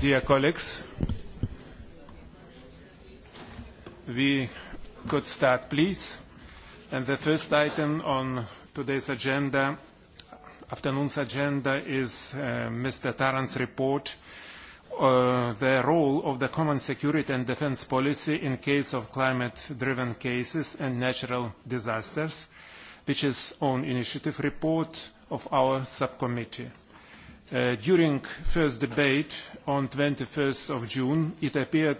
Dear colleagues, we could start, please. And the first item on today's agenda, afternoon's agenda, is uh, Mr. Taran's report, uh, the role of the common security and defense policy in case of climate-driven cases and natural disasters, which is on initiative report of our subcommittee. Uh, during first debate on 21st of June, it appeared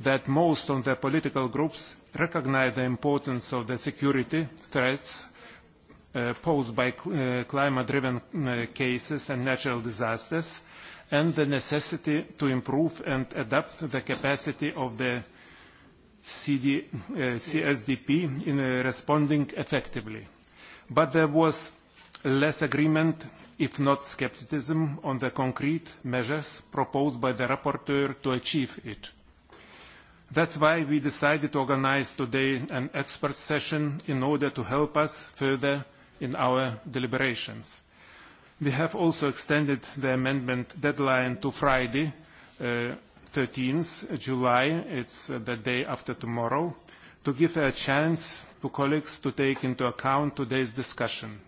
that most of the political groups recognize the importance of the security threats uh, posed by cl uh, climate-driven uh, cases and natural disasters and the necessity to improve and adapt the capacity of the CD, uh, CSDP in uh, responding effectively. But there was less agreement if not scepticism, on the concrete measures proposed by the rapporteur to achieve it. That's why we decided to organize today an expert session in order to help us further in our deliberations. We have also extended the amendment deadline to Friday, uh, 13th July, it's uh, the day after tomorrow, to give a chance to colleagues to take into account today's discussion.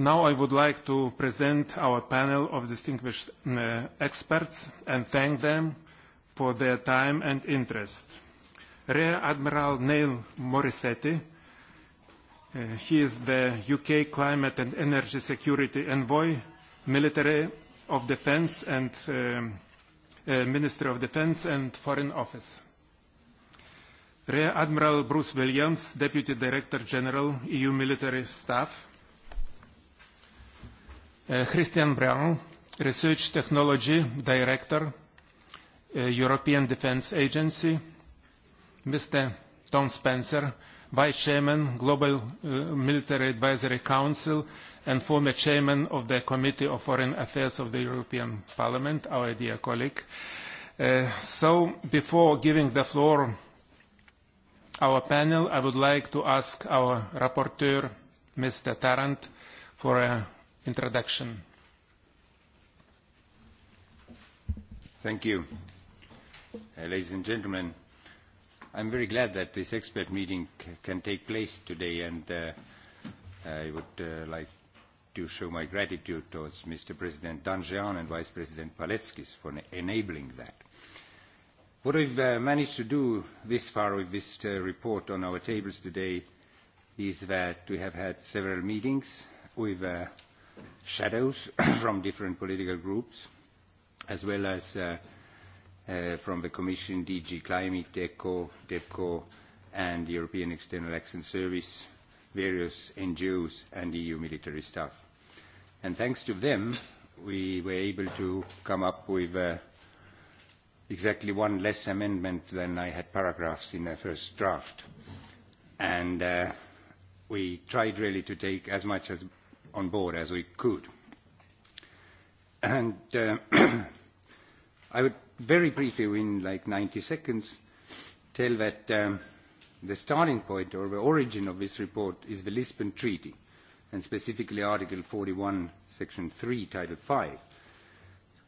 Now I would like to present our panel of distinguished uh, experts and thank them for their time and interest. Rear Admiral Neil Morissetti, uh, he is the UK Climate and Energy Security Envoy, Military of Defence and um, uh, Minister of Defence and Foreign Office. Rear Admiral Bruce Williams, Deputy Director General, EU Military Staff, Eh, Christian Brown, Research Technology Director, uh, European Defence Agency, Mr. Tom Spencer, Vice Chairman, Global uh, Military Advisory Council, and former Chairman of the Committee of Foreign Affairs of the European Parliament, our dear colleague. Uh, so, before giving the floor our panel, I would like to ask our rapporteur, Mr. Tarrant, for a introduction. Thank you. Uh, ladies and gentlemen, I'm very glad that this expert meeting can take place today and uh, I would uh, like to show my gratitude towards Mr. President Danjean and Vice President Paletskis for enabling that. What we've uh, managed to do this far with this uh, report on our tables today is that we have had several meetings with uh, shadows from different political groups, as well as uh, uh, from the Commission, DG Climate, ECHO, DEPCO, and the European External Action Service, various NGOs, and EU military staff. And thanks to them, we were able to come up with uh, exactly one less amendment than I had paragraphs in the first draft. And uh, we tried really to take as much as on board as we could. And uh, I would very briefly, in like 90 seconds, tell that um, the starting point or the origin of this report is the Lisbon Treaty, and specifically Article 41, Section 3, Title 5,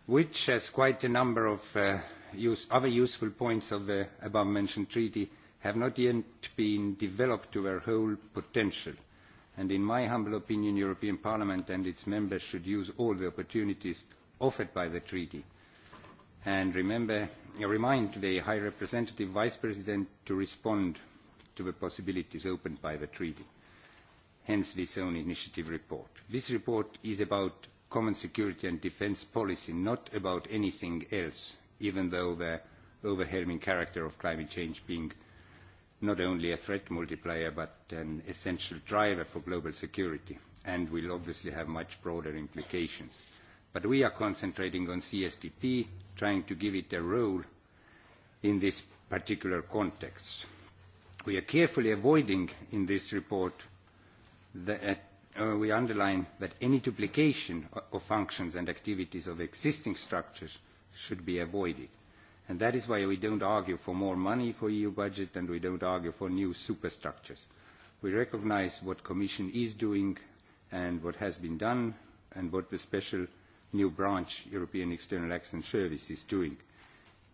which has quite a number of uh, use, other useful points of the above-mentioned treaty have not yet been developed to their whole potential – and in my humble opinion, European Parliament and its members should use all the opportunities offered by the treaty and remember, remind the High Representative Vice President to respond to the possibilities opened by the treaty, hence this own initiative report. This report is about common security and defence policy, not about anything else, even though the overwhelming character of climate change being not only a threat multiplier but an essential driver for global security and will obviously have much broader implications. But we are concentrating on CSDP, trying to give it a role in this particular context. We are carefully avoiding in this report that uh, uh, we underline that any duplication of functions and activities of existing structures should be avoided. And that is why we don't argue for more money for EU budget and we don't argue for new superstructures. We recognize what Commission is doing and what has been done and what the special new branch European External Action Service is doing.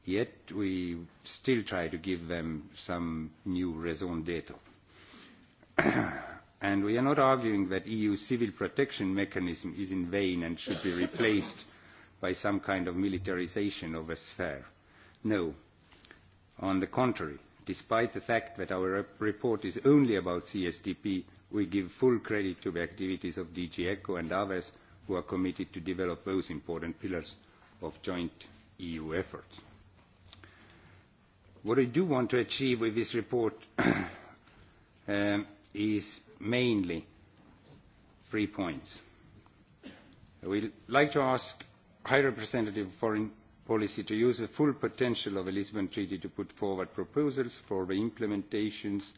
Yet we still try to give them some new raison d'etre. and we are not arguing that EU civil protection mechanism is in vain and should be replaced by some kind of militarization of a sphere. No. On the contrary, despite the fact that our report is only about CSDP, we give full credit to the activities of DG ECHO and others who are committed to develop those important pillars of joint EU efforts. What I do want to achieve with this report um, is mainly three points. I would like to ask High Representative Foreign policy to use the full potential of the Lisbon Treaty to put forward proposals for the implementations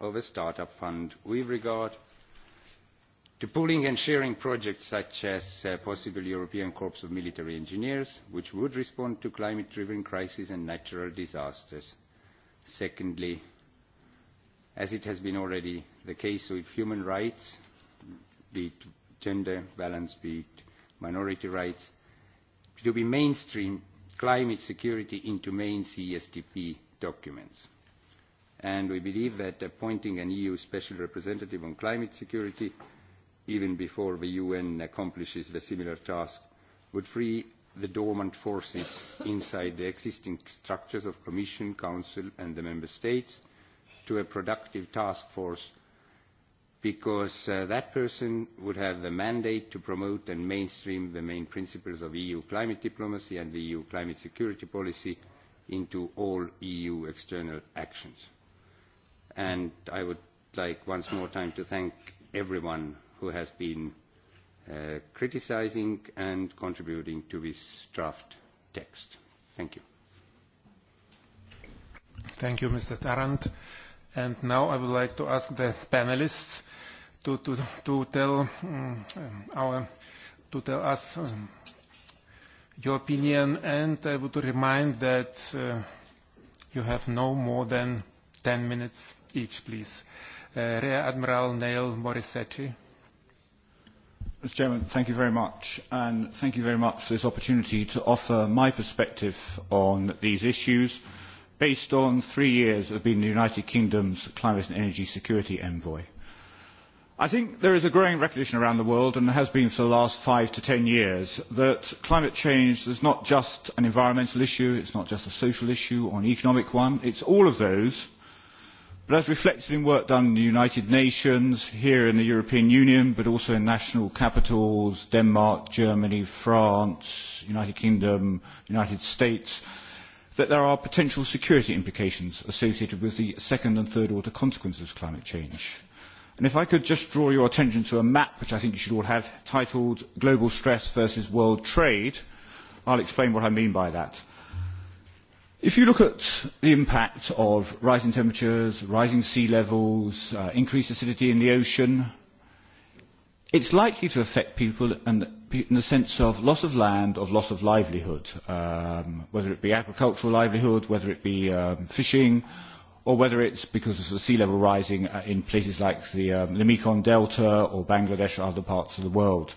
of a startup fund with regard to pooling and sharing projects such as a uh, possible European Corps of Military Engineers, which would respond to climate-driven crises and natural disasters. Secondly, as it has been already the case with human rights, be it gender balance, be it minority rights, to be mainstream climate security into main CSTP documents. And we believe that appointing an EU special representative on climate security, even before the UN accomplishes the similar task, would free the dormant forces inside the existing structures of Commission, Council and the Member States to a productive task force because uh, that person would have the mandate to promote and mainstream the main principles of EU climate diplomacy and the EU climate security policy into all EU external actions. And I would like once more time to thank everyone who has been uh, criticizing and contributing to this draft text. Thank you. Thank you, Mr. Tarrant. And now I would like to ask the panelists to, to, to tell um, our, to tell us um, your opinion and I would remind that uh, you have no more than 10 minutes each, please. Uh, Rear Admiral Neil Morissetti. Mr. Chairman, thank you very much, and thank you very much for this opportunity to offer my perspective on these issues based on three years of being the United Kingdom's climate and energy security envoy. I think there is a growing recognition around the world, and has been for the last five to ten years, that climate change is not just an environmental issue, it is not just a social issue or an economic one, it is all of those. But as reflected in work done in the United Nations, here in the European Union, but also in national capitals, Denmark, Germany, France, United Kingdom, United States, that there are potential security implications associated with the second and third order consequences of climate change. And if I could just draw your attention to a map which I think you should all have titled Global Stress versus World Trade, I'll explain what I mean by that. If you look at the impact of rising temperatures, rising sea levels, uh, increased acidity in the ocean, it's likely to affect people and in the sense of loss of land, of loss of livelihood, um, whether it be agricultural livelihood, whether it be um, fishing, or whether it's because of the sea level rising uh, in places like the, um, the Mekong Delta or Bangladesh or other parts of the world.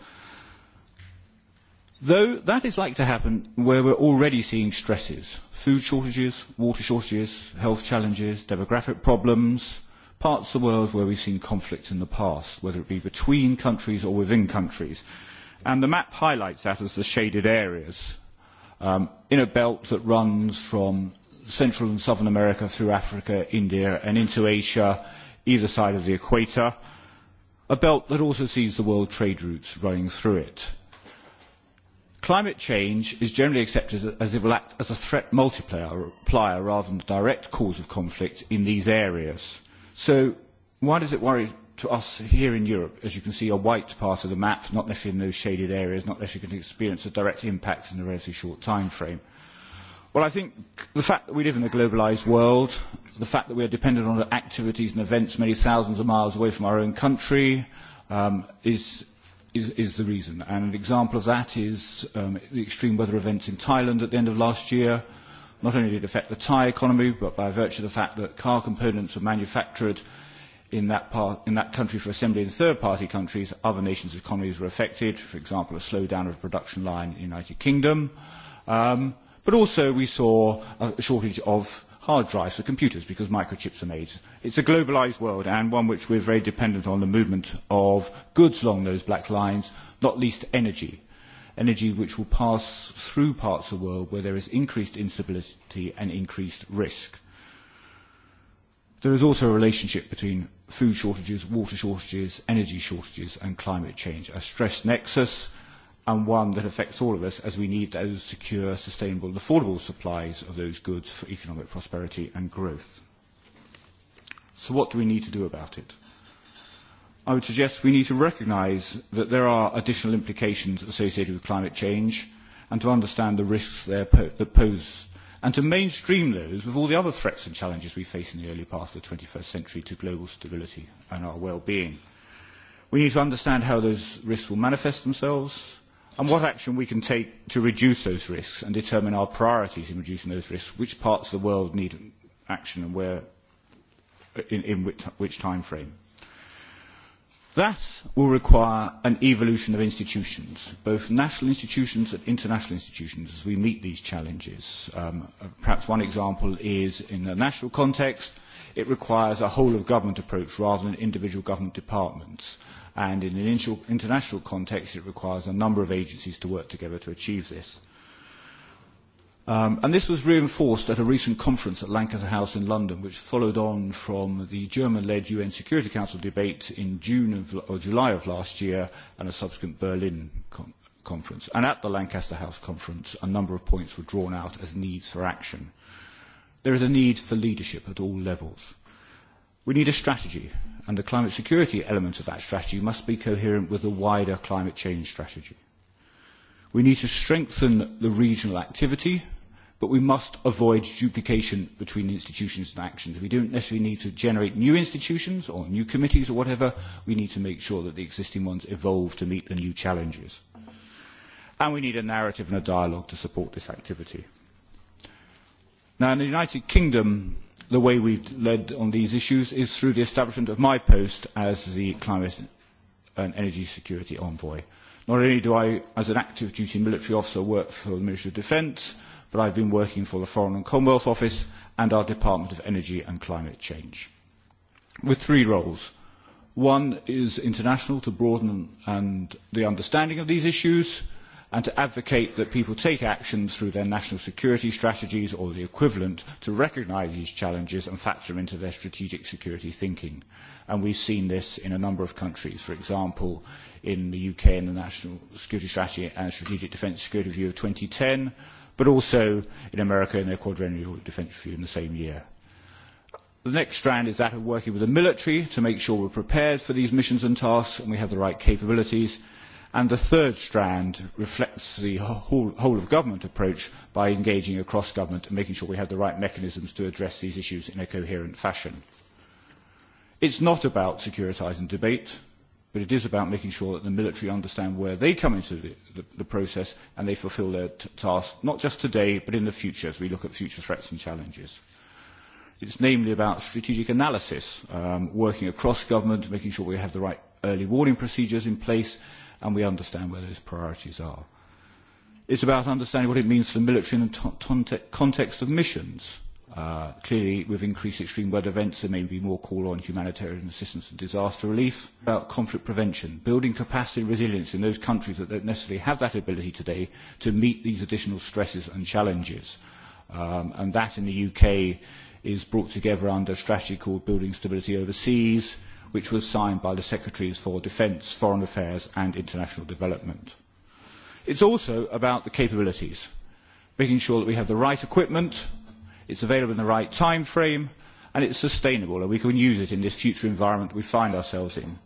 Though that is likely to happen where we're already seeing stresses, food shortages, water shortages, health challenges, demographic problems, parts of the world where we've seen conflict in the past, whether it be between countries or within countries. And the map highlights that as the shaded areas um, in a belt that runs from Central and Southern America through Africa, India, and into Asia, either side of the equator, a belt that also sees the world trade routes running through it. Climate change is generally accepted as it will act as a threat multiplier rather than the direct cause of conflict in these areas. So why does it worry to us here in Europe, as you can see, a white part of the map, not necessarily in those shaded areas, not necessarily going to experience a direct impact in a relatively short time frame. Well, I think the fact that we live in a globalised world, the fact that we are dependent on activities and events many thousands of miles away from our own country um, is, is, is the reason. And an example of that is um, the extreme weather events in Thailand at the end of last year. Not only did it affect the Thai economy, but by virtue of the fact that car components were manufactured – in that, part, in that country for assembly in third party countries, other nations' economies were affected, for example, a slowdown of the production line in the United Kingdom. Um, but also we saw a shortage of hard drives for computers because microchips are made. It's a globalized world and one which we're very dependent on the movement of goods along those black lines, not least energy. Energy which will pass through parts of the world where there is increased instability and increased risk. There is also a relationship between food shortages, water shortages, energy shortages and climate change, a stress nexus and one that affects all of us as we need those secure, sustainable and affordable supplies of those goods for economic prosperity and growth. So what do we need to do about it? I would suggest we need to recognise that there are additional implications associated with climate change and to understand the risks there po that pose and to mainstream those with all the other threats and challenges we face in the early part of the 21st century to global stability and our well-being. We need to understand how those risks will manifest themselves and what action we can take to reduce those risks and determine our priorities in reducing those risks, which parts of the world need action and where, in, in which, which time frame. That will require an evolution of institutions, both national institutions and international institutions, as we meet these challenges. Um, perhaps one example is in the national context, it requires a whole of government approach rather than individual government departments. And in an international context, it requires a number of agencies to work together to achieve this. Um, and this was reinforced at a recent conference at Lancaster House in London, which followed on from the German-led UN Security Council debate in June of, or July of last year and a subsequent Berlin con conference. And at the Lancaster House conference, a number of points were drawn out as needs for action. There is a need for leadership at all levels. We need a strategy, and the climate security element of that strategy must be coherent with the wider climate change strategy. We need to strengthen the regional activity but we must avoid duplication between institutions and actions. We don't necessarily need to generate new institutions or new committees or whatever. We need to make sure that the existing ones evolve to meet the new challenges. And we need a narrative and a dialogue to support this activity. Now, in the United Kingdom, the way we've led on these issues is through the establishment of my post as the Climate and Energy Security Envoy. Not only do I, as an active duty military officer, work for the Ministry of Defence, but I've been working for the Foreign and Commonwealth Office and our Department of Energy and Climate Change, with three roles. One is international to broaden and the understanding of these issues and to advocate that people take actions through their national security strategies or the equivalent to recognise these challenges and factor them into their strategic security thinking. And we've seen this in a number of countries, for example, in the UK in the National Security Strategy and Strategic Defence Security Review of 2010, but also in America in their quadrennial defence review in the same year. The next strand is that of working with the military to make sure we're prepared for these missions and tasks and we have the right capabilities. And the third strand reflects the whole, whole of government approach by engaging across government and making sure we have the right mechanisms to address these issues in a coherent fashion. It's not about securitizing debate but it is about making sure that the military understand where they come into the, the, the process and they fulfil their t task, not just today, but in the future as we look at future threats and challenges. It's namely about strategic analysis, um, working across government, making sure we have the right early warning procedures in place and we understand where those priorities are. It's about understanding what it means for the military in the context of missions Uh, clearly, with increased extreme weather events, there may be more call on humanitarian assistance and disaster relief. About conflict prevention, building capacity and resilience in those countries that don't necessarily have that ability today to meet these additional stresses and challenges. Um, and that in the UK is brought together under a strategy called Building Stability Overseas, which was signed by the Secretaries for Defence, Foreign Affairs and International Development. It's also about the capabilities, making sure that we have the right equipment, it is available in the right time frame, and it is sustainable, and we can use it in this future environment we find ourselves in.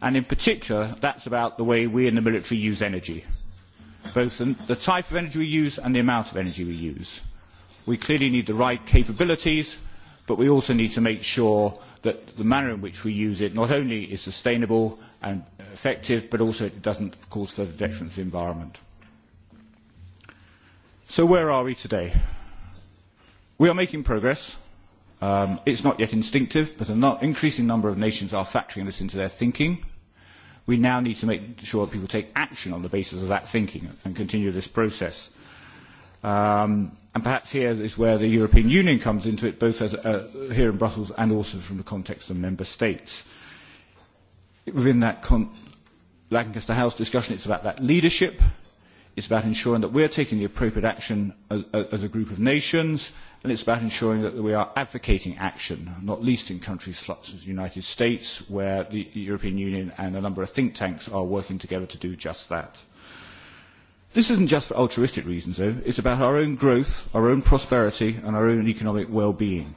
And in particular, that is about the way we in the military use energy, both the type of energy we use and the amount of energy we use. We clearly need the right capabilities, but we also need to make sure that the manner in which we use it not only is sustainable and effective, but also it does not cause further detriment to the environment. So where are we today? We are making progress. Um, it's not yet instinctive, but an increasing number of nations are factoring this into their thinking. We now need to make sure that people take action on the basis of that thinking and continue this process. Um, and perhaps here is where the European Union comes into it, both as, uh, here in Brussels and also from the context of member states. Within that con Lancaster House discussion, it's about that leadership. It's about ensuring that we're taking the appropriate action as, as a group of nations and it's about ensuring that we are advocating action, not least in countries such as the United States, where the European Union and a number of think tanks are working together to do just that. This isn't just for altruistic reasons, though. It's about our own growth, our own prosperity, and our own economic well-being.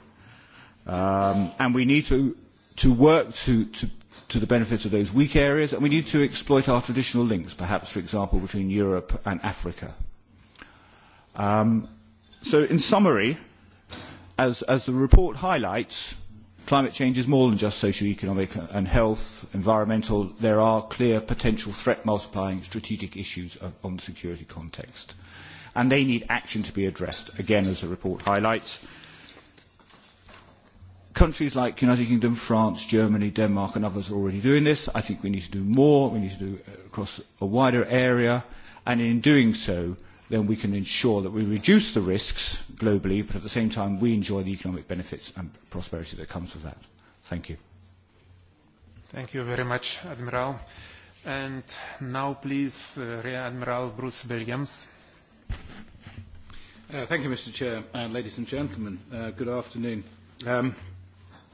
Um, and we need to, to work to, to, to the benefit of those weak areas, and we need to exploit our traditional links, perhaps, for example, between Europe and Africa. Um, so, in summary, as, as the report highlights, climate change is more than just socio-economic and health, environmental. There are clear potential threat multiplying strategic issues of, on the security context. And they need action to be addressed, again, as the report highlights. Countries like United Kingdom, France, Germany, Denmark and others are already doing this. I think we need to do more. We need to do it across a wider area. And in doing so, then we can ensure that we reduce the risks globally, but at the same time we enjoy the economic benefits and prosperity that comes with that. Thank you. Thank you very much, Admiral. And now please, uh, Rear Admiral Bruce Williams. Uh, thank you, Mr. Chair, and ladies and gentlemen, uh, good afternoon. Um,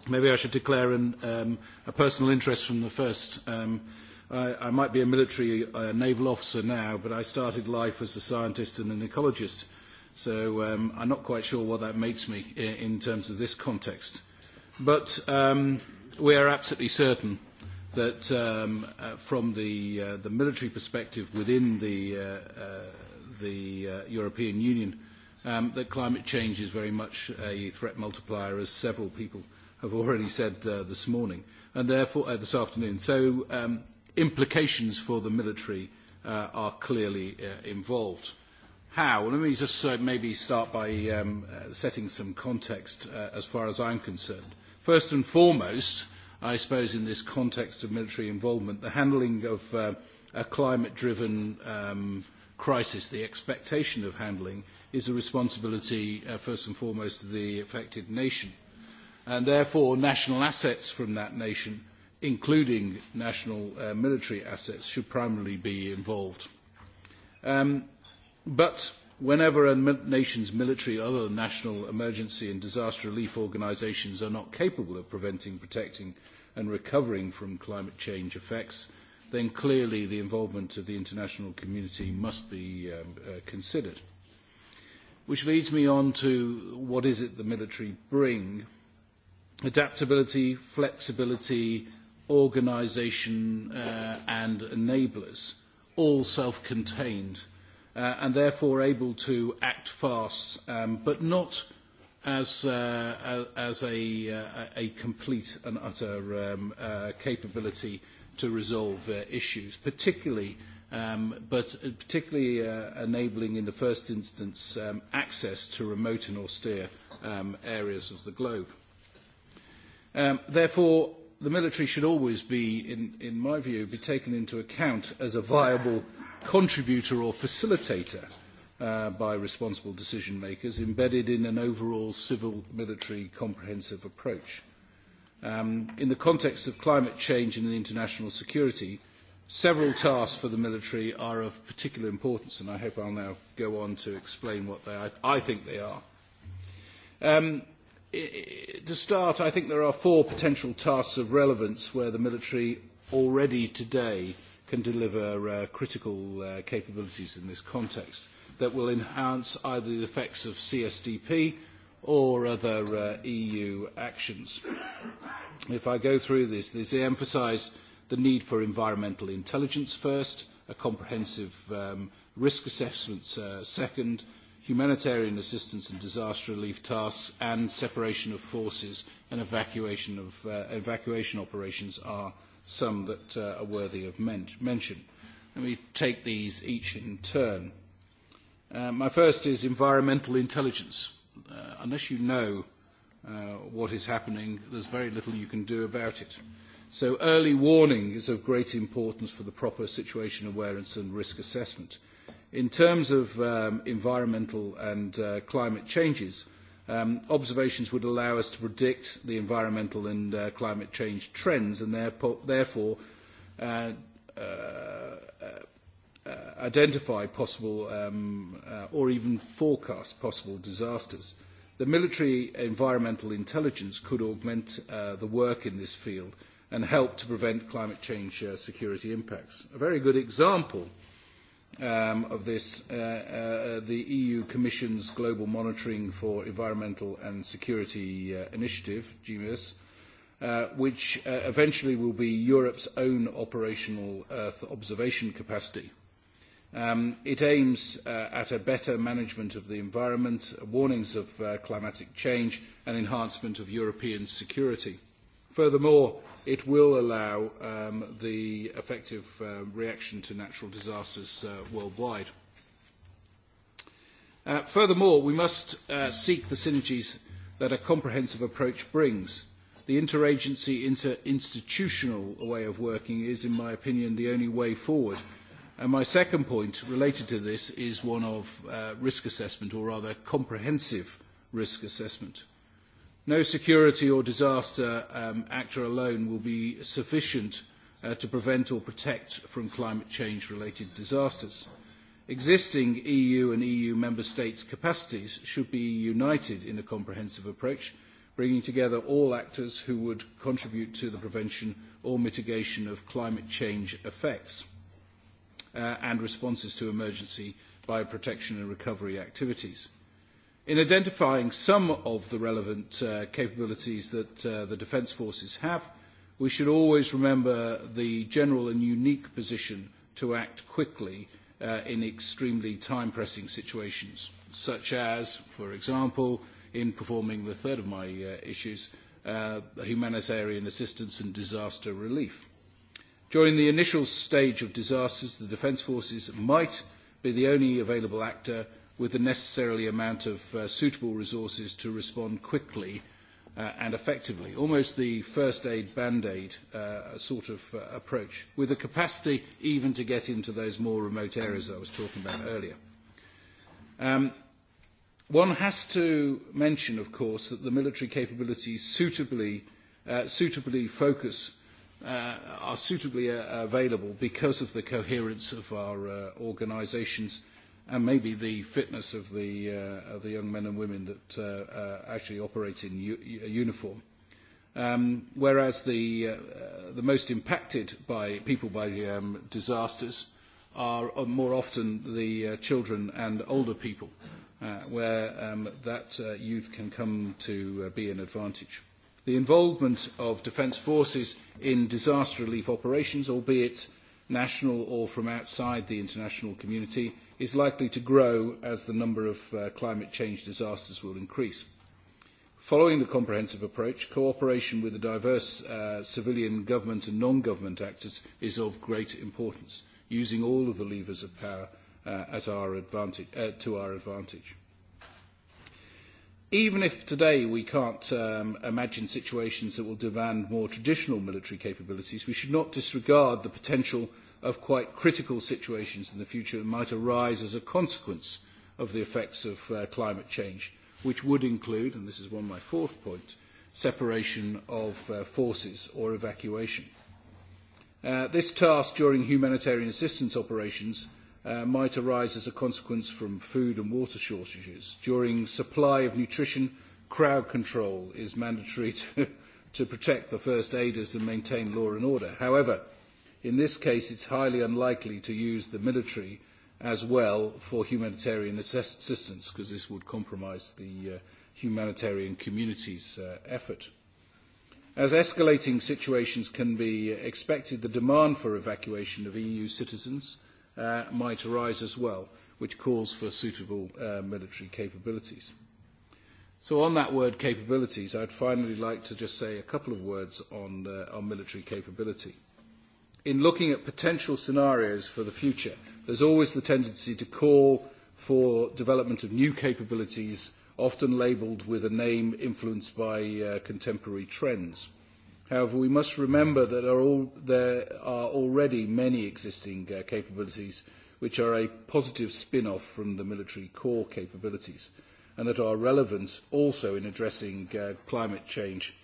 maybe I should declare an, um, a personal interest from the first um, I, I might be a military uh, naval officer now, but I started life as a scientist and an ecologist. So um, I'm not quite sure what that makes me in, in terms of this context. But um, we are absolutely certain that um, uh, from the, uh, the military perspective within the, uh, uh, the uh, European Union, um, that climate change is very much a threat multiplier, as several people have already said uh, this morning, and therefore uh, this afternoon. So um, implications for the military uh, are clearly uh, involved. How? Well, let me just uh, maybe start by um, uh, setting some context uh, as far as I'm concerned. First and foremost, I suppose in this context of military involvement, the handling of uh, a climate-driven um, crisis, the expectation of handling, is a responsibility uh, first and foremost of the affected nation. And therefore, national assets from that nation including national uh, military assets, should primarily be involved. Um, but whenever a nation's military or other national emergency and disaster relief organisations are not capable of preventing, protecting and recovering from climate change effects, then clearly the involvement of the international community must be um, uh, considered. Which leads me on to what is it the military bring? Adaptability, flexibility, organisation uh, and enablers, all self-contained, uh, and therefore able to act fast, um, but not as, uh, as a, uh, a complete and utter um, uh, capability to resolve uh, issues, particularly, um, but uh, particularly uh, enabling in the first instance um, access to remote and austere um, areas of the globe. Um, therefore, the military should always be, in, in my view, be taken into account as a viable contributor or facilitator uh, by responsible decision makers embedded in an overall civil military comprehensive approach. Um, in the context of climate change and international security, several tasks for the military are of particular importance, and I hope I'll now go on to explain what they, I, I think they are. Um, to start, I think there are four potential tasks of relevance where the military already today can deliver uh, critical uh, capabilities in this context that will enhance either the effects of CSDP or other uh, EU actions. If I go through this, this emphasise the need for environmental intelligence first, a comprehensive um, risk assessment uh, second, humanitarian assistance and disaster relief tasks and separation of forces and evacuation, of, uh, evacuation operations are some that uh, are worthy of men mention. Let me take these each in turn. Uh, my first is environmental intelligence. Uh, unless you know uh, what is happening, there's very little you can do about it. So early warning is of great importance for the proper situation awareness and risk assessment. Uh, In terms of um, environmental and uh, climate changes, um, observations would allow us to predict the environmental and uh, climate change trends and therefore uh, uh, uh, uh, identify possible um, or even forecast possible disasters. The military environmental intelligence could augment the work in this field and help to prevent climate change security impacts. A very good example um, of this, uh, uh, the EU Commission's Global Monitoring for Environmental and Security uh, Initiative, GMIS, uh, which uh, eventually will be Europe's own operational Earth observation capacity. Um, it aims uh, at a better management of the environment, warnings of uh, climatic change, and enhancement of European security. Furthermore, it will allow um, the effective uh, reaction to natural disasters uh, worldwide. Uh, furthermore, we must uh, seek the synergies that a comprehensive approach brings. The interagency interinstitutional way of working is, in my opinion, the only way forward. And my second point related to this is one of uh, risk assessment, or rather comprehensive risk assessment. No security or disaster um, actor alone will be sufficient uh, to prevent or protect from climate change related disasters. Existing EU and EU member states' capacities should be united in a comprehensive approach, bringing together all actors who would contribute to the prevention or mitigation of climate change effects uh, and responses to emergency bioprotection and recovery activities. In identifying some of the relevant uh, capabilities that uh, the Defence Forces have, we should always remember the general and unique position to act quickly uh, in extremely time-pressing situations, such as, for example, in performing the third of my uh, issues, uh, humanitarian assistance and disaster relief. During the initial stage of disasters, the Defence Forces might be the only available actor with the necessary amount of uh, suitable resources to respond quickly uh, and effectively, almost the first aid band-aid uh, sort of uh, approach, with the capacity even to get into those more remote areas I was talking about earlier. Um, one has to mention, of course, that the military capabilities suitably, uh, suitably focus uh, are suitably uh, available because of the coherence of our uh, organisations' and maybe the fitness of the, uh, of the young men and women that uh, uh, actually operate in u uniform. Um, whereas the, uh, uh, the most impacted by people by um, disasters are uh, more often the uh, children and older people, uh, where um, that uh, youth can come to uh, be an advantage. The involvement of defence forces in disaster relief operations, albeit national or from outside the international community, is likely to grow as the number of uh, climate change disasters will increase. Following the comprehensive approach, cooperation with the diverse uh, civilian government and non-government actors is of great importance, using all of the levers of power uh, at our advantage, uh, to our advantage. Even if today we can't um, imagine situations that will demand more traditional military capabilities, we should not disregard the potential of quite critical situations in the future that might arise as a consequence of the effects of uh, climate change, which would include, and this is one of my fourth point, separation of uh, forces or evacuation. Uh, this task during humanitarian assistance operations uh, might arise as a consequence from food and water shortages. During supply of nutrition, crowd control is mandatory to, to protect the first aiders and maintain law and order. However, In this case, it's highly unlikely to use the military as well for humanitarian assistance because this would compromise the uh, humanitarian community's uh, effort. As escalating situations can be expected, the demand for evacuation of EU citizens uh, might arise as well, which calls for suitable uh, military capabilities. So on that word capabilities, I'd finally like to just say a couple of words on, uh, on military capability in looking at potential scenarios for the future, there's always the tendency to call for development of new capabilities, often labelled with a name influenced by uh, contemporary trends. However, we must remember that are all, there are already many existing uh, capabilities which are a positive spin-off from the military core capabilities and that are relevant also in addressing uh, climate change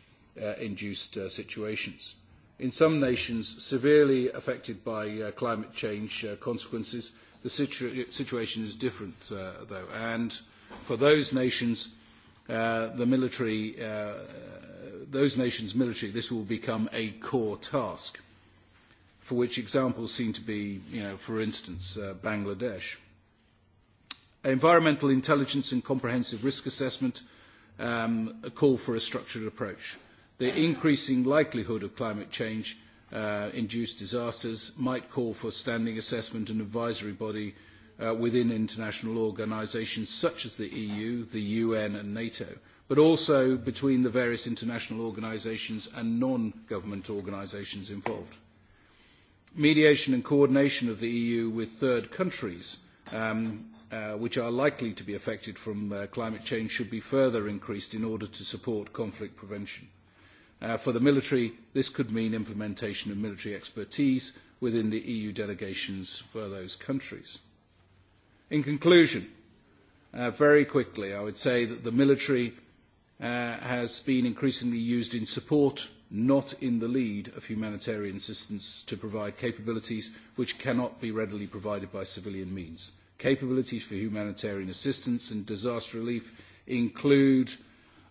uh, induced uh, situations. In some nations severely affected by uh, climate change uh, consequences, the situ situation is different, uh, though. And for those nations, uh, the military, uh, those nations' military, this will become a core task, for which examples seem to be, you know, for instance, uh, Bangladesh. Environmental intelligence and comprehensive risk assessment um, a call for a structured approach the increasing likelihood of climate change uh, induced disasters might call for standing assessment and advisory body uh, within international organisations such as the EU, the UN and NATO, but also between the various international organisations and non-government organisations involved. Mediation and coordination of the EU with third countries um, uh, which are likely to be affected from uh, climate change should be further increased in order to support conflict prevention. Uh, for the military, this could mean implementation of military expertise within the EU delegations for those countries. In conclusion, uh, very quickly, I would say that the military uh, has been increasingly used in support, not in the lead of humanitarian assistance to provide capabilities which cannot be readily provided by civilian means. Capabilities for humanitarian assistance and disaster relief include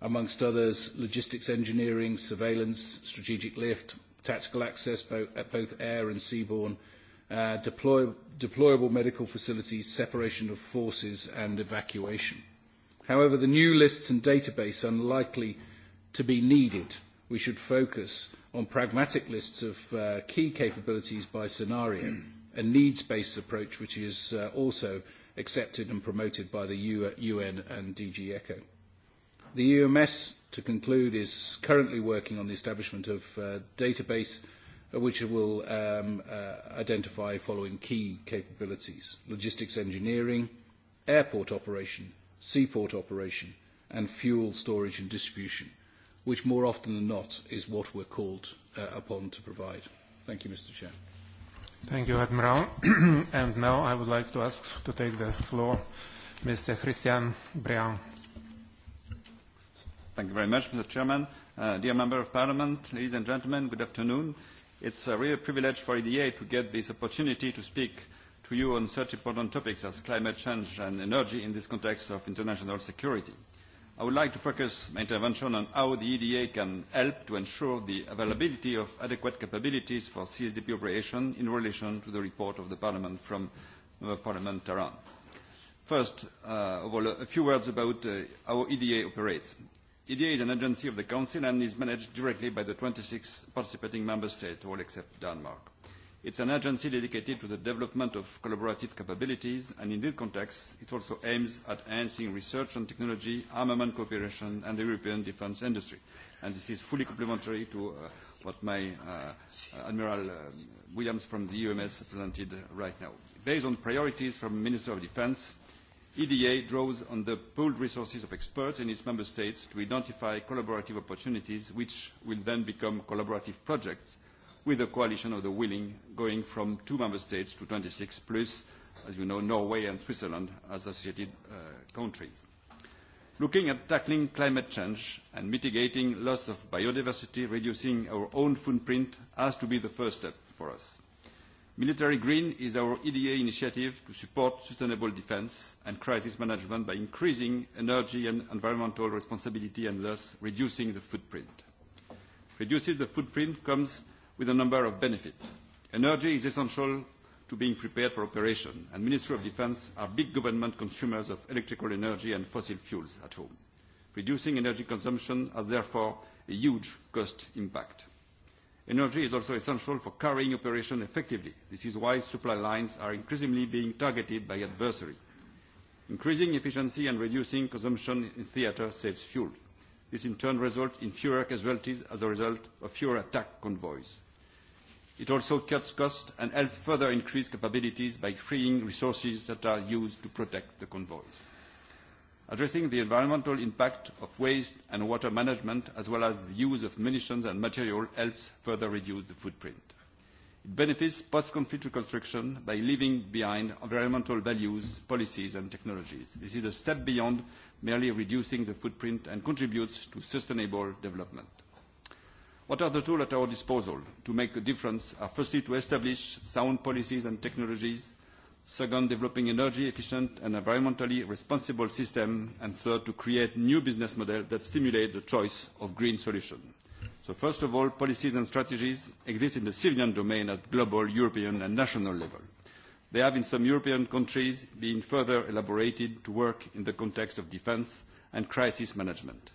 amongst others, logistics engineering, surveillance, strategic lift, tactical access at both air and seaborne, uh, deploy, deployable medical facilities, separation of forces and evacuation. However, the new lists and database are unlikely to be needed. We should focus on pragmatic lists of uh, key capabilities by scenario, a needs-based approach which is uh, also accepted and promoted by the UN and DG ECHO. The UMS, e to conclude, is currently working on the establishment of a uh, database uh, which it will um, uh, identify following key capabilities. Logistics engineering, airport operation, seaport operation, and fuel storage and distribution, which more often than not is what we're called uh, upon to provide. Thank you, Mr. Chair. Thank you, Admiral. and now I would like to ask to take the floor Mr. Christian Briand. Thank you very much, Mr. Chairman. Uh, dear Member of Parliament, ladies and gentlemen, good afternoon. It's a real privilege for EDA to get this opportunity to speak to you on such important topics as climate change and energy in this context of international security. I would like to focus my intervention on how the EDA can help to ensure the availability of adequate capabilities for CSDP operation in relation to the report of the Parliament from uh, Parliament Tehran. First, uh, a few words about uh, how EDA operates. EDA is an agency of the Council and is managed directly by the 26 participating member states, all except Denmark. It's an agency dedicated to the development of collaborative capabilities, and in this context, it also aims at enhancing research and technology, armament cooperation, and the European defense industry. And this is fully complementary to uh, what my uh, Admiral uh, Williams from the UMS presented right now. Based on priorities from Minister of Defense, EDA draws on the pooled resources of experts in its member states to identify collaborative opportunities which will then become collaborative projects with a coalition of the willing going from two member states to 26 plus, as you know, Norway and Switzerland as associated uh, countries. Looking at tackling climate change and mitigating loss of biodiversity, reducing our own footprint has to be the first step for us. Military Green is our EDA initiative to support sustainable defense and crisis management by increasing energy and environmental responsibility and thus reducing the footprint. Reducing the footprint comes with a number of benefits. Energy is essential to being prepared for operation, and Ministry of Defense are big government consumers of electrical energy and fossil fuels at home. Reducing energy consumption has therefore a huge cost impact. Energy is also essential for carrying operation effectively. This is why supply lines are increasingly being targeted by adversary. Increasing efficiency and reducing consumption in theatre saves fuel. This in turn results in fewer casualties as a result of fewer attack convoys. It also cuts costs and helps further increase capabilities by freeing resources that are used to protect the convoys addressing the environmental impact of waste and water management as well as the use of munitions and material helps further reduce the footprint. It benefits post-conflict reconstruction by leaving behind environmental values, policies and technologies. This is a step beyond merely reducing the footprint and contributes to sustainable development. What are the tools at our disposal to make a difference are firstly to establish sound policies and technologies second, developing energy efficient and environmentally responsible system, and third, to create new business models that stimulate the choice of green solutions. So first of all, policies and strategies exist in the civilian domain at global, European and national level. They have in some European countries been further elaborated to work in the context of defence and crisis management.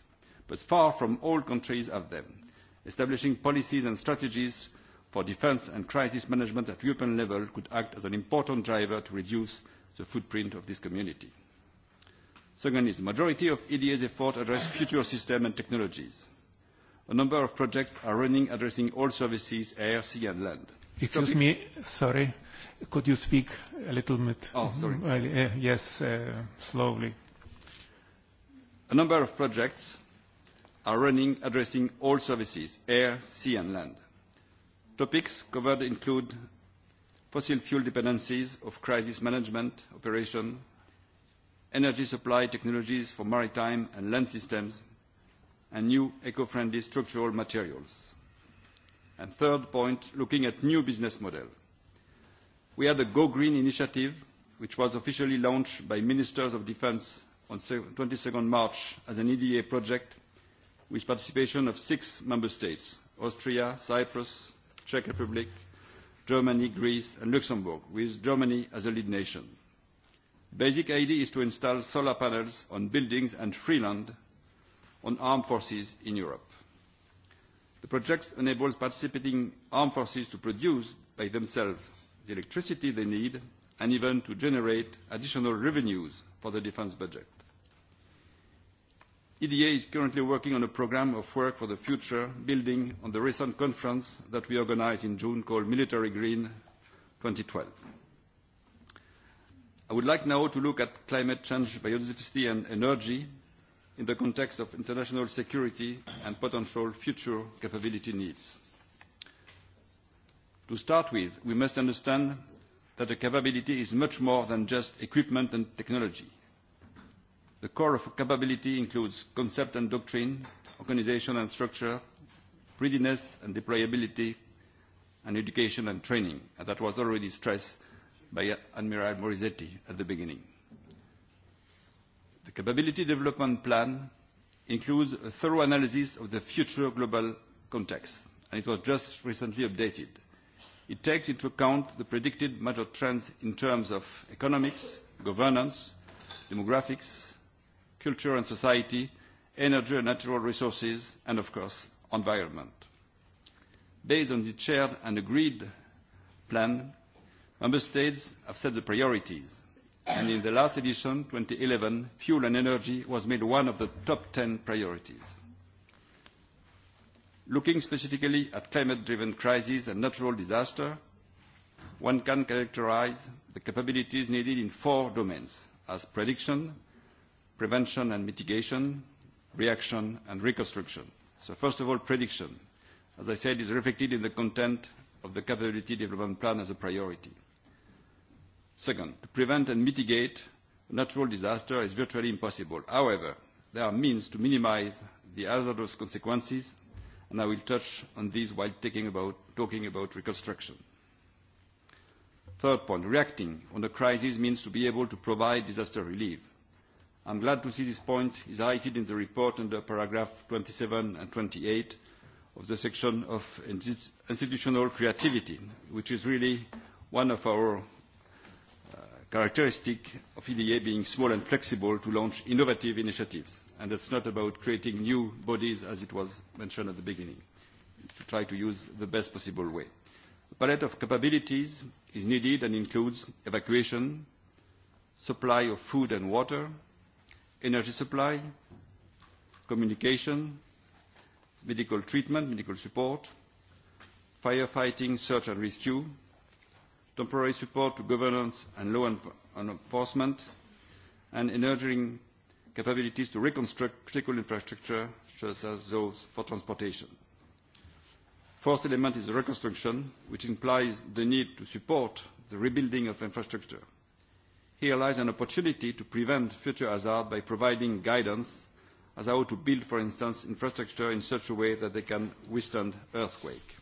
But far from all countries have them. Establishing policies and strategies for defence and crisis management at European level could act as an important driver to reduce the footprint of this community. Second is the majority of EDA's efforts address future systems and technologies. A number of projects are running addressing all services, air, sea and land. Excuse me, sorry, could you speak a little bit? Oh, sorry. Mm, well, uh, yes, uh, slowly. A number of projects are running addressing all services, air, sea and land. Topics covered include fossil fuel dependencies of crisis management, operation, energy supply technologies for maritime and land systems, and new eco-friendly structural materials. And third point, looking at new business model. We had a Go Green initiative, which was officially launched by Ministers of Defense on 22nd March as an EDA project with participation of six member states, Austria, Cyprus, Czech Republic, Germany, Greece and Luxembourg, with Germany as a lead nation. Basic idea is to install solar panels on buildings and free land on armed forces in Europe. The project enables participating armed forces to produce by themselves the electricity they need and even to generate additional revenues for the defence budget. EDA is currently working on a programme of work for the future, building on the recent conference that we organized in June called Military Green twelve. I would like now to look at climate change, biodiversity and energy in the context of international security and potential future capability needs. To start with, we must understand that a capability is much more than just equipment and technology. The core of capability includes concept and doctrine, organization and structure, readiness and deployability, and education and training, and that was already stressed by Admiral Morizetti at the beginning. The capability development plan includes a thorough analysis of the future global context, and it was just recently updated. It takes into account the predicted major trends in terms of economics, governance, demographics, culture and society, energy and natural resources, and of course, environment. Based on the shared and agreed plan, Member States have set the priorities, and in the last edition, 2011, fuel and energy was made one of the top 10 priorities. Looking specifically at climate-driven crises and natural disaster, one can characterize the capabilities needed in four domains as prediction, prevention and mitigation, reaction and reconstruction. So first of all, prediction. As I said, is reflected in the content of the capability development plan as a priority. Second, to prevent and mitigate a natural disaster is virtually impossible. However, there are means to minimize the hazardous consequences, and I will touch on these while taking about, talking about reconstruction. Third point, reacting on a crisis means to be able to provide disaster relief. I am glad to see this point is highlighted in the report under paragraph 27 and 28 of the section of institutional creativity, which is really one of our uh, characteristics of EDA being small and flexible to launch innovative initiatives. And that's not about creating new bodies, as it was mentioned at the beginning, to try to use the best possible way. The palette of capabilities is needed and includes evacuation, supply of food and water, energy supply, communication, medical treatment, medical support, firefighting, search and rescue, temporary support to governance and law enforcement, and enabling capabilities to reconstruct critical infrastructure such as those for transportation. Fourth element is reconstruction, which implies the need to support the rebuilding of infrastructure. Here lies an opportunity to prevent future hazard by providing guidance as how to build, for instance, infrastructure in such a way that they can withstand earthquake.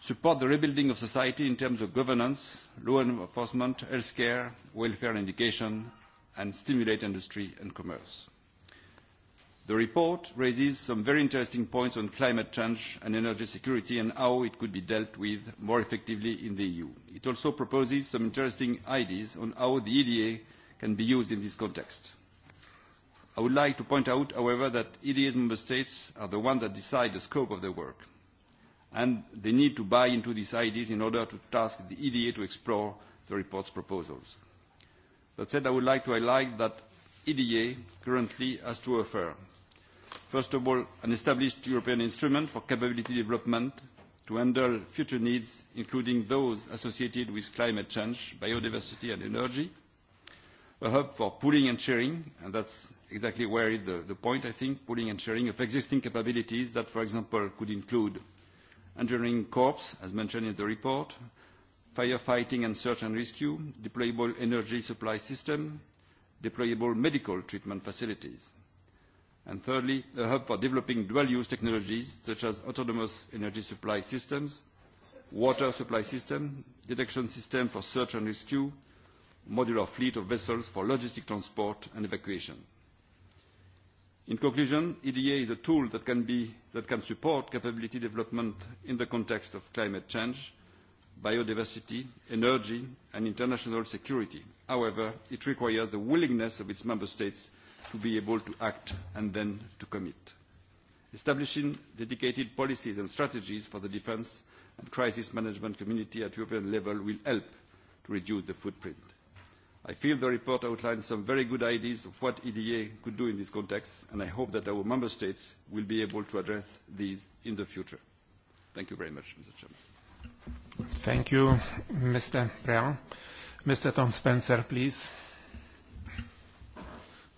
Support the rebuilding of society in terms of governance, law enforcement, healthcare, welfare and education, and stimulate industry and commerce. The report raises some very interesting points on climate change and energy security and how it could be dealt with more effectively in the EU. It also proposes some interesting ideas on how the EDA can be used in this context. I would like to point out, however, that EDA's member states are the ones that decide the scope of their work, and they need to buy into these ideas in order to task the EDA to explore the report's proposals. That said, I would like to highlight that EDA currently has to offer First of all, an established European instrument for capability development to handle future needs, including those associated with climate change, biodiversity and energy. A hub for pooling and sharing, and that's exactly where the, the point, I think, pooling and sharing of existing capabilities that, for example, could include engineering corps, as mentioned in the report, firefighting and search and rescue, deployable energy supply system, deployable medical treatment facilities. And thirdly, a hub for developing dual-use technologies such as autonomous energy supply systems, water supply system, detection system for search and rescue, modular fleet of vessels for logistic transport and evacuation. In conclusion, EDA is a tool that can, be, that can support capability development in the context of climate change, biodiversity, energy and international security. However, it requires the willingness of its member states to be able to act and then to commit. Establishing dedicated policies and strategies for the defence and crisis management community at European level will help to reduce the footprint. I feel the report outlines some very good ideas of what EDA could do in this context, and I hope that our member states will be able to address these in the future. Thank you very much, Mr. Chairman. Thank you, Mr. Brown. Mr. Tom Spencer, please.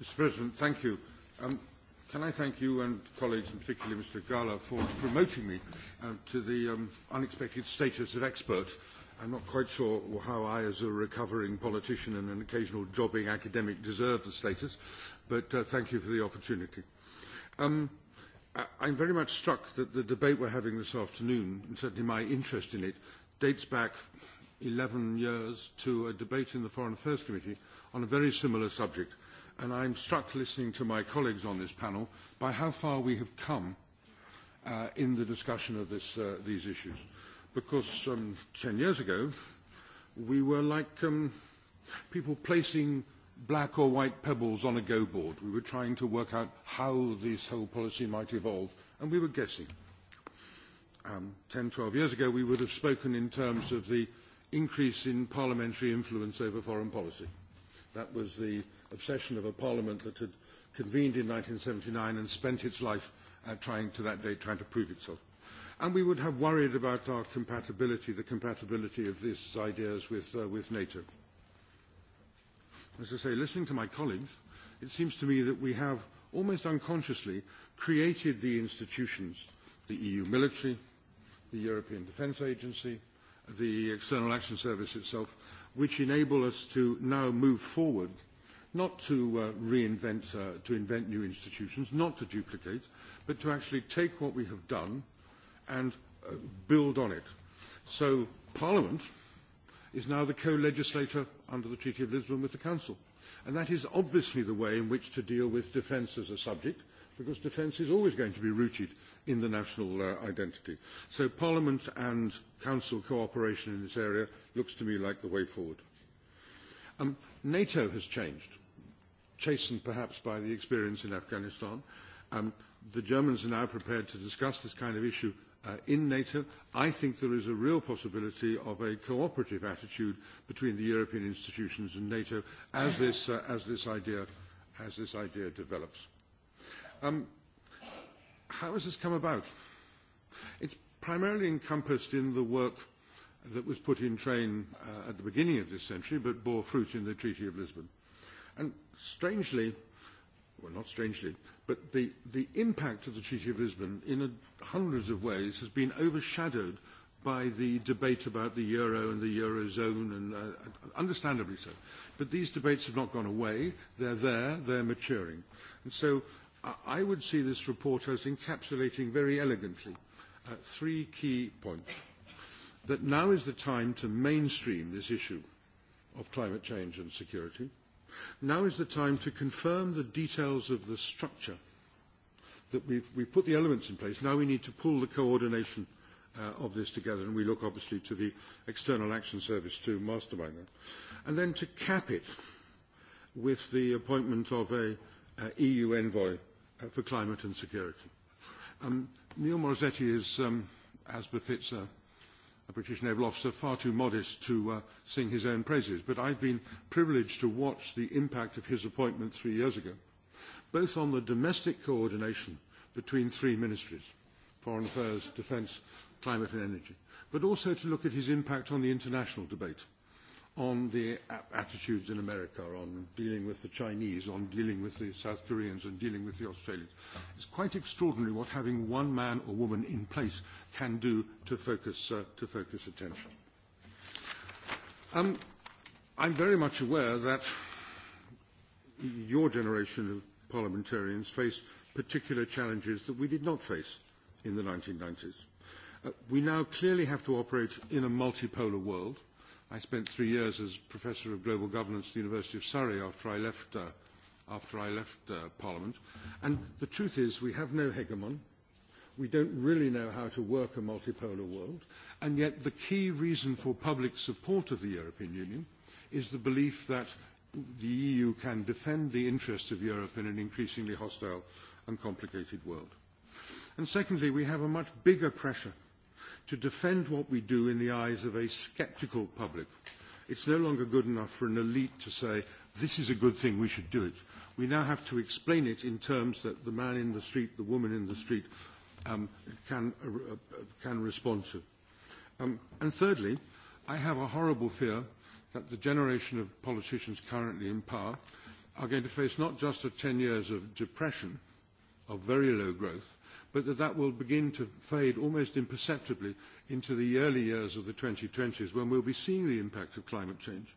Mr. President, thank you. Um, can I thank you and colleagues, and particularly Mr. Gala, for promoting me um, to the um, unexpected status of expert. I'm not quite sure how I, as a recovering politician and an occasional jobbing academic, deserve the status, but uh, thank you for the opportunity. Um, I I'm very much struck that the debate we're having this afternoon, and certainly my interest in it, dates back 11 years to a debate in the Foreign Affairs Committee on a very similar subject – and I'm struck listening to my colleagues on this panel by how far we have come uh, in the discussion of this, uh, these issues. Because um, 10 years ago, we were like um, people placing black or white pebbles on a go board. We were trying to work out how this whole policy might evolve, and we were guessing. Um, 10, 12 years ago, we would have spoken in terms of the increase in parliamentary influence over foreign policy. That was the obsession of a parliament that had convened in 1979 and spent its life uh, trying to that day trying to prove itself. And we would have worried about our compatibility, the compatibility of these ideas with, uh, with NATO. As I say, listening to my colleagues, it seems to me that we have almost unconsciously created the institutions, the EU military, the European Defence Agency, the External Action Service itself, which enable us to now move forward – not to uh, reinvent, uh, to invent new institutions, not to duplicate, but to actually take what we have done and uh, build on it. So Parliament is now the co-legislator under the Treaty of Lisbon with the Council. And that is obviously the way in which to deal with defence as a subject, because defence is always going to be rooted in the national uh, identity. So Parliament and Council cooperation in this area looks to me like the way forward. Um, NATO has changed chastened perhaps by the experience in Afghanistan. Um, the Germans are now prepared to discuss this kind of issue uh, in NATO. I think there is a real possibility of a cooperative attitude between the European institutions and NATO as this, uh, as this, idea, as this idea develops. Um, how has this come about? It's primarily encompassed in the work that was put in train uh, at the beginning of this century but bore fruit in the Treaty of Lisbon. And strangely, well, not strangely, but the, the impact of the Treaty of Lisbon in a, hundreds of ways has been overshadowed by the debate about the euro and the eurozone, and uh, understandably so. But these debates have not gone away. They're there. They're maturing. And so I, I would see this report as encapsulating very elegantly uh, three key points. That now is the time to mainstream this issue of climate change and security – Now is the time to confirm the details of the structure that we've, we've put the elements in place. Now we need to pull the coordination uh, of this together, and we look obviously to the External Action Service to mastermind that. And then to cap it with the appointment of an uh, EU envoy uh, for climate and security. Um, Neil Morizetti is, um, as befits a, uh, a British naval officer far too modest to uh, sing his own praises, but I've been privileged to watch the impact of his appointment three years ago, both on the domestic coordination between three ministries, foreign affairs, defence, climate and energy, but also to look at his impact on the international debate on the attitudes in America on dealing with the Chinese, on dealing with the South Koreans and dealing with the Australians. It's quite extraordinary what having one man or woman in place can do to focus, uh, to focus attention. Um, I'm very much aware that your generation of parliamentarians face particular challenges that we did not face in the 1990s. Uh, we now clearly have to operate in a multipolar world – I spent three years as Professor of Global Governance at the University of Surrey after I left, uh, after I left uh, Parliament. And the truth is we have no hegemon. We don't really know how to work a multipolar world. And yet the key reason for public support of the European Union is the belief that the EU can defend the interests of Europe in an increasingly hostile and complicated world. And secondly, we have a much bigger pressure – to defend what we do in the eyes of a sceptical public. It's no longer good enough for an elite to say, this is a good thing, we should do it. We now have to explain it in terms that the man in the street, the woman in the street, um, can, uh, uh can respond to. Um, and thirdly, I have a horrible fear that the generation of politicians currently in power are going to face not just a 10 years of depression, of very low growth, but that that will begin to fade almost imperceptibly into the early years of the 2020s when we'll be seeing the impact of climate change.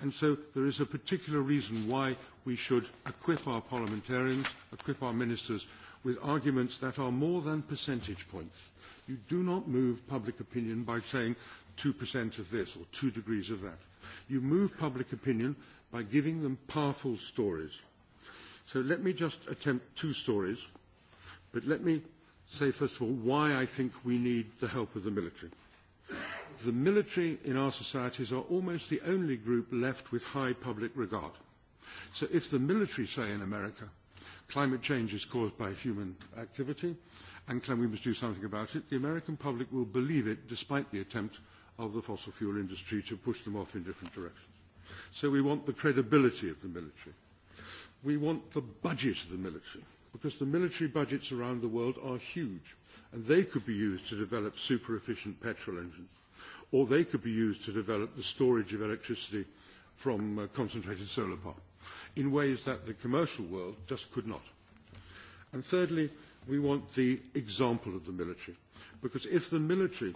And so there is a particular reason why we should equip our parliamentarians, equip our ministers with arguments that are more than percentage points. You do not move public opinion by saying 2% of this or 2 degrees of that. You move public opinion by giving them powerful stories. So let me just attempt two stories But let me say, first of all, why I think we need the help of the military. The military in our societies are almost the only group left with high public regard. So if the military say in America, climate change is caused by human activity and claim we must do something about it, the American public will believe it despite the attempt of the fossil fuel industry to push them off in different directions. So we want the credibility of the military. We want the budget of the military because the military budgets around the world are huge and they could be used to develop super efficient petrol engines or they could be used to develop the storage of electricity from uh, concentrated solar power in ways that the commercial world just could not. And thirdly, we want the example of the military because if the military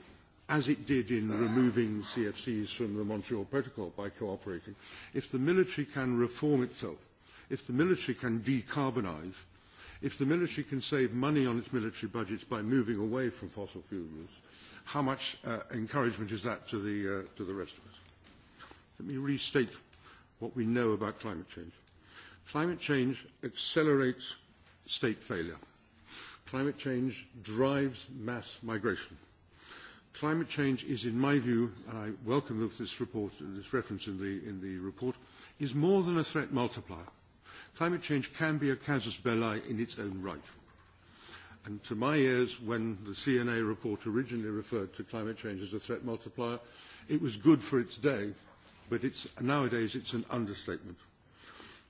as it did in removing CFCs from the Montreal Protocol by cooperating, if the military can reform itself, if the military can decarbonise, If the military can save money on its military budgets by moving away from fossil fuels, how much uh, encouragement is that to the, uh, to the rest of us? Let me restate what we know about climate change. Climate change accelerates state failure. Climate change drives mass migration. Climate change is, in my view, and I welcome this report, this reference in the, in the report, is more than a threat multiplier. Climate change can be a casus belli in its own right. And to my ears, when the CNA report originally referred to climate change as a threat multiplier, it was good for its day, but it's, nowadays it's an understatement.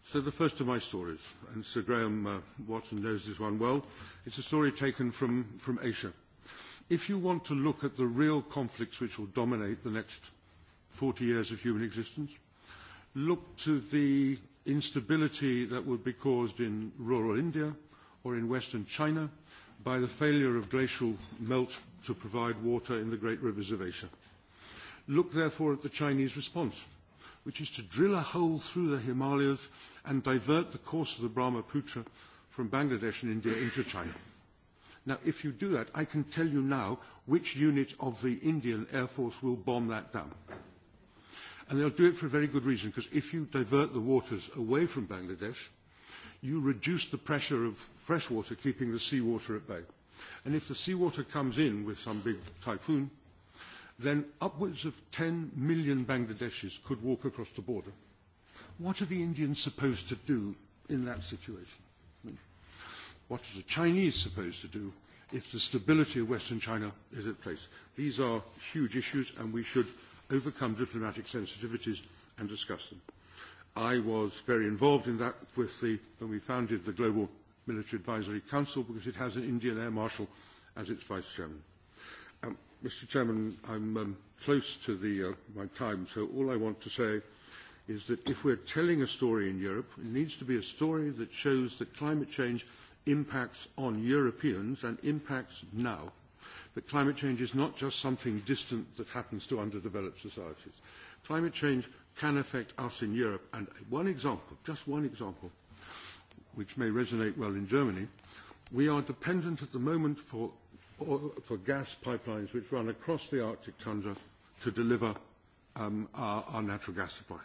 So the first of my stories, and Sir Graham uh, Watson knows this one well, it's a story taken from, from Asia. If you want to look at the real conflicts which will dominate the next 40 years of human existence, look to the instability that would be caused in rural India or in western China by the failure of glacial melt to provide water in the great rivers of Asia. Look therefore at the Chinese response, which is to drill a hole through the Himalayas and divert the course of the Brahmaputra from Bangladesh and India into China. Now, if you do that, I can tell you now which unit of the Indian Air Force will bomb that down. And they'll do it for a very good reason, because if you divert the waters away from Bangladesh, you reduce the pressure of fresh water, keeping the seawater at bay. And if the seawater comes in with some big typhoon, then upwards of 10 million Bangladeshis could walk across the border. What are the Indians supposed to do in that situation? I mean, what are the Chinese supposed to do if the stability of Western China is at place? These are huge issues, and we should overcome diplomatic sensitivities and discuss them. I was very involved in that with the, when we founded the Global Military Advisory Council because it has an Indian Air Marshal as its Vice Chairman. Um, Mr Chairman, I'm um, close to the, uh, my time, so all I want to say is that if we're telling a story in Europe, it needs to be a story that shows that climate change impacts on Europeans and impacts now that climate change is not just something distant that happens to underdeveloped societies. Climate change can affect us in Europe. And one example, just one example, which may resonate well in Germany, we are dependent at the moment for, for gas pipelines which run across the Arctic tundra to deliver um, our, our natural gas supply.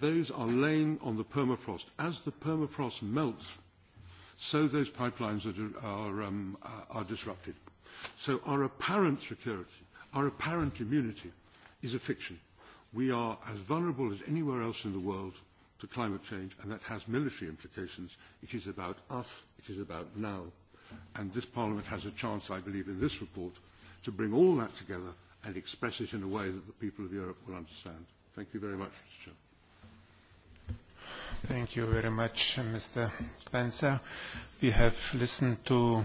Those are laying on the permafrost. As the permafrost melts, so those pipelines are, are, um, are disrupted. So our apparent security, our apparent immunity is a fiction. We are as vulnerable as anywhere else in the world to climate change, and that has military implications. It is about us, it is about now. And this Parliament has a chance, I believe, in this report to bring all that together and express it in a way that the people of Europe will understand. Thank you very much, Mr. Chair. Thank you very much, Mr. Spencer. We have listened to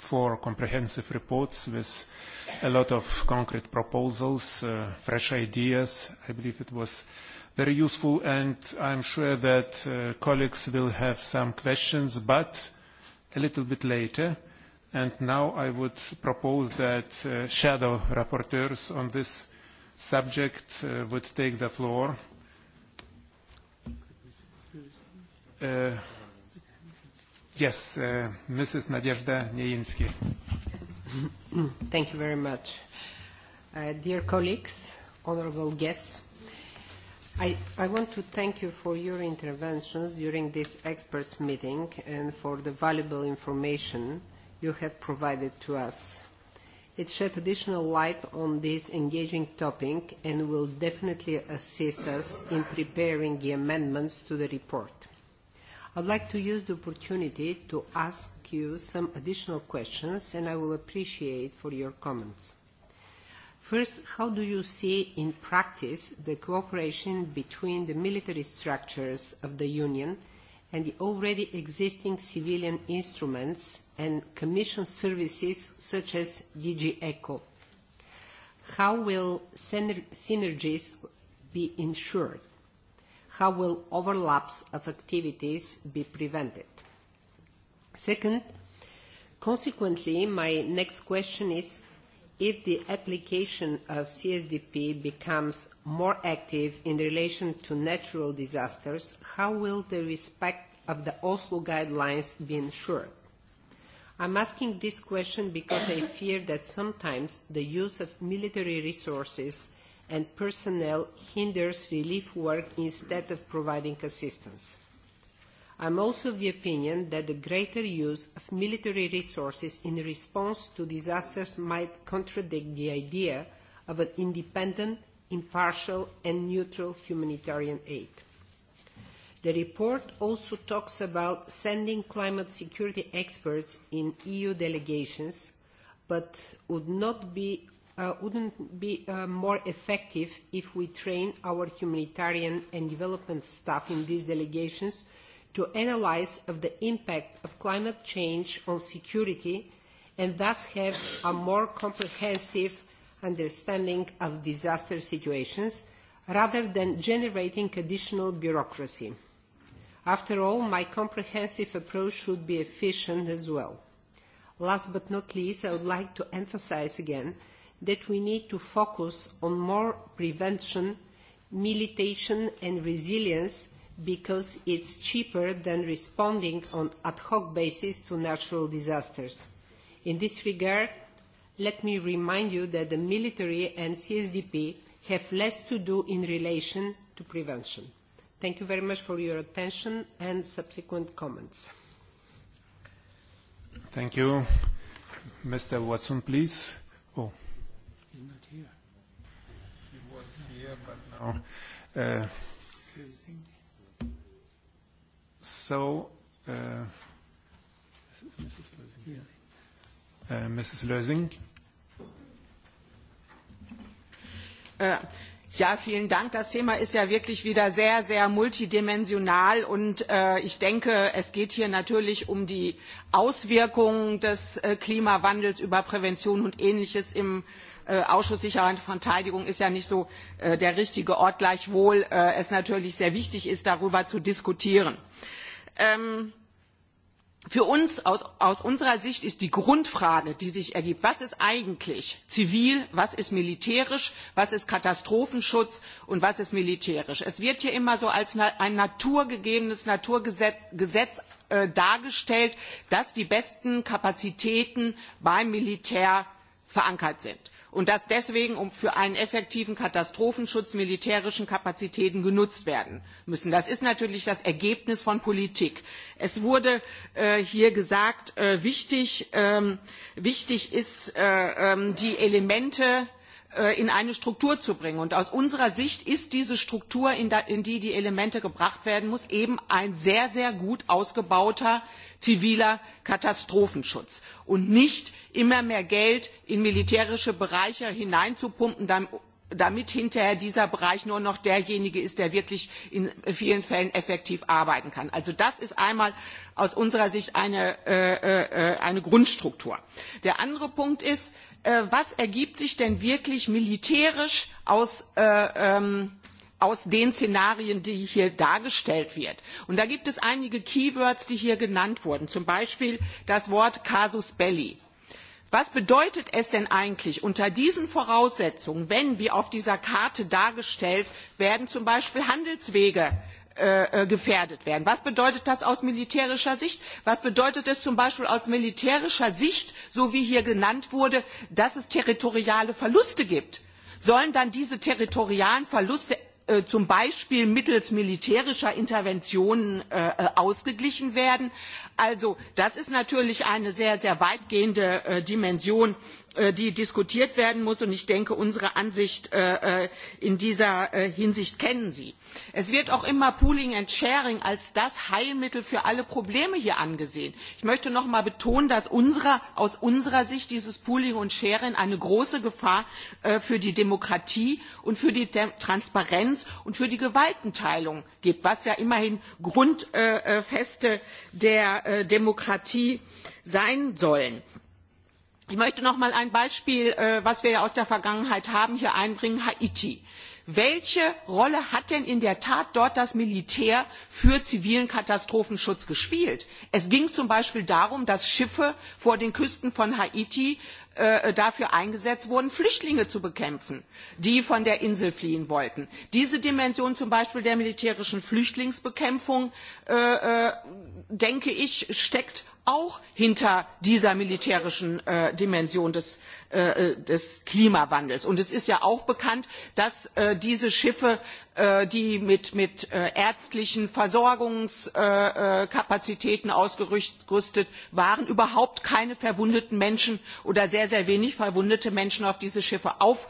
four comprehensive reports with a lot of concrete proposals, uh, fresh ideas. I believe it was very useful, and I'm sure that uh, colleagues will have some questions, but a little bit later. And now I would propose that uh, shadow rapporteurs on this subject uh, would take the floor. Uh, Yes, uh, Mrs. Nadezhda Nijinsky. Thank you very much. Uh, dear colleagues, honorable guests, I, I want to thank you for your interventions during this experts meeting and for the valuable information you have provided to us. It shed additional light on this engaging topic and will definitely assist us in preparing the amendments to the report. I'd like to use the opportunity to ask you some additional questions and I will appreciate for your comments. First, how do you see in practice the cooperation between the military structures of the Union and the already existing civilian instruments and commission services such as DG ECHO? How will synergies be ensured? how will overlaps of activities be prevented? Second, consequently, my next question is if the application of CSDP becomes more active in relation to natural disasters, how will the respect of the Oslo guidelines be ensured? I'm asking this question because I fear that sometimes the use of military resources and personnel hinders relief work instead of providing assistance. I am also of the opinion that the greater use of military resources in response to disasters might contradict the idea of an independent, impartial and neutral humanitarian aid. The report also talks about sending climate security experts in EU delegations, but would not be uh, wouldn't be uh, more effective if we train our humanitarian and development staff in these delegations to analyse of the impact of climate change on security and thus have a more comprehensive understanding of disaster situations rather than generating additional bureaucracy. After all, my comprehensive approach should be efficient as well. Last but not least, I would like to emphasise again that we need to focus on more prevention, militation and resilience because it is cheaper than responding on ad hoc basis to natural disasters. In this regard, let me remind you that the military and CSDP have less to do in relation to prevention. Thank you very much for your attention and subsequent comments. Thank you. Mr. Watson, please. Oh. Uh, so, uh, uh Mrs. Lösing. Uh. Ja, vielen Dank. Das Thema ist ja wirklich wieder sehr, sehr multidimensional und äh, ich denke, es geht hier natürlich um die Auswirkungen des äh, Klimawandels über Prävention und Ähnliches im äh, Äh, Ausschuss Sicherheit und Verteidigung ist ja nicht so äh, der richtige Ort, gleichwohl äh, es natürlich sehr wichtig ist, darüber zu diskutieren. Ähm, für uns aus, aus unserer Sicht ist die Grundfrage, die sich ergibt, was ist eigentlich zivil, was ist militärisch, was ist Katastrophenschutz und was ist militärisch. Es wird hier immer so als ein naturgegebenes Naturgesetz Gesetz, äh, dargestellt, dass die besten Kapazitäten beim Militär verankert sind und dass deswegen um für einen effektiven Katastrophenschutz militärischen Kapazitäten genutzt werden müssen. Das ist natürlich das Ergebnis von Politik. Es wurde äh, hier gesagt, äh, wichtig, ähm, wichtig ist äh, ähm, die Elemente, Äh, in eine Struktur zu bringen. Und aus unserer Sicht ist diese Struktur, in, die die Elemente gebracht werden muss, eben ein sehr, sehr gut ausgebauter ziviler Katastrophenschutz und nicht immer mehr Geld in militärische Bereiche hineinzupumpen, damit hinterher dieser Bereich nur noch derjenige ist, der wirklich in vielen Fällen effektiv arbeiten kann. Also das ist einmal aus unserer Sicht eine, äh, äh, eine Grundstruktur. Der andere Punkt ist, äh, was ergibt sich denn wirklich militärisch aus äh, ähm, aus den Szenarien, die hier dargestellt wird. Und da gibt es einige Keywords, die hier genannt wurden. Zum Beispiel das Wort Casus Belli. Was bedeutet es denn eigentlich unter diesen Voraussetzungen, wenn, wie auf dieser Karte dargestellt, werden zum Beispiel Handelswege äh, äh, gefährdet werden? Was bedeutet das aus militärischer Sicht? Was bedeutet es zum Beispiel aus militärischer Sicht, so wie hier genannt wurde, dass es territoriale Verluste gibt? Sollen dann diese territorialen Verluste Äh, zum Beispiel mittels militärischer Interventionen äh, äh, ausgeglichen werden. Also das ist natürlich eine sehr, sehr weitgehende Dimension Äh, die diskutiert werden muss. Und ich denke, unsere Ansicht äh, äh, in dieser Hinsicht kennen Sie. Es wird auch immer Pooling and Sharing als das Heilmittel für alle Probleme hier angesehen. Ich möchte noch einmal betonen, dass unserer, aus unserer Sicht dieses Pooling und Sharing eine große Gefahr für die Demokratie und für die Transparenz und für die Gewaltenteilung gibt, was ja immerhin Grundfeste der Demokratie sein sollen. Ich möchte noch mal ein Beispiel, äh, was wir ja aus der Vergangenheit haben, hier einbringen, Haiti. Welche Rolle hat denn in der Tat dort das Militär für zivilen Katastrophenschutz gespielt? Es ging zum Beispiel darum, dass Schiffe vor den Küsten von Haiti äh, dafür eingesetzt wurden, Flüchtlinge zu bekämpfen, die von der Insel fliehen wollten. Diese Dimension zum Beispiel der militärischen Flüchtlingsbekämpfung, äh, äh denke ich, steckt auch hinter dieser militärischen äh, Dimension des, äh, äh, des, Klimawandels. Und es ist ja auch bekannt, dass äh, diese Schiffe, äh, die mit, mit äh, ärztlichen Versorgungskapazitäten ausgerüstet waren, überhaupt keine verwundeten Menschen oder sehr, sehr wenig verwundete Menschen auf diese Schiffe auf,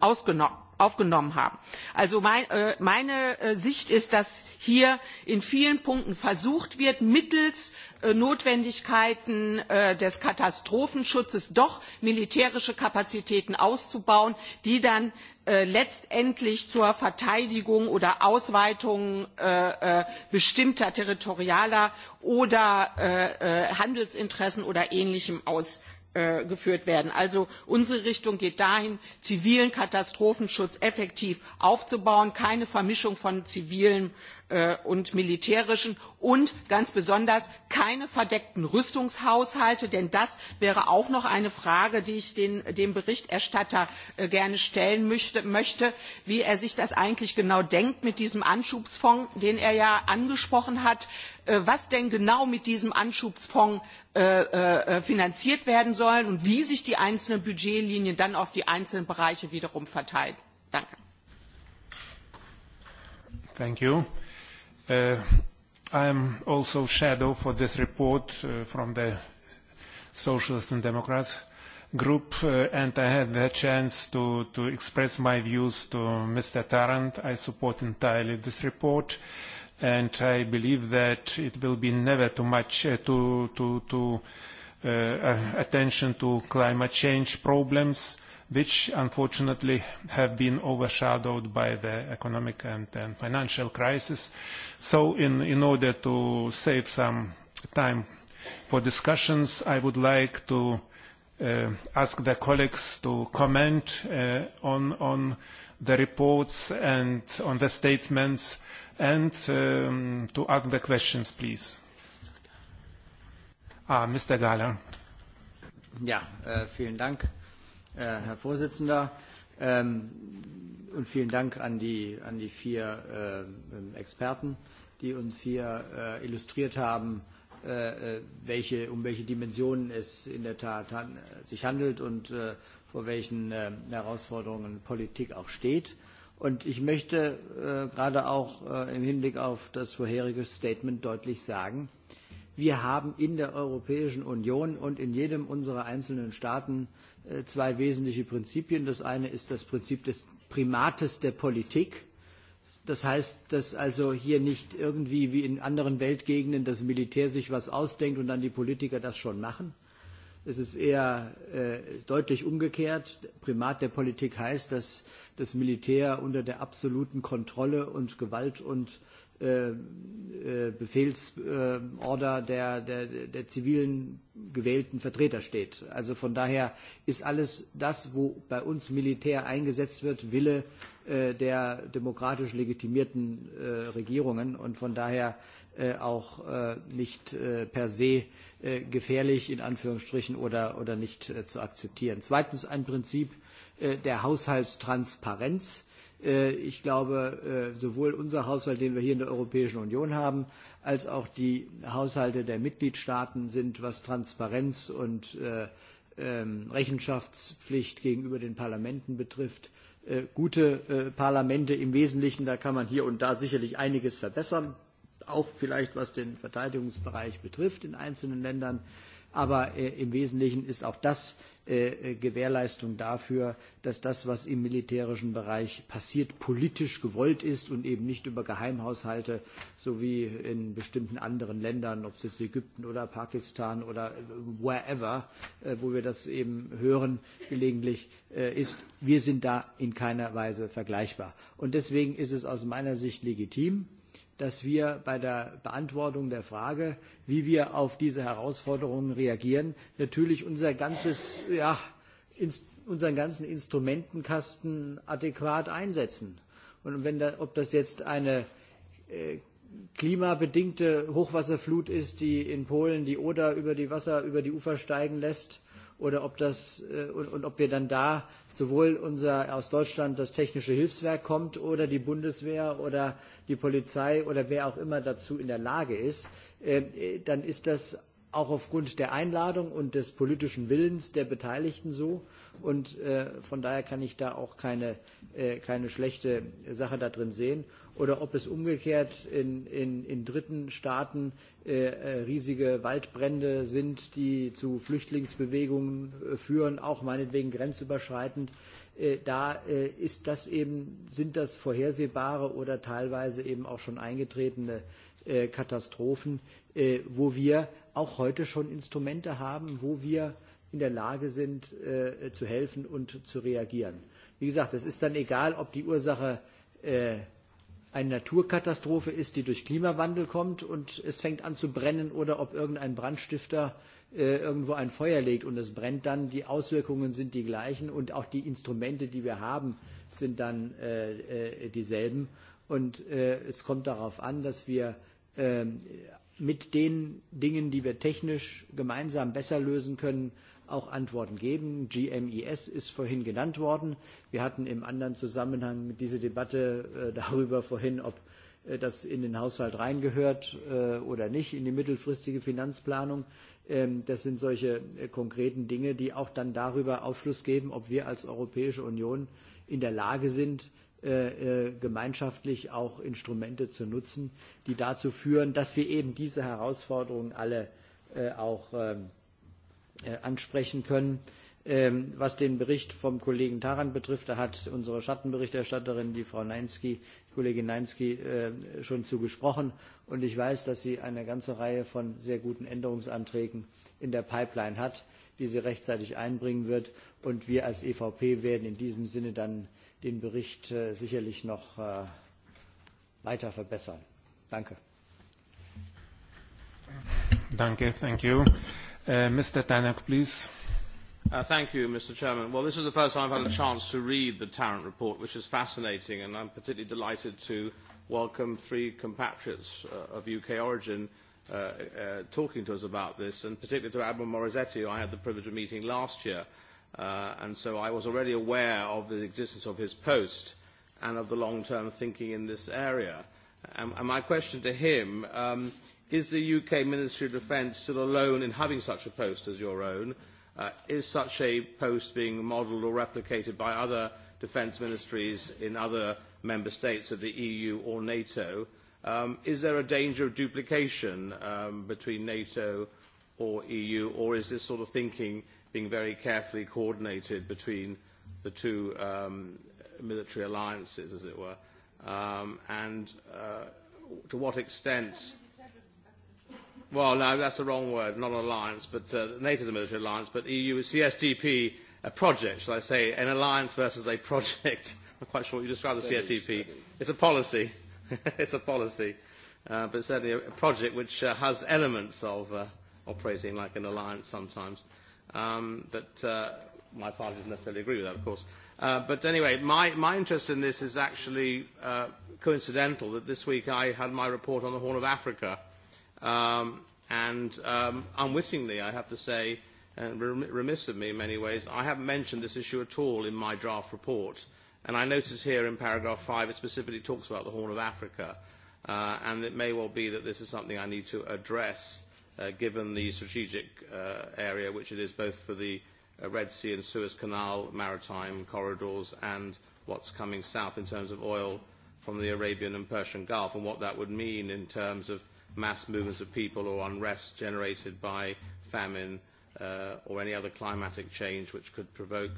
ausgenommen aufgenommen haben. Also mein, äh, meine äh, Sicht ist, dass hier in vielen Punkten versucht wird, mittels äh, Notwendigkeiten äh, des Katastrophenschutzes doch militärische Kapazitäten auszubauen, die dann äh, letztendlich zur Verteidigung oder Ausweitung äh, äh, bestimmter territorialer oder äh, äh, Handelsinteressen oder ähnlichem aus. Äh, geführt werden. Also unsere Richtung geht dahin, zivilen Katastrophenschutz effektiv aufzubauen, keine Vermischung von zivilen Äh, und militärischen und ganz besonders keine verdeckten Rüstungshaushalte, denn das wäre auch noch eine Frage, die ich den, dem Berichterstatter äh, gerne stellen möchte, wie er sich das eigentlich genau denkt mit diesem Anschubsfonds, den er ja angesprochen hat, äh, was denn genau mit diesem Anschubsfonds finanziert werden soll und wie sich die einzelnen Budgetlinien dann auf die einzelnen Bereiche wiederum verteilen. Danke. Thank you. Uh, I am also shadow for this report uh, from the Socialists and Democrats group, uh, and I had the chance to, to express my views to Mr. Tarrant. I support entirely this report, and I believe that it will be never too much uh, to, to, to uh, uh attention to climate change problems which unfortunately have been overshadowed by the economic and, and financial crisis. So in, in order to save some time for discussions, I would like to uh, ask the colleagues to comment uh, on, on the reports and on the statements and um, to ask the questions, please. Ah, Mr. Galler. Ja, uh, vielen Dank. Äh, Herr Vorsitzender. Ähm, und vielen Dank an die, an die vier ähm, Experten, die uns hier äh, illustriert haben, äh, äh, welche, um welche Dimensionen es in der Tat han sich handelt und äh, vor welchen äh, Herausforderungen Politik auch steht. Und ich möchte äh, gerade auch äh, im Hinblick auf das vorherige Statement deutlich sagen, wir haben in der Europäischen Union und in jedem unserer einzelnen Staaten äh, Äh, zwei wesentliche Prinzipien. Das eine ist das Prinzip des Primates der Politik. Das heißt, dass also hier nicht irgendwie wie in anderen Weltgegenden das Militär sich was ausdenkt und dann die Politiker das schon machen. Es ist eher äh, deutlich umgekehrt. Primat der Politik heißt, dass das Militär unter der absoluten Kontrolle und Gewalt und Äh, äh, Befehlsorder der, der, der zivilen gewählten Vertreter steht. Also von daher ist alles das, wo bei uns Militär eingesetzt wird, Wille äh, der demokratisch legitimierten äh, Regierungen und von daher äh, auch äh, nicht äh, per se äh, gefährlich in Anführungsstrichen oder, oder nicht äh, zu akzeptieren. Zweitens ein Prinzip äh, der Haushaltstransparenz Äh, ich glaube, äh, sowohl unser Haushalt, den wir hier in der Europäischen Union haben, als auch die Haushalte der Mitgliedstaaten sind, was Transparenz und äh, ähm, Rechenschaftspflicht gegenüber den Parlamenten betrifft, gute Parlamente im Wesentlichen. Da kann man hier und da sicherlich einiges verbessern, auch vielleicht was den Verteidigungsbereich betrifft in einzelnen Ländern. Aber äh, im Wesentlichen ist auch das äh, äh, Gewährleistung dafür, dass das, was im militärischen Bereich passiert, politisch gewollt ist und eben nicht über Geheimhaushalte, so wie in bestimmten anderen Ländern, ob es Ägypten oder Pakistan oder äh, wherever, äh, wo wir das eben hören gelegentlich, äh, ist. Wir sind da in keiner Weise vergleichbar. Und deswegen ist es aus meiner Sicht legitim, dass wir bei der Beantwortung der Frage, wie wir auf diese Herausforderungen reagieren, natürlich unser ganzes, ja, unseren ganzen Instrumentenkasten adäquat einsetzen. Und wenn da, ob das jetzt eine äh, klimabedingte Hochwasserflut ist, die in Polen die Oder über die Wasser, über die Ufer steigen lässt, oder ob das äh, und, und ob wir dann da sowohl unser aus Deutschland das technische Hilfswerk kommt oder die Bundeswehr oder die Polizei oder wer auch immer dazu in der Lage ist, äh, dann ist das auch aufgrund der Einladung und des politischen Willens der Beteiligten so. Und äh, von daher kann ich da auch keine, äh, keine schlechte Sache da drin sehen oder ob es umgekehrt in, in, in dritten Staaten äh, äh riesige Waldbrände sind, die zu Flüchtlingsbewegungen äh, führen, auch meinetwegen grenzüberschreitend. Äh, da äh, ist das eben, sind das vorhersehbare oder teilweise eben auch schon eingetretene äh, Katastrophen, äh, wo wir auch heute schon Instrumente haben, wo wir in der Lage sind, äh, zu helfen und zu reagieren. Wie gesagt, es ist dann egal, ob die Ursache äh, eine Naturkatastrophe ist, die durch Klimawandel kommt und es fängt an zu brennen oder ob irgendein Brandstifter äh, irgendwo ein Feuer legt und es brennt dann. Die Auswirkungen sind die gleichen und auch die Instrumente, die wir haben, sind dann äh, äh, dieselben. Und äh, es kommt darauf an, dass wir äh, mit den Dingen, die wir technisch gemeinsam besser lösen können, auch Antworten geben. GMES ist vorhin genannt worden. Wir hatten im anderen Zusammenhang mit dieser Debatte äh, darüber vorhin, ob äh, das in den Haushalt reingehört äh, oder nicht, in die mittelfristige Finanzplanung. Ähm, das sind solche äh, konkreten Dinge, die auch dann darüber Aufschluss geben, ob wir als Europäische Union in der Lage sind, äh, äh gemeinschaftlich auch Instrumente zu nutzen, die dazu führen, dass wir eben diese Herausforderungen alle äh, auch ähm, Äh, ansprechen können. Ähm, was den Bericht vom Kollegen Taran betrifft, da hat unsere Schattenberichterstatterin, die Frau Neinski, Kollegin Neinski, äh, schon zugesprochen. Und ich weiß, dass sie eine ganze Reihe von sehr guten Änderungsanträgen in der Pipeline hat, die sie rechtzeitig einbringen wird. Und wir als EVP werden in diesem Sinne dann den Bericht äh, sicherlich noch äh, weiter verbessern. Danke. Danke, thank you. Uh, Mr. Tannock, please. Uh, thank you, Mr. Chairman. Well, this is the first time I've had a chance to read the Tarrant report, which is fascinating, and I'm particularly delighted to welcome three compatriots uh, of UK origin uh, uh, talking to us about this, and particularly to Admiral Morizetti, who I had the privilege of meeting last year. Uh, and so I was already aware of the existence of his post and of the long-term thinking in this area. And, um, and my question to him um, Is the UK Ministry of Defence still alone in having such a post as your own? Uh, is such a post being modelled or replicated by other defence ministries in other member states of the EU or NATO? Um, is there a danger of duplication um, between NATO or EU, or is this sort of thinking being very carefully coordinated between the two um, military alliances, as it were? Um, and uh, to what extent well, no, that's the wrong word, not an alliance, but uh, NATO's a military alliance, but EU is CSDP, a project, shall I say, an alliance versus a project. I'm quite sure what you described the CSDP. Steady. It's a policy. it's a policy. Uh, but certainly a, a project which uh, has elements of uh, operating like an alliance sometimes. Um, but uh, my father doesn't necessarily agree with that, of course. Uh, but anyway, my, my interest in this is actually uh, coincidental that this week I had my report on the Horn of Africa Um, and um, unwittingly, I have to say, and remiss of me in many ways, I haven't mentioned this issue at all in my draft report. And I notice here in paragraph five it specifically talks about the Horn of Africa. Uh, and it may well be that this is something I need to address uh, given the strategic uh, area which it is both for the uh, Red Sea and Suez Canal maritime corridors and what's coming south in terms of oil from the Arabian and Persian Gulf and what that would mean in terms of mass movements of people or unrest generated by famine uh, or any other climatic change which could provoke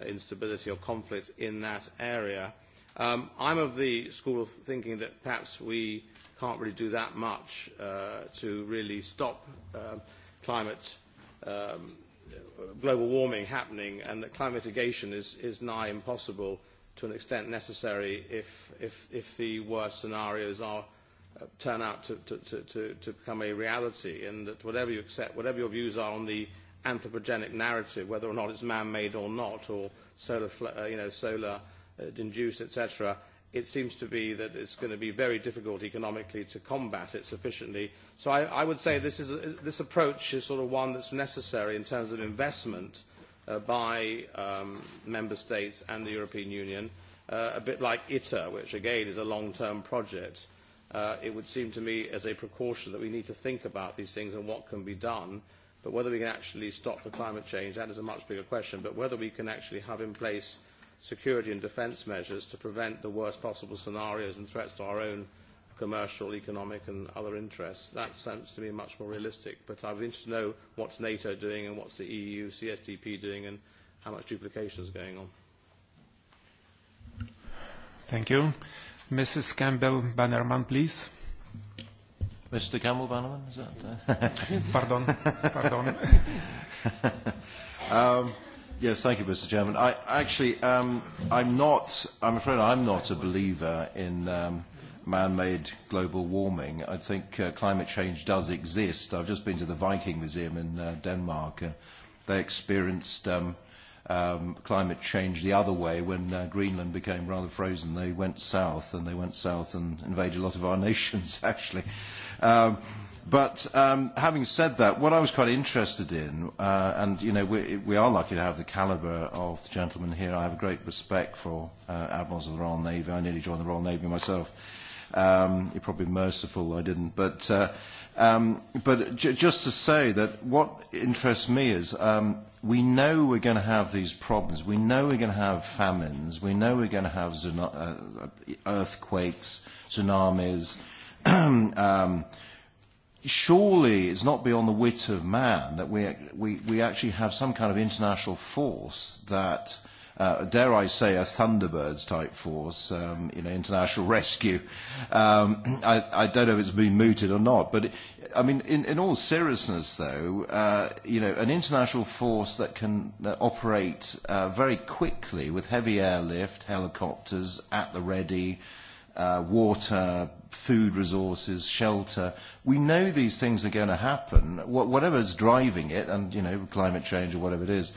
uh, instability or conflict in that area. Um, I'm of the school of thinking that perhaps we can't really do that much uh, to really stop uh, climate um, global warming happening and that climate mitigation is, is nigh impossible to an extent necessary if, if, if the worst scenarios are uh, turn out to, to, to, to, to become a reality and that whatever you accept, whatever your views are on the anthropogenic narrative, whether or not it's man-made or not, or solar, uh, you know, solar uh, induced, etc., it seems to be that it's going to be very difficult economically to combat it sufficiently. So I, I would say this, is, a this approach is sort of one that's necessary in terms of investment uh, by um, member states and the European Union, uh, a bit like ITER, which again is a long-term project. Uh, uh, it would seem to me as a precaution that we need to think about these things and what can be done. But whether we can actually stop the climate change, that is a much bigger question. But whether we can actually have in place security and defence measures to prevent the worst possible scenarios and threats to our own commercial, economic and other interests, that sounds to me much more realistic. But I'd be interested to know what's NATO doing and what's the EU, CSDP doing and how much duplication is going on. Thank you. Mrs. Campbell Bannerman, please. Mr. Campbell Bannerman, is that? pardon, pardon. um, yes, thank you, Mr. Chairman. I actually, um, I'm not. I'm afraid I'm not a believer in. Um, man-made global warming. I think uh, climate change does exist. I've just been to the Viking Museum in uh, Denmark. Uh, they experienced um, um, climate change the other way when uh, Greenland became rather frozen. They went south, and they went south and invaded a lot of our nations, actually. Um, but um, having said that, what I was quite interested in, uh, and you know, we, we are lucky to have the calibre of the gentleman here. I have a great respect for uh, admirals of the Royal Navy. I nearly joined the Royal Navy myself. Um, you're probably merciful I didn't, but. Uh, Um, but j just to say that what interests me is um, we know we're going to have these problems. We know we're going to have famines. We know we're going to have uh, earthquakes, tsunamis. um, surely it's not beyond the wit of man that we, we, we actually have some kind of international force that uh, dare I say, a Thunderbirds type force, um, you know, international rescue. Um, I, I don't know if it's been mooted or not, but it, I mean, in, in all seriousness, though, uh, you know, an international force that can uh, operate uh, very quickly with heavy airlift, helicopters at the ready, uh, water, food resources, shelter. We know these things are going to happen, wh whatever's driving it, and, you know, climate change or whatever it is. Uh,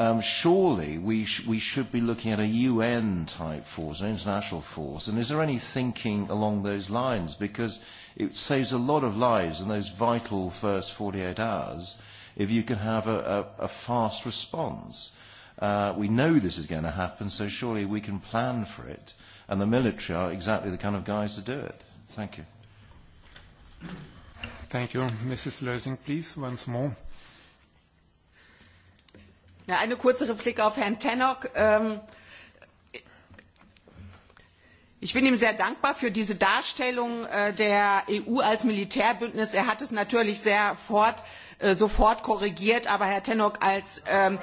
um, surely we, sh we should be looking at a UN type force, an international force. And is there any thinking along those lines? Because it saves a lot of lives in those vital first 48 hours if you can have a, a, a fast response. Uh, we know this is going to happen, so surely we can plan for it. And the military are exactly the kind of guys to do it. Thank you. Thank you. Mrs. Lersing, please, once more. Na, eine kurze Replik auf Herrn Tannock. Ähm, ich bin ihm sehr dankbar für diese Darstellung äh, der EU als Militärbündnis. Er hat es natürlich sehr fort, äh, sofort korrigiert, aber Herr Tannock als ähm,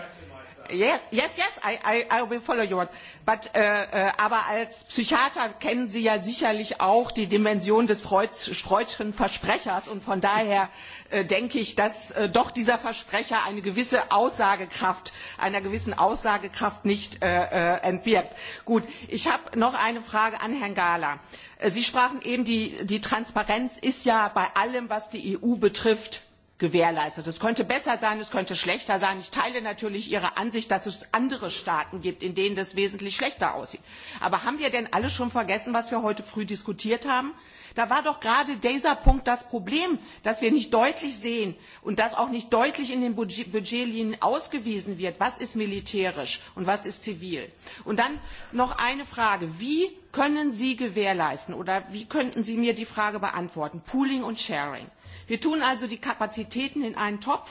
Yes, yes, yes, I, I, I will follow you. But, uh, uh, aber als Psychiater kennen Sie ja sicherlich auch die Dimension des Freudschen Versprechers. Und von daher äh, denke ich, dass äh, doch dieser Versprecher eine gewisse Aussagekraft, einer gewissen Aussagekraft nicht äh, äh, entbirgt. Gut, ich habe noch eine Frage an Herrn Gala. Äh, Sie sprachen eben, die, die Transparenz ist ja bei allem, was die EU betrifft, gewährleistet. Es könnte besser sein, es könnte schlechter sein. Ich teile natürlich Ihre Ansicht, dass es andere Staaten gibt, in denen das wesentlich schlechter aussieht. Aber haben wir denn alle schon vergessen, was wir heute früh diskutiert haben? Da war doch gerade dieser Punkt das Problem, dass wir nicht deutlich sehen und dass auch nicht deutlich in den Budgetlinien ausgewiesen wird, was ist militärisch und was ist zivil. Und dann noch eine Frage. Wie können Sie gewährleisten oder wie könnten Sie mir die Frage beantworten? Pooling und Sharing. Wir tun also die Kapazitäten in einen Topf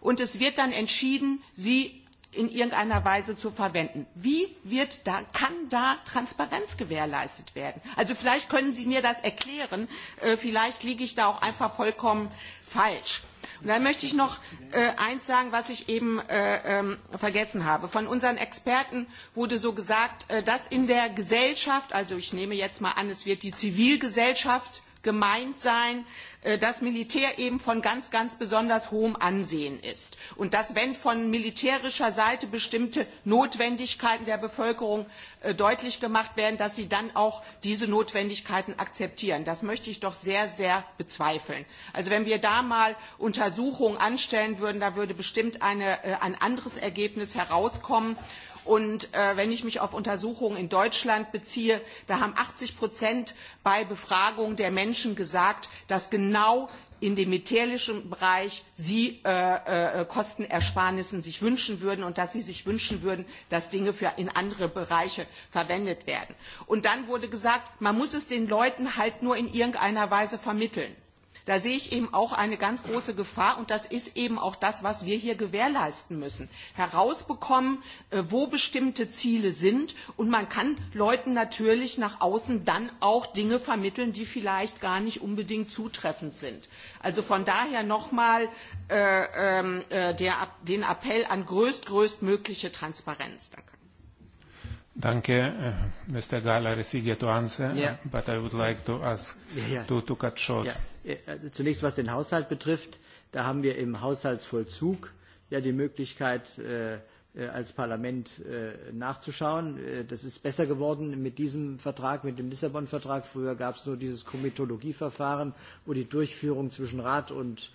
und es wird dann entschieden, sie in irgendeiner Weise zu verwenden. Wie wird da, kann da Transparenz gewährleistet werden? Also vielleicht können Sie mir das erklären, äh, vielleicht liege ich da auch einfach vollkommen falsch. Und dann möchte ich noch äh, eins sagen, was ich eben äh, ähm, vergessen habe. Von unseren Experten wurde so gesagt, äh, dass in der Gesellschaft, also ich nehme jetzt mal an, es wird die Zivilgesellschaft gemeint sein, äh, dass Militär eben von ganz, ganz besonders hohem Ansehen ist und dass, wenn von militärischer Seite bestimmte Notwendigkeiten der Bevölkerung äh, deutlich gemacht werden, dass sie dann auch diese Notwendigkeiten akzeptieren. Das möchte ich doch sehr, sehr bezweifeln. Also wenn wir da mal Untersuchungen anstellen würden, da würde bestimmt eine, äh, ein anderes Ergebnis herauskommen. Und äh, wenn ich mich auf Untersuchungen in Deutschland beziehe, da haben 80 Prozent bei Befragung der Menschen gesagt, dass genau in dem metallischen Bereich sie äh, äh, Kostenersparnissen sich wünschen würden und dass sie sich wünschen würden, dass Dinge für in andere Bereiche verwendet werden. Und dann wurde gesagt, man muss es den Leuten halt nur in irgendeiner Weise vermitteln. Da sehe ich eben auch eine ganz große Gefahr und das ist eben auch das, was wir hier gewährleisten müssen. Herausbekommen, äh, wo bestimmte Ziele sind und man kann Leuten natürlich nach außen dann auch Dinge vermitteln, die vielleicht gar nicht unbedingt zutreffend sind. Also von daher nochmal äh, ähm, äh, den Appell an größt, größtmögliche Transparenz. Danke. Danke, eh, Mr. Gala received to answer, yeah. but I would like to ask yeah, yeah. To, to cut short. Yeah. Äh, äh, zunächst, was den Haushalt betrifft, da haben wir im Haushaltsvollzug ja die Möglichkeit, äh, äh als Parlament äh, nachzuschauen. Das ist besser geworden mit diesem Vertrag, mit dem Lissabon-Vertrag. Früher gab es nur dieses Komitologieverfahren, wo die Durchführung zwischen Rat und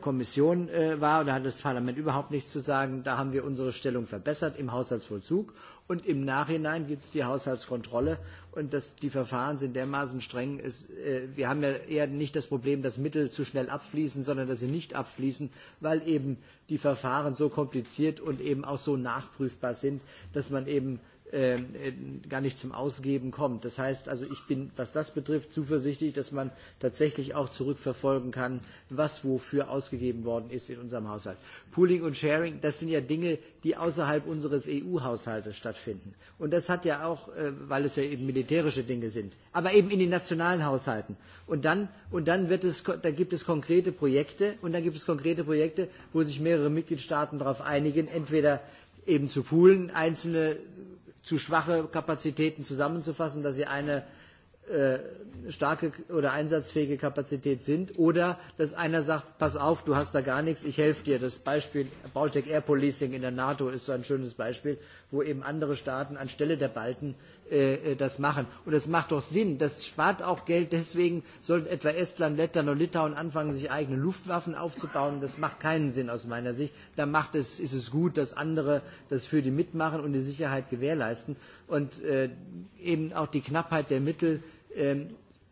Kommission äh, war. Da hat das Parlament überhaupt nichts zu sagen. Da haben wir unsere Stellung verbessert im Haushaltsvollzug und im Nachhinein gibt es die Haushaltskontrolle und das, die Verfahren sind dermaßen streng. Ist, äh, wir haben ja eher nicht das Problem, dass Mittel zu schnell abfließen, sondern dass sie nicht abfließen, weil eben die Verfahren so kompliziert und eben auch so nachprüfbar sind, dass man eben Ähm, äh, gar nicht zum Ausgeben kommt. Das heißt also, ich bin, was das betrifft, zuversichtlich, dass man tatsächlich auch zurückverfolgen kann, was wofür ausgegeben worden ist in unserem Haushalt. Pooling und Sharing, das sind ja Dinge, die außerhalb unseres EU-Haushaltes stattfinden. Und das hat ja auch, äh, weil es ja eben militärische Dinge sind, aber eben in den nationalen Haushalten. Und dann, und dann wird es, da gibt es konkrete Projekte und dann gibt es konkrete Projekte, wo sich mehrere Mitgliedstaaten darauf einigen, entweder eben zu poolen, einzelne zu schwache Kapazitäten zusammenzufassen, dass sie eine äh, starke oder einsatzfähige Kapazität sind oder dass einer sagt, pass auf, du hast da gar nichts, ich helfe dir. Das Beispiel Baltic Air Policing in der NATO ist so ein schönes Beispiel, wo eben andere Staaten anstelle der Balten äh, äh, das machen. Und es macht doch Sinn, das spart auch Geld, deswegen sollten etwa Estland, Lettland und Litauen anfangen, sich eigene Luftwaffen aufzubauen. Das macht keinen Sinn aus meiner Sicht. Da macht es, ist es gut, dass andere das für die mitmachen und die Sicherheit gewährleisten. Und äh, eben auch die Knappheit der Mittel äh,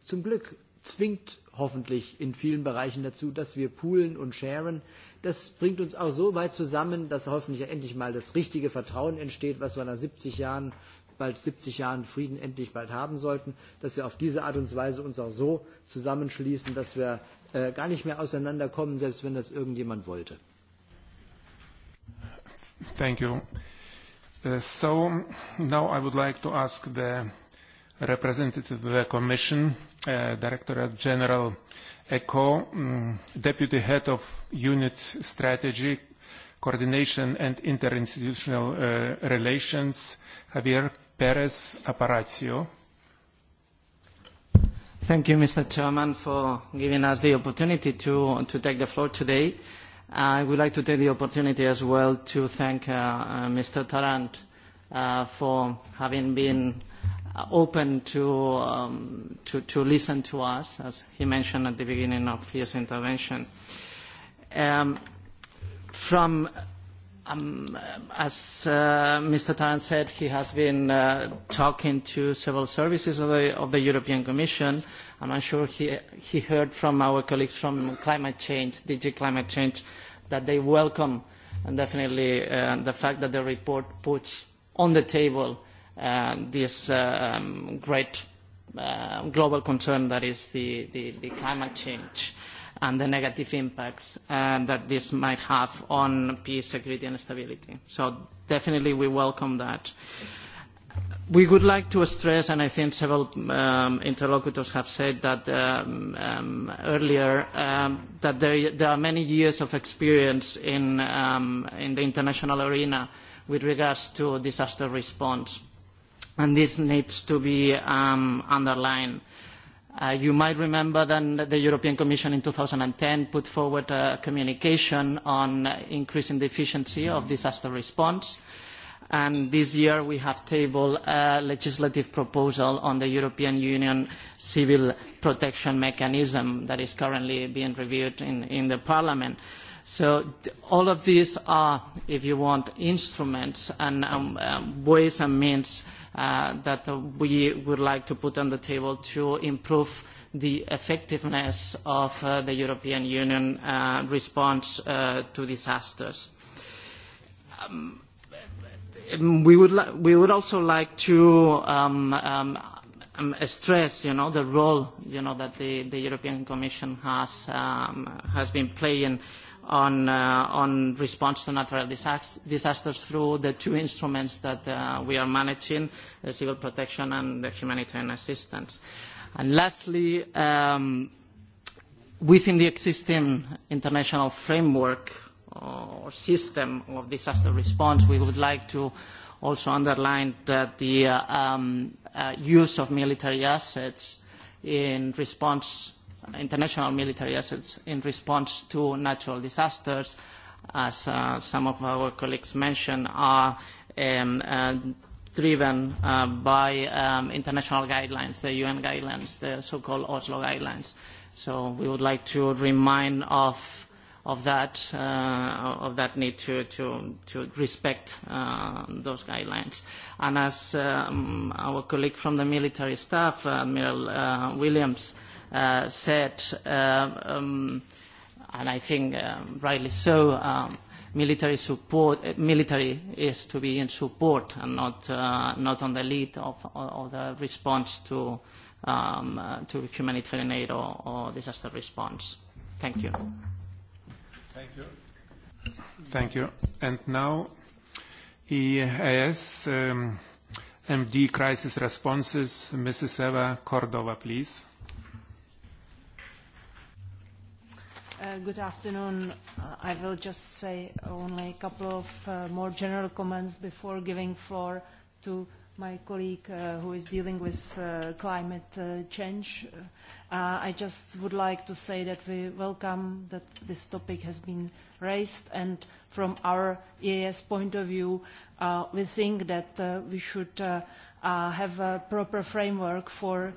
zum Glück zwingt hoffentlich in vielen Bereichen dazu, dass wir poolen und sharen. Das bringt uns auch so weit zusammen, dass hoffentlich endlich mal das richtige Vertrauen entsteht, was wir nach 70 Jahren, bald 70 Jahren Frieden endlich bald haben sollten, dass wir auf diese Art und Weise uns auch so zusammenschließen, dass wir äh, gar nicht mehr auseinanderkommen, selbst wenn das irgendjemand wollte. Thank you. Uh, so now I would like to ask the representative of the Commission, uh, Directorate General ECO, mm, Deputy Head of Unit Strategy, Coordination and Interinstitutional uh, Relations, Javier Perez Aparacio. Thank you, Mr. Chairman, for giving us the opportunity to, to take the floor today. I would like to take the opportunity as well to thank uh, uh, Mr. Tarant uh, for having been open to, um, to, to listen to us, as he mentioned at the beginning of his intervention. Um, from, um, as uh, Mr. Tan said, he has been uh, talking to several services of the, of the European Commission, and I'm sure he, he heard from our colleagues from Climate Change, DG Climate Change, that they welcome and definitely uh, the fact that the report puts on the table uh, this um, great uh, global concern that is the, the, the climate change and the negative impacts uh, that this might have on peace, security and stability. So definitely we welcome that. We would like to stress, and I think several um, interlocutors have said that um, um, earlier, um, that there, there are many years of experience in, um, in the international arena with regards to disaster response and this needs to be um, underlined. Uh, you might remember that the European Commission in 2010 put forward a communication on increasing the efficiency of disaster response. And this year we have tabled a legislative proposal on the European Union civil protection mechanism that is currently being reviewed in, in the Parliament. Uh, So all of these are, if you want, instruments and um, um, ways and means uh, that we would like to put on the table to improve the effectiveness of uh, the European Union uh, response uh, to disasters. Um, um we would, we would also like to um, um, um, stress, you know, the role, you know, that the, the European Commission has, um, has been playing on, uh, on response to natural disasters through the two instruments that uh, we are managing, the uh, civil protection and the humanitarian assistance. And lastly, um, within the existing international framework or system of disaster response, we would like to also underline that the uh, um, uh, use of military assets in response international military assets in response to natural disasters, as uh, some of our colleagues mentioned, are um, uh, driven uh, by um, international guidelines, the UN guidelines, the so-called Oslo guidelines. So we would like to remind of of that uh, of that need to to to respect uh, those guidelines. And as um, our colleague from the military staff, uh, Admiral uh, Williams uh, said, um, um, and I think um, rightly so, um, military support, uh, military is to be in support and not, uh, not on the lead of, of the response to, um, uh, to humanitarian aid or, or disaster response. Thank you. Thank you. Thank you. And now EAS um, MD Crisis Responses, Mrs. Eva Cordova, please. Uh, good afternoon. Uh, I will just say only a couple of uh, more general comments before giving floor to my colleague uh, who is dealing with uh, climate uh, change. Uh, I just would like to say that we welcome that this topic has been raised and from our EAS point of view, uh, we think that uh, we should uh, uh, have a proper framework for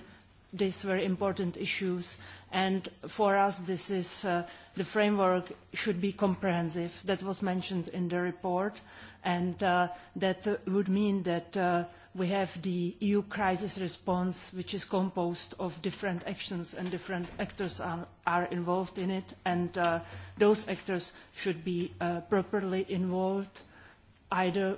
these very important issues And for us, this is, uh, the framework should be comprehensive. That was mentioned in the report, and uh, that would mean that uh, we have the EU crisis response, which is composed of different actions and different actors are, are involved in it, and uh, those actors should be uh, properly involved either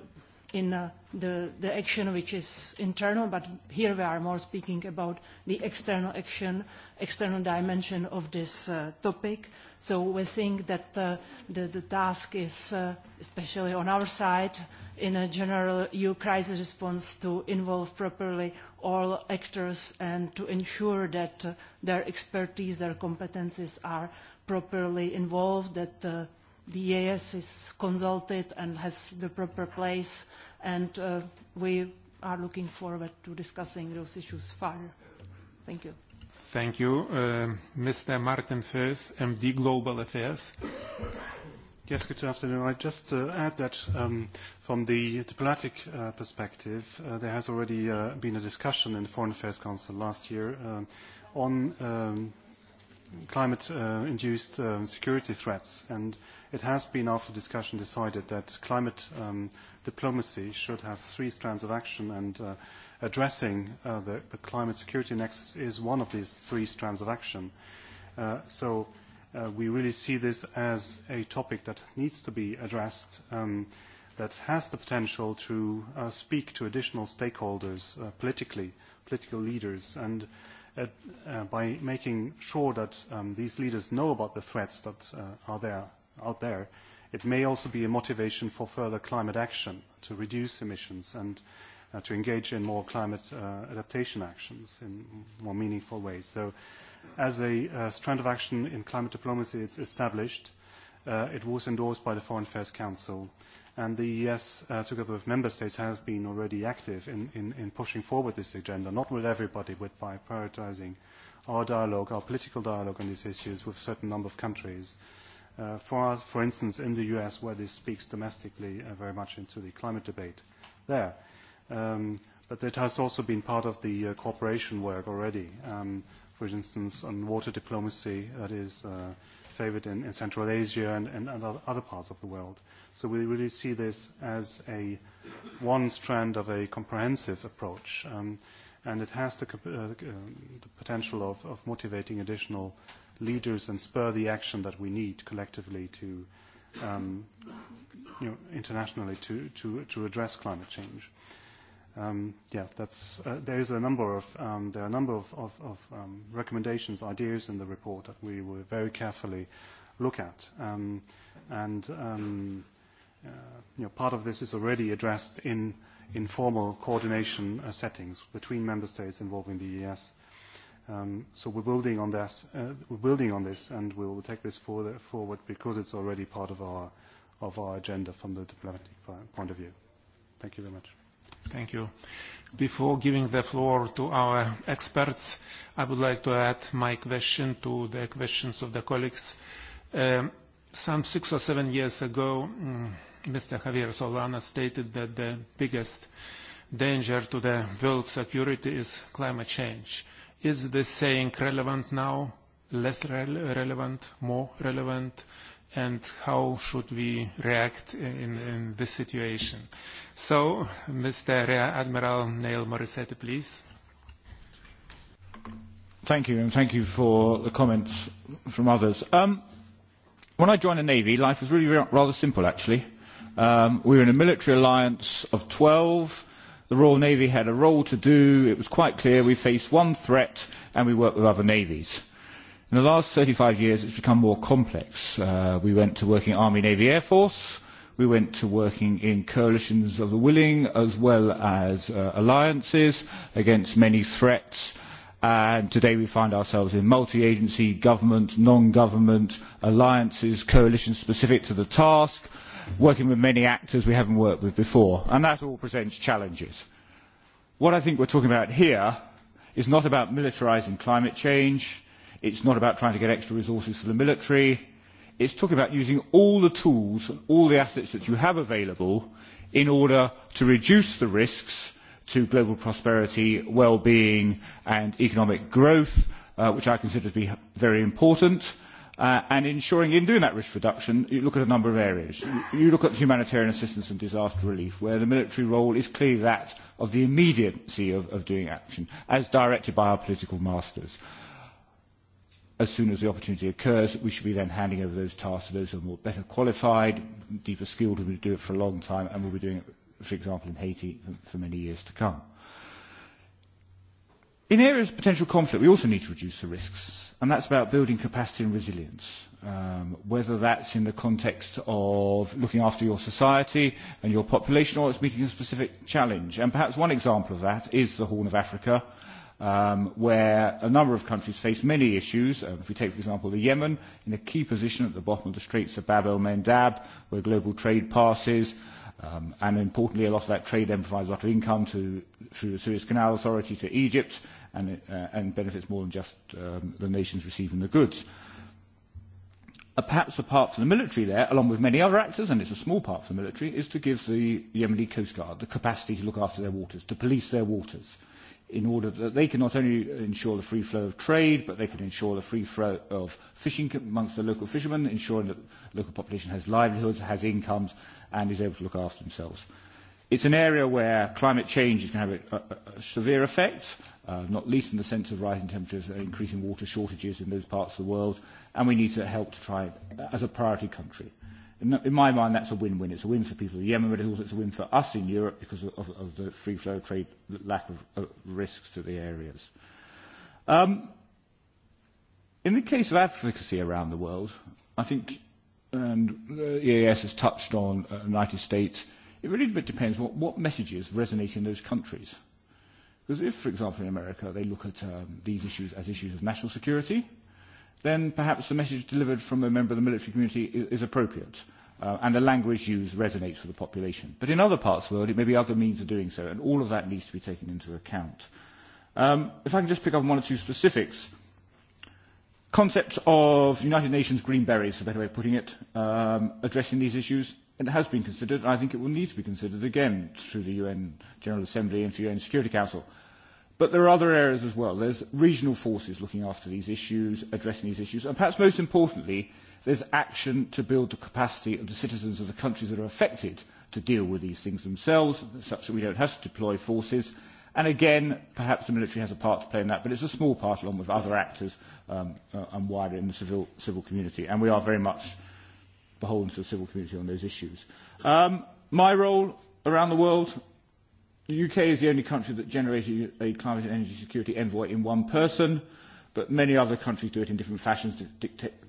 in uh, the, the action which is internal, but here we are more speaking about the external action, external dimension of this uh, topic. So we think that uh, the, the task is, uh, especially on our side, in a general EU crisis response to involve properly all actors and to ensure that uh, their expertise, their competences are properly involved, that uh, the EAS is consulted and has the proper place, and uh, we are looking forward to discussing those issues further. Thank you. Thank you. Uh, Mr. Martin Firth, MD Global Affairs. Yes, good afternoon. I'd just uh, add that um, from the diplomatic uh, perspective, uh, there has already uh, been a discussion in the Foreign Affairs Council last year um, on um, climate-induced uh, um, security threats, and it has been, after discussion, decided that climate um, diplomacy should have three strands of action, and uh, addressing uh, the, the climate security nexus is one of these three strands of action. Uh, so uh, we really see this as a topic that needs to be addressed, um, that has the potential to uh, speak to additional stakeholders uh, politically, political leaders, and at, uh, by making sure that um, these leaders know about the threats that uh, are there, out there, it may also be a motivation for further climate action to reduce emissions and uh, to engage in more climate uh, adaptation actions in more meaningful ways. So as a uh, strand of action in climate diplomacy, it's established. Uh, it was endorsed by the Foreign Affairs Council And the ES, uh, together with member states, has been already active in, in, in pushing forward this agenda, not with everybody, but by prioritizing our dialogue, our political dialogue on these issues with a certain number of countries. Uh, for, us, for instance, in the US, where this speaks domestically uh, very much into the climate debate there. Um, but it has also been part of the uh, cooperation work already. Um, for instance, on water diplomacy, that is uh, favored in, in Central Asia and, and other parts of the world. So we really see this as a one strand of a comprehensive approach, um, and it has the, uh, um, the potential of, of motivating additional leaders and spur the action that we need collectively to, um, you know, internationally to, to, to address climate change. Uh, um, yeah, that's, uh, there is a number of, um, there are a number of, of, of um, recommendations, ideas in the report that we will very carefully look at. Um, and um, uh, you know, part of this is already addressed in informal coordination uh, settings between member states involving the ES. E um, so we're building on this, uh, we're building on this, and we will take this forward, forward because it's already part of our of our agenda from the diplomatic point of view. Thank you very much. Thank you. Before giving the floor to our experts, I would like to add my question to the questions of the colleagues. Um, some six or seven years ago, Mr. Mm, Javier Solana stated that the biggest danger to the world security is climate change. Is this saying relevant now, less relevant, more relevant? and how should we react in, in this situation. So, Mr. Rear Admiral Neil Morissette, please. Thank you, and thank you for the comments from others. Um, when I joined the Navy, life was really rather simple, actually. Um, we were in a military alliance of 12. The Royal Navy had a role to do. It was quite clear we faced one threat, and we worked with other navies. In the last 35 years, it's become more complex. Uh, we went to working Army, Navy, Air Force. We went to working in coalitions of the willing as well as uh, alliances against many threats. And today we find ourselves in multi-agency, government, non-government, alliances, coalitions specific to the task, working with many actors we haven't worked with before. And that all presents challenges. What I think we're talking about here is not about militarising climate change, It's not about trying to get extra resources for the military. It's talking about using all the tools and all the assets that you have available in order to reduce the risks to global prosperity, well-being and economic growth, uh, which I consider to be very important. Uh, and ensuring in doing that risk reduction, you look at a number of areas. You, look at humanitarian assistance and disaster relief, where the military role is clearly that of the immediacy of, of doing action, as directed by our political masters. Uh, as soon as the opportunity occurs, we should be then handing over those tasks to those who are more better qualified, deeper skilled, who will do it for a long time, and will be doing it, for example, in Haiti for, for many years to come. In areas of potential conflict, we also need to reduce the risks, and that's about building capacity and resilience, um, whether that's in the context of looking after your society and your population, or it's meeting a specific challenge. And perhaps one example of that is the Horn of Africa, um, where a number of countries face many issues. Um, if we take, for example, the Yemen, in a key position at the bottom of the Straits of Bab el-Mandab, where global trade passes, um, and importantly, a lot of that trade then provides a lot of income to, through the Suez Canal Authority to Egypt, and, uh, and benefits more than just um, the nations receiving the goods. Uh, perhaps a part for the military there, along with many other actors, and it's a small part for the military, is to give the Yemeni Coast Guard the capacity to look after their waters, to police their waters. Uh, in order that they can not only ensure the free flow of trade, but they can ensure the free flow of fishing amongst the local fishermen, ensuring that the local population has livelihoods, has incomes, and is able to look after themselves. It's an area where climate change is going to have a, a, a severe effect, uh, not least in the sense of rising temperatures and uh, increasing water shortages in those parts of the world, and we need to help to try as a priority country in my mind, that's a win-win. It's a win for people in Yemen, but it's also a win for us in Europe because of, of, of the free flow of trade, lack of, of risks to the areas. Um, in the case of advocacy around the world, I think, and the EAS has touched on uh, United States, it really depends what, what messages resonate in those countries. Because if, for example, in America, they look at um, these issues as issues of national security, then perhaps the message delivered from a member of the military community is, is appropriate uh, and the language used resonates with the population. But in other parts of the world, it may be other means of doing so, and all of that needs to be taken into account. Um, if I can just pick up one or two specifics, concept of United Nations green berries, a better way of putting it, um, addressing these issues, it has been considered, and I think it will need to be considered again through the UN General Assembly and through the UN Security Council. But there are other areas as well. There's regional forces looking after these issues, addressing these issues, and perhaps most importantly, there's action to build the capacity of the citizens of the countries that are affected to deal with these things themselves, such that we don't have to deploy forces. And again, perhaps the military has a part to play in that, but it's a small part along with other actors um, uh, and wider in the civil, civil community. And we are very much beholden to the civil community on those issues. Um, my role around the world The UK is the only country that generated a climate and energy security envoy in one person, but many other countries do it in different fashions,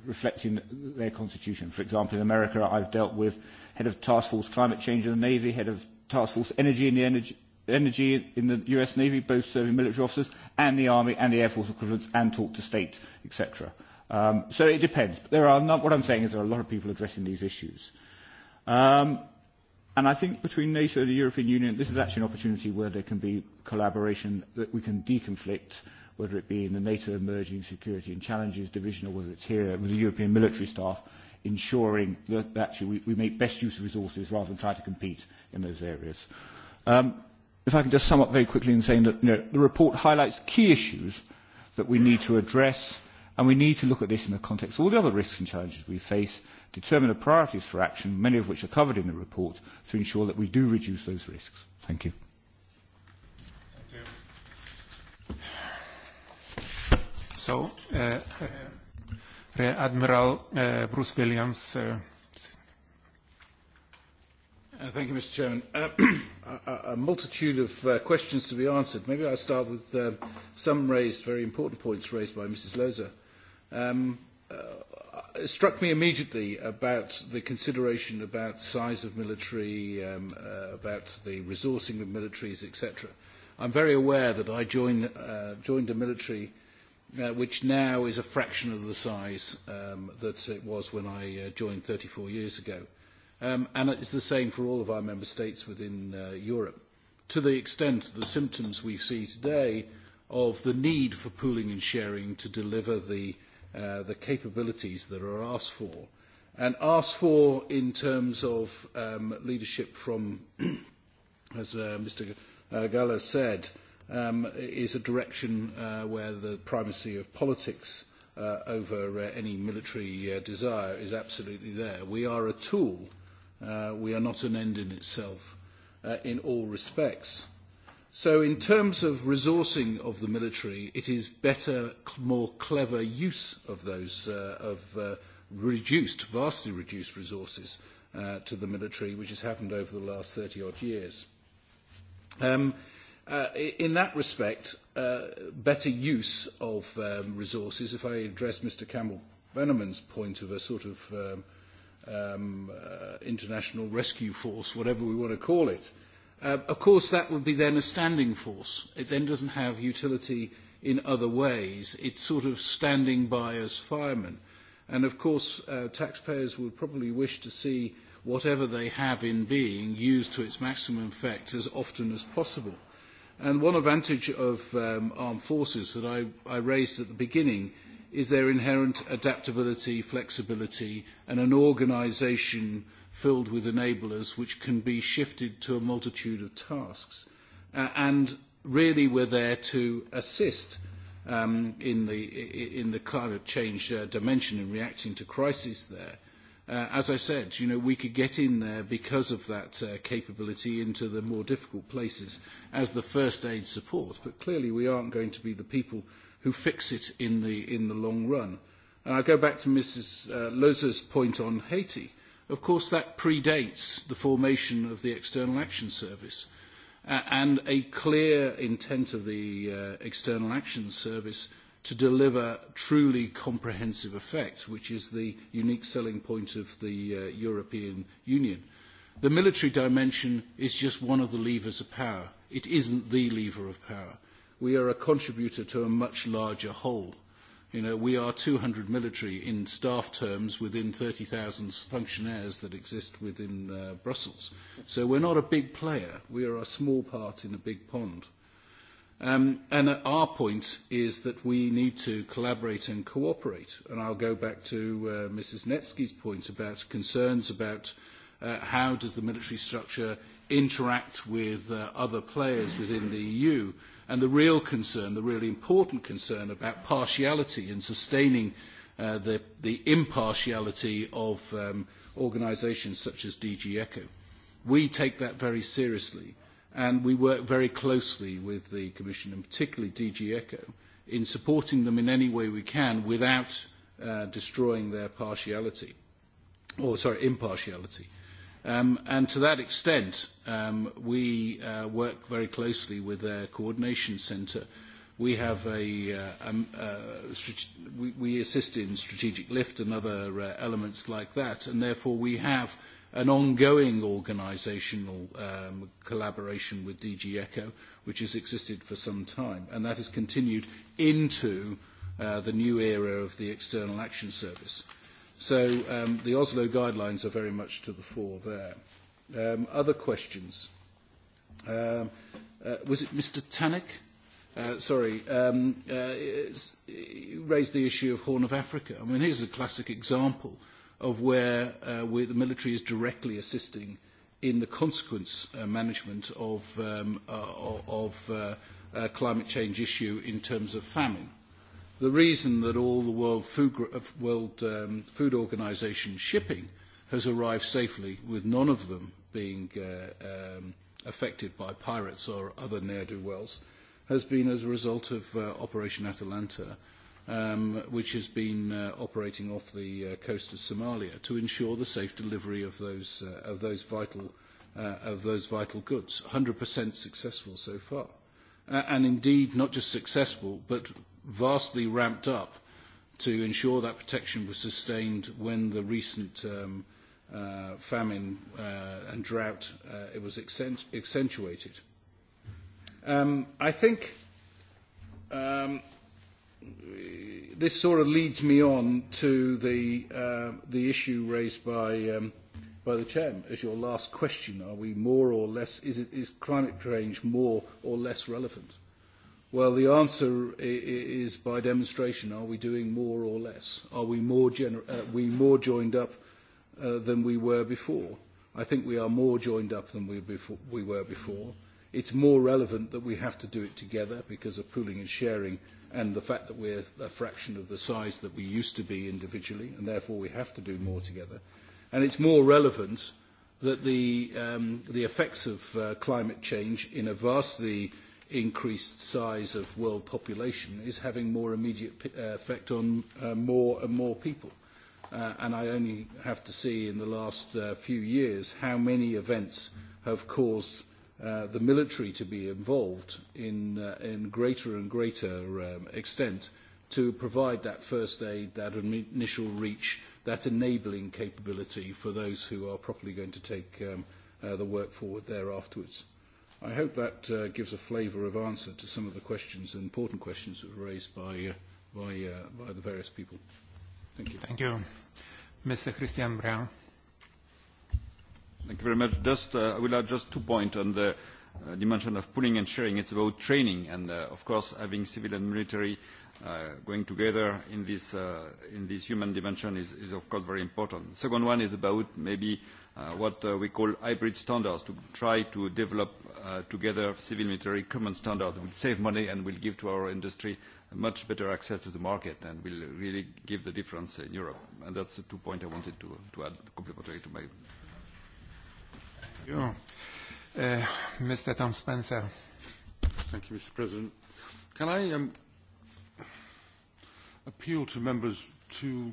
reflecting their constitution. For example, in America, I've dealt with head of task force climate change in the Navy, head of task force energy in the energy, energy in the US Navy, both serving military officers, and the Army and the Air Force equivalents, and talk to state, etc. Um, so it depends. But there are not, what I'm saying is there are a lot of people addressing these issues. Um, And I think between NATO and the European Union, this is actually an opportunity where there can be collaboration that we can deconflict, whether it be in the NATO Emerging Security and Challenges Division or whether it's here with the European military staff, ensuring that actually we, we make best use of resources rather than try to compete in those areas. Um, if I can just sum up very quickly in saying that you know, the report highlights key issues that we need to address, and we need to look at this in the context of all the other risks and challenges we face, determine the priorities for action, many of which are covered in the report, to ensure that we do reduce those risks. Thank you. So, uh, uh, Admiral uh, Bruce Williams. Uh, uh, thank you, Mr. Chairman. Uh, a, a multitude of uh, questions to be answered. Maybe I'll start with uh, some raised, very important points raised by Mrs. Loza. Um, uh, struck me immediately about the consideration about size of military, um, uh, about the resourcing of militaries, etc. I'm very aware that I joined, uh, joined a military uh, which now is a fraction of the size um, that it was when I uh, joined 34 years ago. Um, and it's the same for all of our member states within uh, Europe. To the extent the symptoms we see today of the need for pooling and sharing to deliver the Uh, the capabilities that are asked for, and asked for in terms of um, leadership from, as uh, Mr. Uh, Gala said, um, is a direction uh, where the primacy of politics uh, over uh, any military uh, desire is absolutely there. We are a tool. Uh, we are not an end in itself uh, in all respects. So in terms of resourcing of the military, it is better, more clever use of those, uh, of uh, reduced, vastly reduced resources uh, to the military, which has happened over the last 30 odd years. Um, uh, in that respect, uh, better use of um, resources, if I address Mr. Campbell Bannerman's point of a sort of um, um, uh, international rescue force, whatever we want to call it, uh, Uh, of course, that would be then a standing force. It then doesn't have utility in other ways. It's sort of standing by as firemen. And of course, uh, taxpayers would probably wish to see whatever they have in being used to its maximum effect as often as possible. And one advantage of um, armed forces that I, I raised at the beginning is their inherent adaptability, flexibility, and an organisation filled with enablers which can be shifted to a multitude of tasks. Uh, and really we're there to assist um, in, the, in the climate change uh, dimension in reacting to crises there. Uh, as I said, you know, we could get in there because of that uh, capability into the more difficult places as the first aid support, but clearly we aren't going to be the people who fix it in the, in the long run. And I go back to Mrs. Uh, Loza's point on Haiti. Of course, that predates the formation of the External Action Service. Uh, and a clear intent of the uh, External Action Service to deliver truly comprehensive effect, which is the unique selling point of the uh, European Union. The military dimension is just one of the levers of power. It isn't the lever of power. We are a contributor to a much larger whole. You know, we are 200 military in staff terms within 30,000 functionaires that exist within uh, Brussels. So we're not a big player. We are a small part in a big pond. Um, and our point is that we need to collaborate and cooperate. And I'll go back to uh, Mrs. Netsky's point about concerns about uh, how does the military structure interact with uh, other players within the EU and the real concern, the really important concern about partiality and sustaining uh, the, the impartiality of um, organisations such as DG ECHO. We take that very seriously and we work very closely with the Commission and particularly DG ECHO in supporting them in any way we can without uh, destroying their partiality, or sorry, impartiality. Um, and to that extent, um, we uh, work very closely with their coordination centre. We have a, uh, um, uh we, we assist in strategic lift and other uh, elements like that, and therefore we have an ongoing organisational um, collaboration with DG ECHO, which has existed for some time, and that has continued into uh, the new era of the External Action Service. So um, the Oslo guidelines are very much to the fore there. Um, other questions? Um, uh, was it Mr. Tannock? Uh, sorry, um, uh, raised the issue of Horn of Africa. I mean, here's a classic example of where, uh, where the military is directly assisting in the consequence uh, management of, um, uh, of uh, uh, climate change issue in terms of famine the reason that all the World Food, uh, World, um, Food Organization shipping has arrived safely, with none of them being uh, um, affected by pirates or other ne'er-do-wells, has been as a result of uh, Operation Atalanta, um, which has been uh, operating off the uh, coast of Somalia to ensure the safe delivery of those, uh, of those, vital, uh, of those vital goods. 100% successful so far. Uh, and indeed, not just successful, but vastly ramped up to ensure that protection was sustained when the recent um, uh, famine uh, and drought uh, it was accentuated. Um, I think um, this sort of leads me on to the, uh, the issue raised by, um, by the chairman as your last question. Are we more or less, is, it, is climate change more or less relevant? Well, the answer is by demonstration. Are we doing more or less? Are we more, gener- uh, we more joined up uh, than we were before? I think we are more joined up than we, befo we were before. It's more relevant that we have to do it together because of pooling and sharing and the fact that we're a fraction of the size that we used to be individually, and therefore we have to do more together. And it's more relevant that the, um, the effects of uh, climate change in a vastly increased size of world population is having more immediate uh, effect on uh, more and more people. Uh, and I only have to see in the last uh, few years how many events have caused uh, the military to be involved in, uh, in greater and greater um, extent to provide that first aid, that initial reach, that enabling capability for those who are properly going to take um, uh, the work forward there afterwards. I hope that uh, gives a flavour of answer to some of the questions, important questions that were raised by, uh, by, uh, by the various people. Thank you. Thank you. Mr. Christian Brown. Thank you very much. Just, uh, I will add just two points on the uh, dimension of pooling and sharing. It's about training and, uh, of course, having civil and military uh, going together in this, uh, in this human dimension is, is of course very important. The second one is about maybe uh, what uh, we call hybrid standards to try to develop uh, together civil military common standards will save money and will give to our industry much better access to the market and will really give the difference in Europe. And that's the two points I wanted to, to add complementary to my. you. Uh, Mr. Tom Spencer. Thank you, Mr. President. Can I um, appeal to members to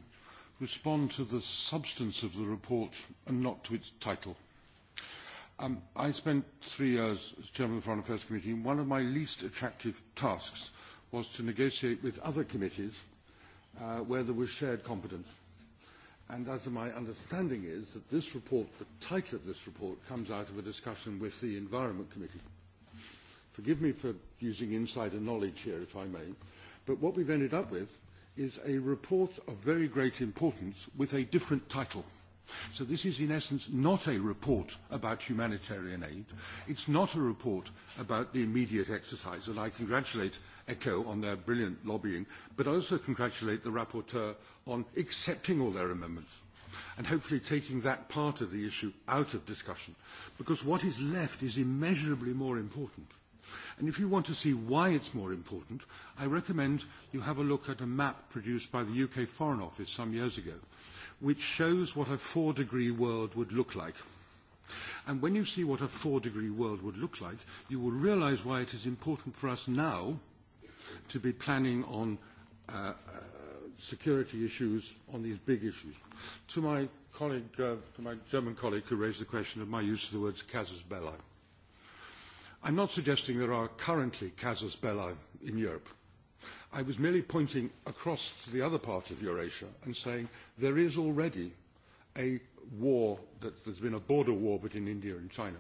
respond to the substance of the report and not to its title. Um, I spent three years as chairman of the Foreign Affairs Committee, and one of my least attractive tasks was to negotiate with other committees uh, where there was shared competence. And as my understanding is that this report, the title of this report, comes out of a discussion with the Environment Committee. Forgive me for using insider knowledge here, if I may, but what we've ended up with is a report of very great importance with a different title. So this is in essence not a report about humanitarian aid. It's not a report about the immediate exercise, and I congratulate ECHO on their brilliant lobbying, but I also congratulate the rapporteur on accepting all their amendments and hopefully taking that part of the issue out of discussion, because what is left is immeasurably more important. And if you want to see why it's more important, I recommend you have a look at a map produced by the UK Foreign Office some years ago, which shows what a four-degree world would look like. And when you see what a four-degree world would look like, you will realize why it is important for us now to be planning on uh, uh, security issues, on these big issues. To my colleague, uh, to my German colleague who raised the question of my use of the words casus belli. I'm not suggesting there are currently casus belli in Europe. I was merely pointing across to the other part of Eurasia and saying there is already a war, that there's been a border war between India and China.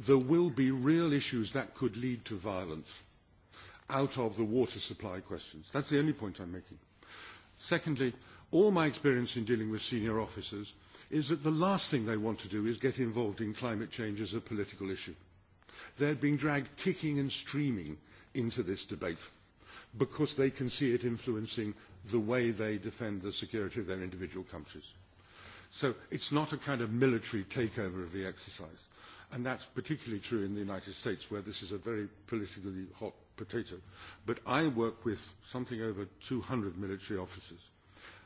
There will be real issues that could lead to violence out of the water supply questions. That's the only point I'm making. Secondly, all my experience in dealing with senior officers is that the last thing they want to do is get involved in climate change as a political issue. They're being dragged kicking and streaming into this debate because they can see it influencing the way they defend the security of their individual countries. So it's not a kind of military takeover of the exercise. And that's particularly true in the United States, where this is a very politically hot potato. But I work with something over 200 military officers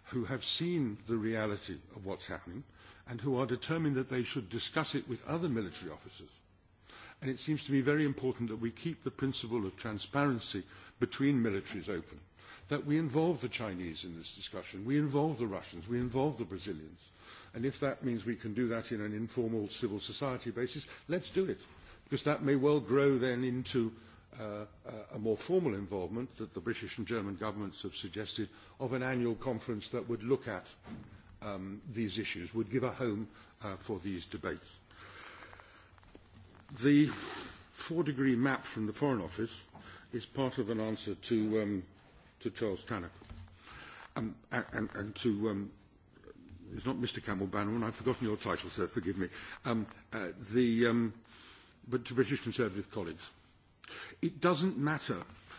who have seen the reality of what's happening and who are determined that they should discuss it with other military officers And it seems to me very important that we keep the principle of transparency between militaries open, that we involve the Chinese in this discussion, we involve the Russians, we involve the Brazilians. And if that means we can do that in an informal civil society basis, let's do it, because that may well grow then into uh, uh a more formal involvement that the British and German governments have suggested of an annual conference that would look at um, these issues, would give a home uh, for these debates. The four-degree map from the Foreign Office is part of an answer to, um, to Charles Tannock. Um, and, and to, um, it's not Mr. Campbell Bannerman, I've forgotten your title, sir, forgive me, um, uh, the, um, but to British Conservative colleagues. It doesn't matter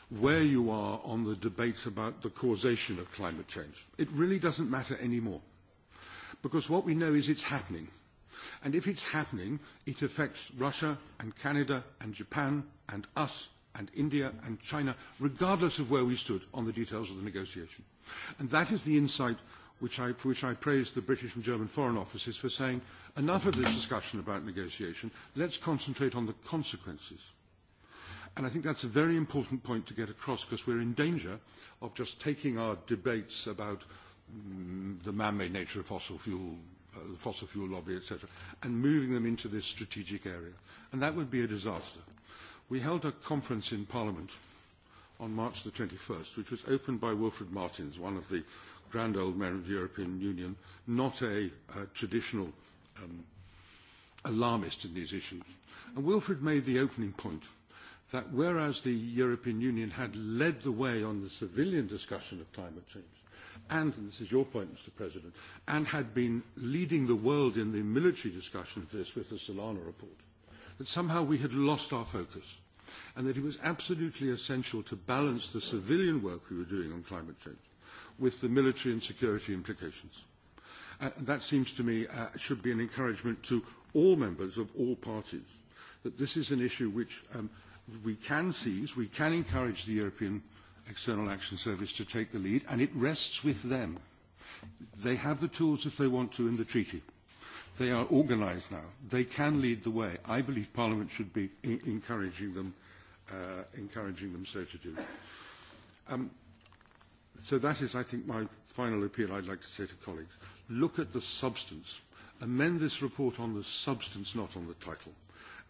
where you are on the debates about the causation of climate change. It really doesn't matter anymore. Because what we know is it's happening. And if it's happening, it affects Russia and Canada and Japan and us and India and China, regardless of where we stood on the details of the negotiation. And that is the insight which I, for which I praise the British and German foreign offices for saying, enough of this discussion about negotiation, let's concentrate on the consequences. And I think that's a very important point to get across because we're in danger of just taking our debates about mm, the man-made nature of fossil fuel uh, the fossil fuel lobby, etc., and moving them into this strategic area. And that would be a disaster. We held a conference in Parliament on March the 21st, which was opened by Wilfred Martins, one of the grand old men of the European Union, not a, uh traditional um, alarmist in these issues. And Wilfred made the opening point that whereas the European Union had led the way on the civilian discussion of climate change, and, and this is your point, Mr. President, and had been leading the world in the military discussion of this with the Solana report, that somehow we had lost our focus and that it was absolutely essential to balance the civilian work we were doing on climate change with the military and security implications. Uh, that seems to me uh, should be an encouragement to all members of all parties that this is an issue which um, we can seize, we can encourage the European External Action Service to take the lead, and it rests with them. They have the tools if they want to in the treaty. They are organised now. They can lead the way. I believe Parliament should be encouraging, them, uh, encouraging them so to do. Um, so that is, I think, my final appeal I'd like to say to colleagues. Look at the substance. Amend this report on the substance, not on the title,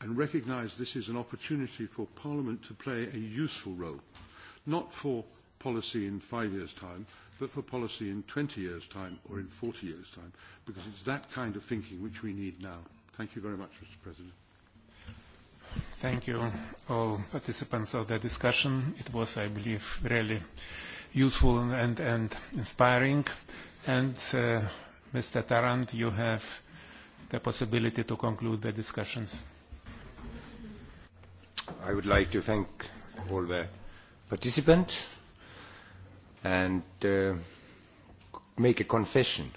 and recognise this is an opportunity for Parliament to play a useful role not for policy in five years' time, but for policy in 20 years' time or in 40 years' time, because it's that kind of thinking which we need now. Thank you very much, Mr. President. Thank you, all participants of the discussion. It was, I believe, really useful and, and inspiring. And, uh, Mr. Tarant, you have the possibility to conclude the discussions. I would like to thank all the participant and uh, make a confession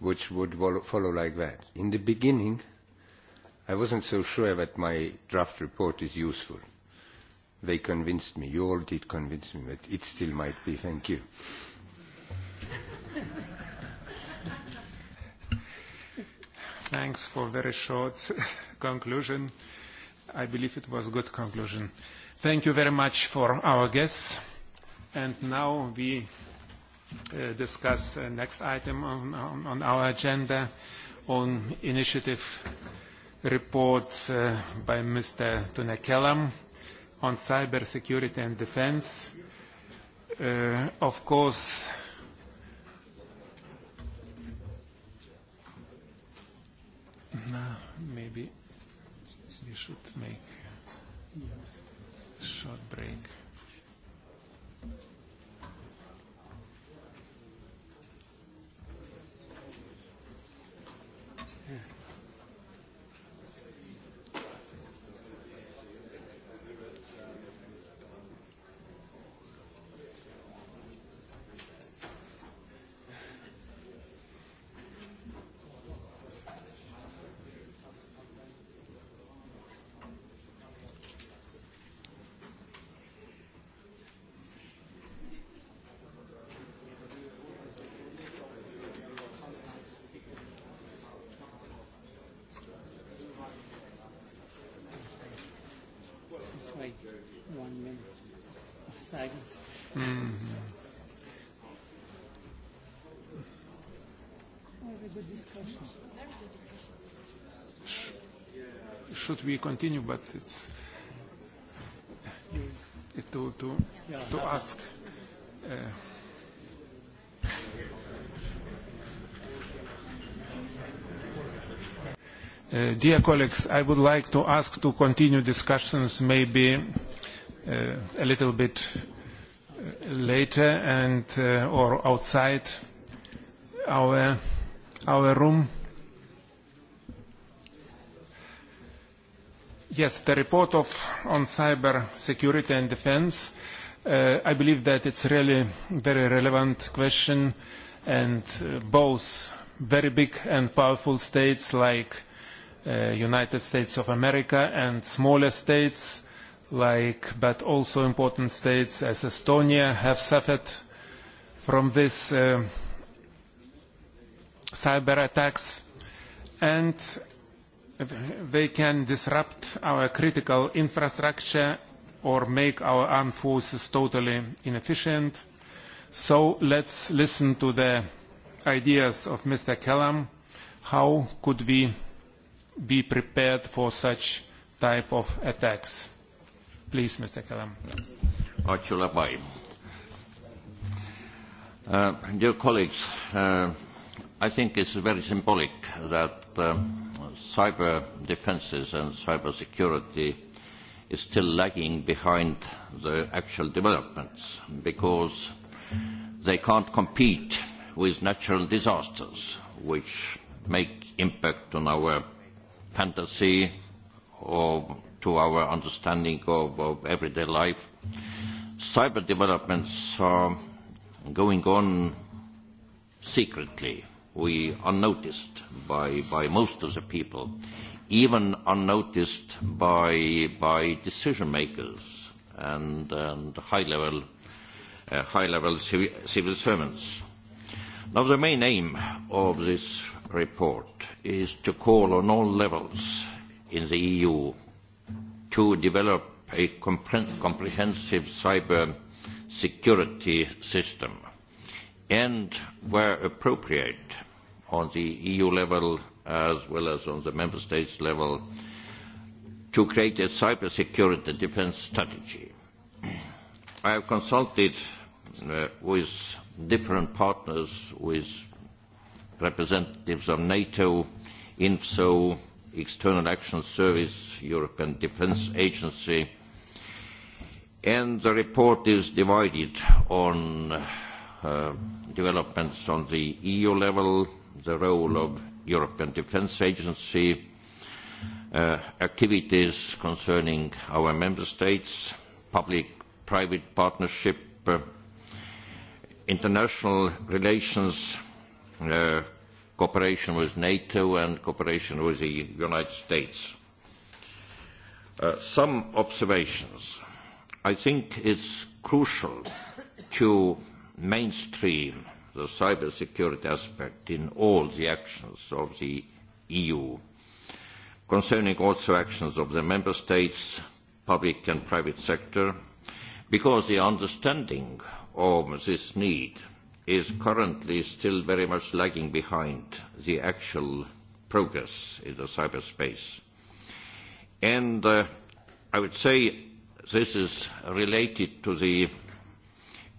which would follow like that. In the beginning, I wasn't so sure that my draft report is useful. They convinced me. You all did convince me, but it still might be. Thank you. Thanks for very short conclusion. I believe it was good conclusion. Thank you very much for our guests. And now we uh, discuss the uh, next item on, on, on our agenda on initiative report uh, by Mr. Kellam on cybersecurity and defense. Uh, of course, maybe we should make membri zeigens. Mm-hmm. Should we continue, but it's to, to, yeah, to ask. Uh, Uh, dear colleagues, I would like to ask to continue discussions maybe uh, a little bit uh, later and uh, or outside our our room. Yes, the report of on cyber security and defense. Uh, I believe that it's really very relevant question, and uh, both very big and powerful states like uh, United States of America and smaller states like but also important states as Estonia have suffered from these uh, cyber attacks and they can disrupt our critical infrastructure or make our armed forces totally inefficient. So let's listen to the ideas of Mr. Kellam. How could we be prepared for such type of attacks? Please, Mr. Kalam. Uh, dear colleagues, uh, I think it's very symbolic that uh, cyber defenses and cyber security is still lagging behind the actual developments because they can't compete with natural disasters which make impact on our fantasy or to our understanding of, of everyday life. Cyber developments are going on secretly. We are noticed by, by most of the people, even unnoticed by, by decision makers and, and high level, uh, high level civ civil servants. Now the main aim of this report is to call on all levels in the EU to develop a compre comprehensive cyber security system and where appropriate on the EU level as well as on the member states level to create a cyber security defense strategy. I have consulted uh, with different partners, with representatives of NATO, INFSO, External Action Service, European Defence Agency, and the report is divided on uh, developments on the EU level, the role of European Defence Agency, uh, activities concerning our member states, public-private partnership, uh, international relations, uh, cooperation with NATO and cooperation with the United States. Uh, some observations. I think it's crucial to mainstream the cybersecurity aspect in all the actions of the EU, concerning also actions of the member states, public and private sector, because the understanding of this need is currently still very much lagging behind the actual progress in the cyberspace. And uh, I would say this is related to the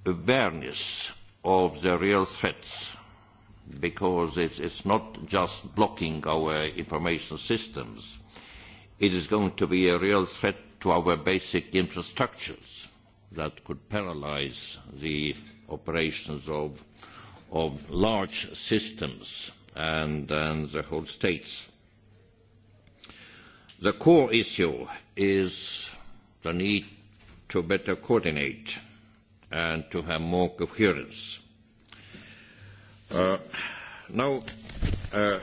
awareness of the real threats because it's, it's not just blocking our information systems. It is going to be a real threat to our basic infrastructures that could paralyze the operations of, of large systems and, and the whole states. The core issue is the need to better coordinate and to have more coherence. Uh, now, uh,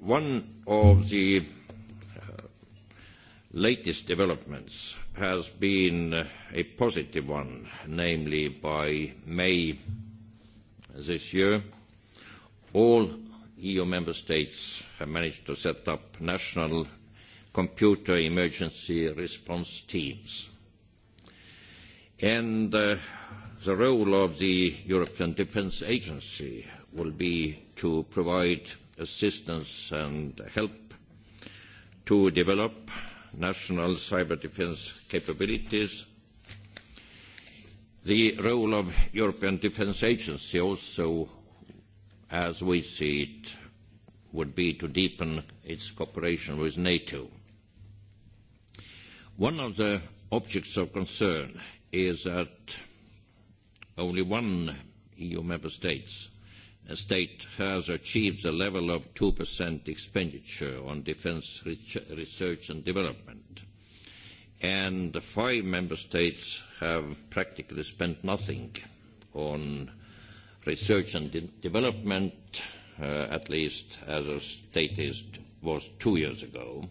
one of the uh, latest developments has been a positive one, namely by May this year, all EU member states have managed to set up national computer emergency response teams. And uh, the role of the European Defence Agency will be to provide assistance and help to develop national cyber defence capabilities. The role of European Defence Agency also, as we see it, would be to deepen its cooperation with NATO. One of the objects of concern is that only one EU member state a state has achieved the level of 2% expenditure on defense research and development. And the five member states have practically spent nothing on research and de development, uh, at least as a statist was two years ago.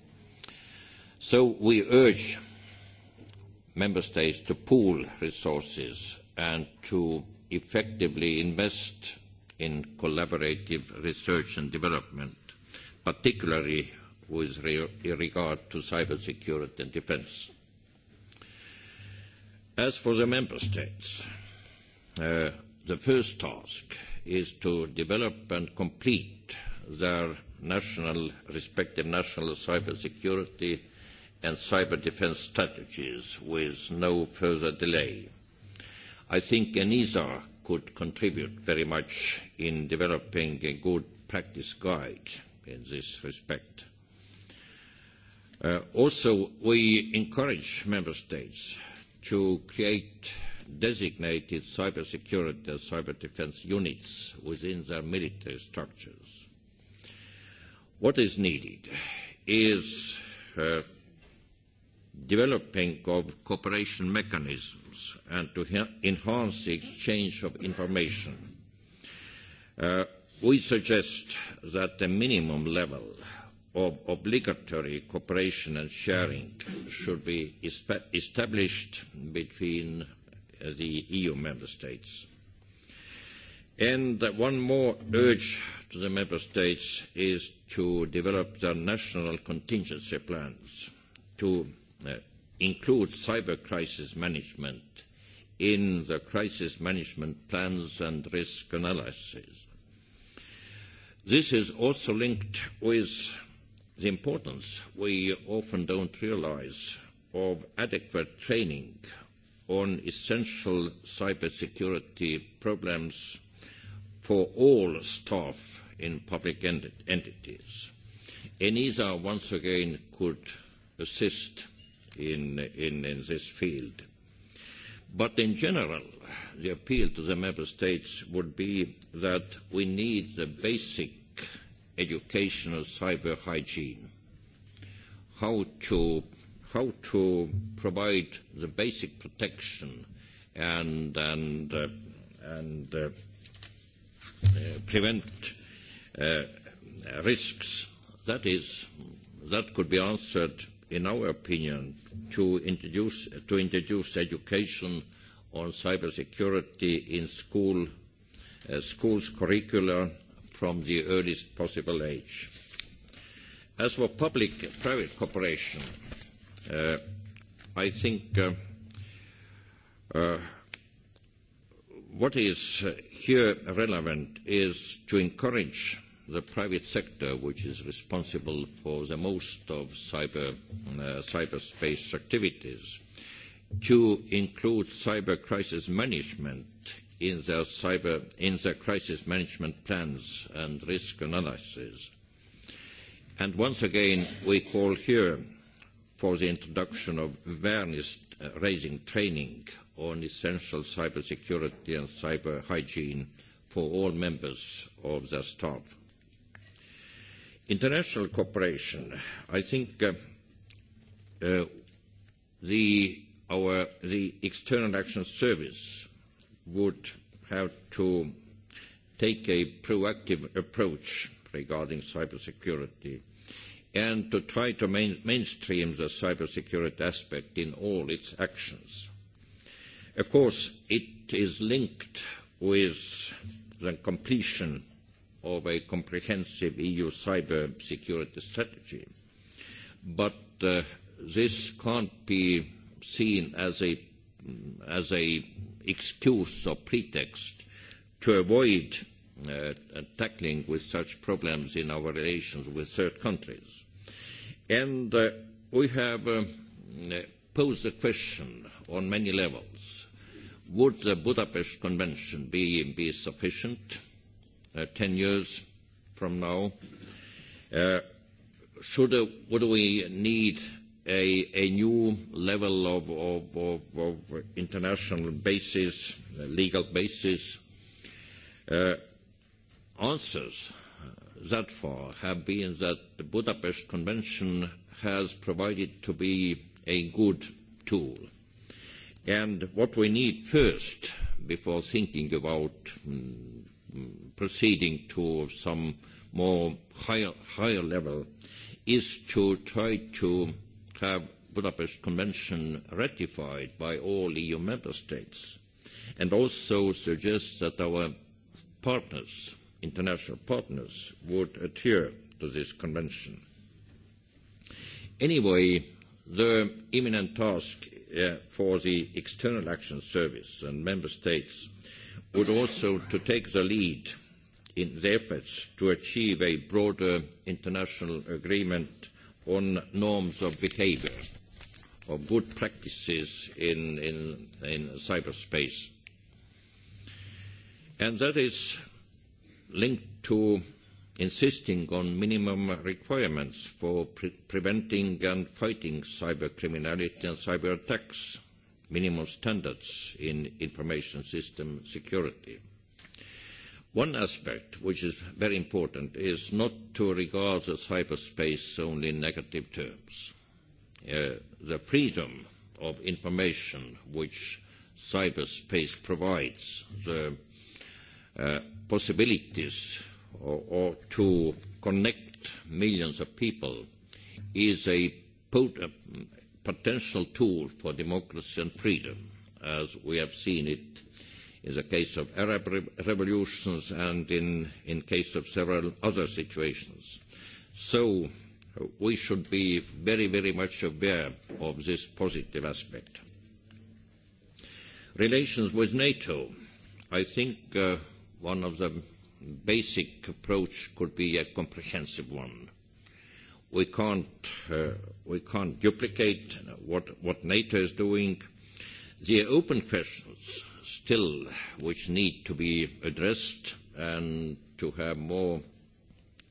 So we urge member states to pool resources and to effectively invest in collaborative research and development, particularly with re regard to cybersecurity and defense. As for the member states, uh, the first task is to develop and complete their national, respective national cybersecurity and cyber defense strategies with no further delay. I think ENISA could contribute very much in developing a good practice guide in this respect. Uh, also, we encourage member states to create designated cybersecurity and cyber defense units within their military structures. What is needed is uh, developing of cooperation mechanisms funds and to enhance the exchange of information. Uh, we suggest that the minimum level of obligatory cooperation and sharing should be established between uh, the EU member states. And one more urge to the member states is to develop their national contingency plans to uh, include cyber crisis management in the crisis management plans and risk analysis. This is also linked with the importance we often don't realize of adequate training on essential cybersecurity problems for all staff in public ent entities. ENISA once again could assist in, in, in this field. But in general, the appeal to the member states would be that we need the basic education of cyber hygiene, how to, how to provide the basic protection and, and, uh, and uh, uh, prevent uh, risks. That is, that could be answered in our opinion, to introduce, to introduce education on cybersecurity in school, uh, schools' curricula from the earliest possible age. As for public-private cooperation, uh, I think uh, uh, what is uh, here relevant is to encourage the private sector, which is responsible for the most of cyber, uh, cyberspace activities, to include cyber crisis management in their, cyber, in their crisis management plans and risk analysis. And once again, we call here for the introduction of awareness-raising uh, training on essential cybersecurity and cyber hygiene for all members of the staff. International cooperation, I think uh, uh, the, our, the External Action Service would have to take a proactive approach regarding cybersecurity and to try to main, mainstream the cybersecurity aspect in all its actions. Of course, it is linked with the completion of a comprehensive EU cyber security strategy. But uh, this can't be seen as a, as a excuse or pretext to avoid uh, tackling with such problems in our relations with third countries. And uh, we have um, uh, posed the question on many levels. Would the Budapest Convention be, be sufficient? uh, 10 years from now, uh, should, uh, would we need a, a new level of, of, of, of international basis, uh, legal basis? Uh, answers that far have been that the Budapest Convention has provided to be a good tool. And what we need first, before thinking about um, proceeding to some more higher, higher level is to try to have Budapest Convention ratified by all EU member states and also suggest that our partners, international partners, would adhere to this convention. Anyway, the imminent task uh, for the External Action Service and member states would also to take the lead in the efforts to achieve a broader international agreement on norms of behavior, of good practices in, in, in cyberspace. And that is linked to insisting on minimum requirements for pre preventing and fighting cyber criminality and cyber attacks, minimum standards in information system security. One aspect which is very important is not to regard the cyberspace only in negative terms. Uh, the freedom of information which cyberspace provides, the uh, possibilities or, or to connect millions of people is a pot uh, potential tool for democracy and freedom as we have seen it in the case of Arab revolutions and in, in case of several other situations. So we should be very, very much aware of this positive aspect. Relations with NATO, I think uh, one of the basic approach could be a comprehensive one. We can't, uh, we can't duplicate what, what NATO is doing. The open questions still which need to be addressed and to have more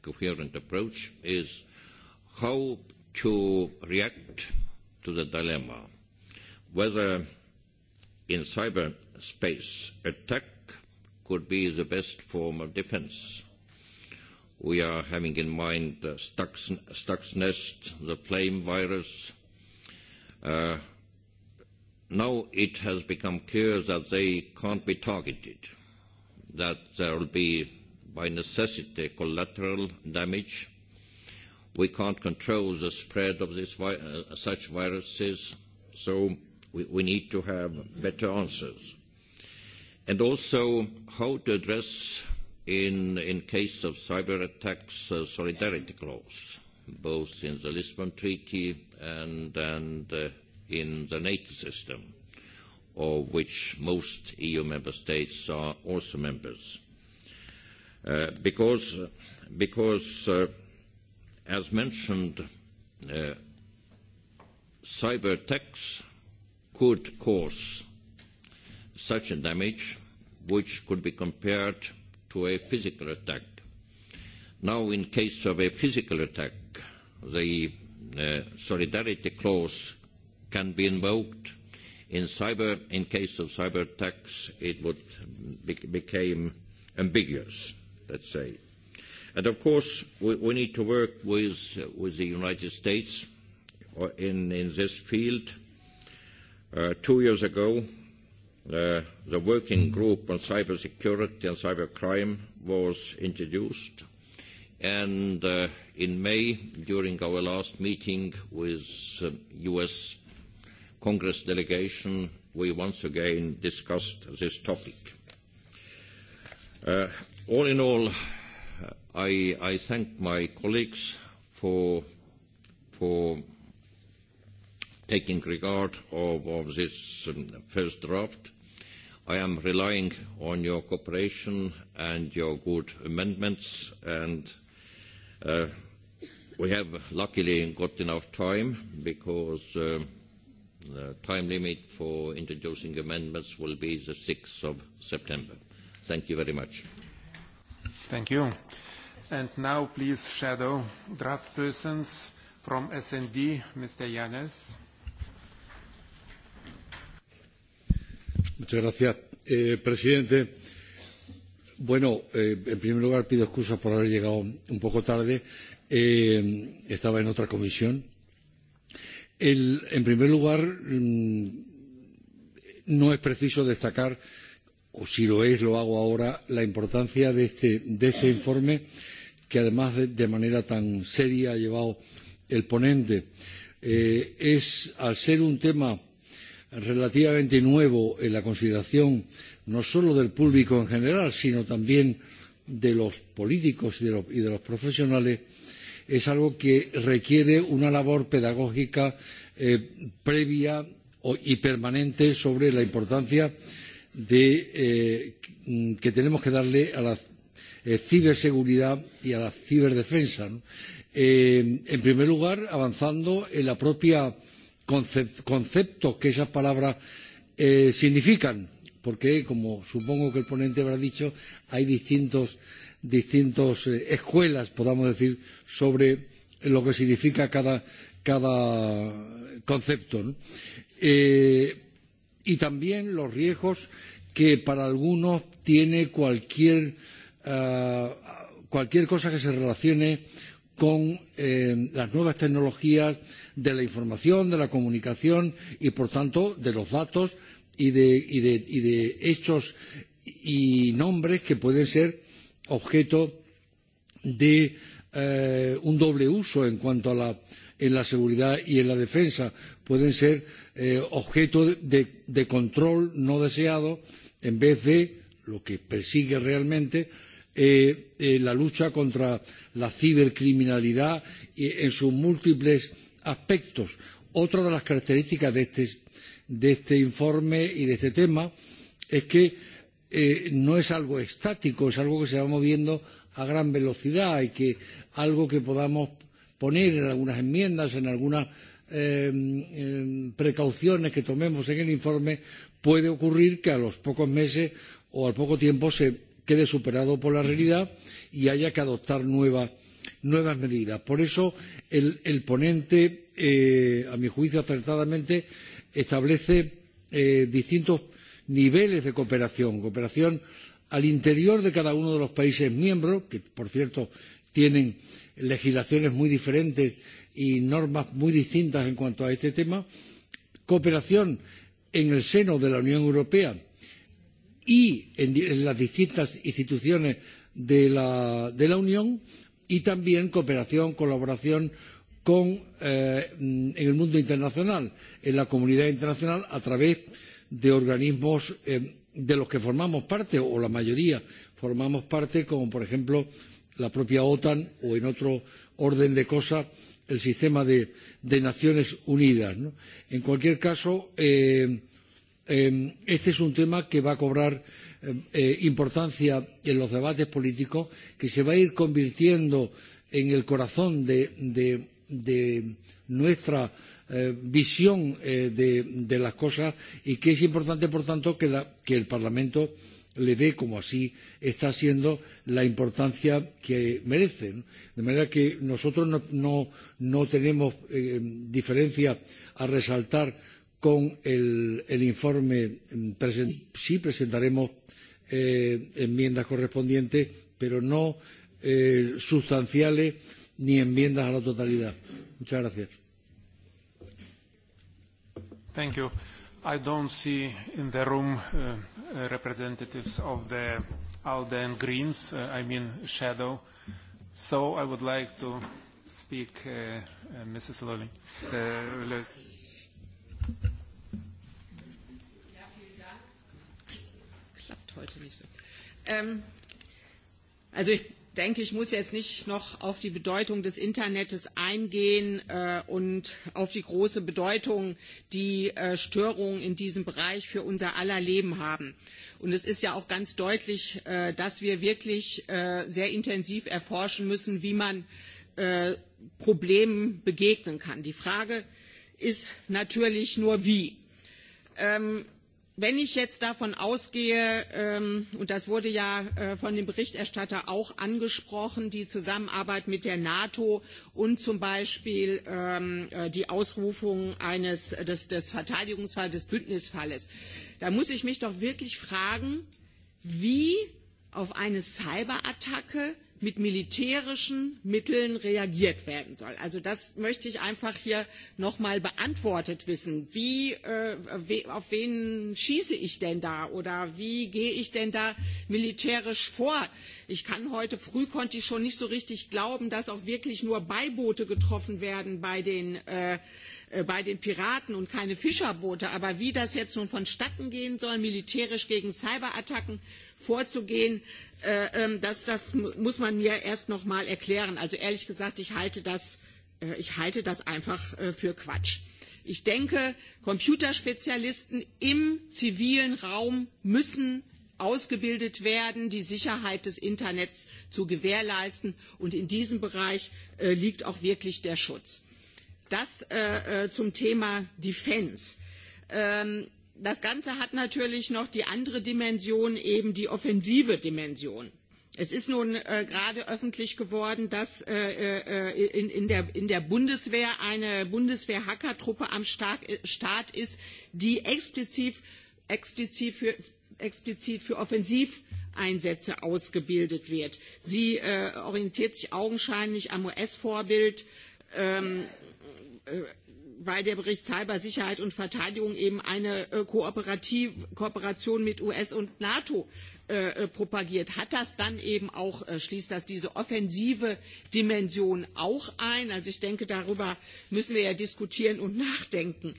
coherent approach is how to react to the dilemma whether in cyberspace attack could be the best form of defense. We are having in mind the Stuxnest, the flame virus, uh, now it has become clear that they can't be targeted, that there will be, by necessity, collateral damage. We can't control the spread of this vi uh, such viruses, so we, we need to have better answers. And also how to address, in, in case of cyber attacks, uh, solidarity clause, both in the Lisbon Treaty and, and uh, in the NATO system, of which most EU member states are also members. Uh, because, because uh, as mentioned, uh, cyber attacks could cause such a damage which could be compared to a physical attack. Now, in case of a physical attack, the uh, solidarity clause can be invoked. In, cyber, in case of cyber attacks, it would be, became ambiguous, let's say. And of course, we, we need to work with, uh, with the United States in, in this field. Uh, two years ago, uh, the working group on cybersecurity and cybercrime was introduced. And uh, in May, during our last meeting with uh, U.S. Congress delegation, we once again discussed this topic. Uh, all in all, uh, I, I thank my colleagues for, for taking regard of, of this um, first draft. I am relying on your cooperation and your good amendments, and uh, we have luckily got enough time because uh, The time limit for introducing amendments will be the 6th of September. Thank you very much. Thank you. And now please shadow draft persons from SND, Mr. Yanes. Muchas gracias, eh, presidente. Bueno, eh, en primer lugar pido excusas por haber llegado un poco tarde. Eh, estaba en otra comisión El, en primer lugar, mm, no es preciso destacar, o si lo es, lo hago ahora, la importancia de este, de este informe que además de, de manera tan seria ha llevado el ponente. Eh, es, al ser un tema relativamente nuevo en la consideración no solo del público en general, sino también de los políticos y de los, y de los profesionales, eh, es algo que requiere una labor pedagógica eh, previa y permanente sobre la importancia de, eh, que tenemos que darle a la eh, ciberseguridad y a la ciberdefensa. ¿no? Eh, en primer lugar, avanzando en la propia concept, concepto que esas palabras eh, significan, porque, como supongo que el ponente habrá dicho, hay distintos distintas eh, escuelas, podamos decir, sobre lo que significa cada, cada concepto. ¿no? Eh, y también los riesgos que para algunos tiene cualquier, uh, cualquier cosa que se relacione con eh, las nuevas tecnologías de la información, de la comunicación y, por tanto, de los datos y de, y de, y de hechos y nombres que pueden ser objeto de eh, un doble uso en cuanto a la, en la seguridad y en la defensa. Pueden ser eh, objeto de, de control no deseado en vez de lo que persigue realmente eh, eh, la lucha contra la cibercriminalidad y en sus múltiples aspectos. Otra de las características de este, de este informe y de este tema es que eh, no es algo estático, es algo que se va moviendo a gran velocidad y que algo que podamos poner en algunas enmiendas, en algunas eh, eh, precauciones que tomemos en el informe, puede ocurrir que a los pocos meses o al poco tiempo se quede superado por la realidad y haya que adoptar nuevas, nuevas medidas. Por eso el, el ponente, eh, a mi juicio acertadamente, establece eh, distintos niveles de cooperación, cooperación al interior de cada uno de los países miembros, que por cierto tienen legislaciones muy diferentes y normas muy distintas en cuanto a este tema, cooperación en el seno de la Unión Europea y en, en las distintas instituciones de la, de la Unión y también cooperación, colaboración con, eh, en el mundo internacional, en la comunidad internacional a través de de organismos eh, de los que formamos parte, o la mayoría formamos parte, como por ejemplo la propia OTAN o en otro orden de cosas el sistema de, de Naciones Unidas. ¿no? En cualquier caso, eh, eh, este es un tema que va a cobrar eh, eh importancia en los debates políticos, que se va a ir convirtiendo en el corazón de, de, de nuestra eh, visión eh, de, de las cosas y que es importante, por tanto, que, la, que el Parlamento le dé, como así está siendo, la importancia que merecen. De manera que nosotros no, no, no tenemos eh, diferencia a resaltar con el, el informe mm, presentado. Sí presentaremos eh, enmiendas correspondientes, pero no eh, sustanciales ni enmiendas a la totalidad. Muchas gracias. Thank you. I don't see in the room uh, uh, representatives of the ALDE and Greens, uh, I mean shadow. So I would like to speak, uh, uh, Mrs. Lully. Uh, ähm, also ich denke, ich muss jetzt nicht noch auf die Bedeutung des Internets eingehen äh, und auf die große Bedeutung, die äh, Störungen in diesem Bereich für unser aller Leben haben. Und es ist ja auch ganz deutlich, äh, dass wir wirklich äh, sehr intensiv erforschen müssen, wie man äh, Problemen begegnen kann. Die Frage ist natürlich nur wie. Ähm, Wenn ich jetzt davon ausgehe, ähm, und das wurde ja äh, von dem Berichterstatter auch angesprochen, die Zusammenarbeit mit der NATO und zum Beispiel ähm, äh, die Ausrufung eines, des, des Verteidigungsfalls, des Bündnisfalles, da muss ich mich doch wirklich fragen, wie auf eine Cyberattacke mit militärischen Mitteln reagiert werden soll. Also das möchte ich einfach hier nochmal beantwortet wissen. Wie, äh, we, auf wen schieße ich denn da oder wie gehe ich denn da militärisch vor? Ich kann heute früh, konnte ich schon nicht so richtig glauben, dass auch wirklich nur Beiboote getroffen werden bei den, äh, äh bei den Piraten und keine Fischerboote. Aber wie das jetzt nun vonstatten gehen soll, militärisch gegen Cyberattacken, vorzugehen, äh, ähm, das, das muss man mir erst noch mal erklären. Also ehrlich gesagt, ich halte das, äh, ich halte das einfach äh, für Quatsch. Ich denke, Computerspezialisten im zivilen Raum müssen ausgebildet werden, die Sicherheit des Internets zu gewährleisten. Und in diesem Bereich äh, liegt auch wirklich der Schutz. Das äh, äh zum Thema Defense. Ähm, das Ganze hat natürlich noch die andere Dimension, eben die offensive Dimension. Es ist nun äh, gerade öffentlich geworden, dass äh, äh, äh in, in, der, in der Bundeswehr eine Bundeswehr-Hackertruppe am Stark, äh, Start ist, die explizit, explizit, für, explizit für Offensiveinsätze ausgebildet wird. Sie äh, orientiert sich augenscheinlich am US-Vorbild. Ähm, äh, weil der Bericht Cybersicherheit und Verteidigung eben eine äh, Kooperativ Kooperation mit US und NATO äh, äh, propagiert, hat das dann eben auch, äh, schließt das diese offensive Dimension auch ein? Also ich denke, darüber müssen wir ja diskutieren und nachdenken.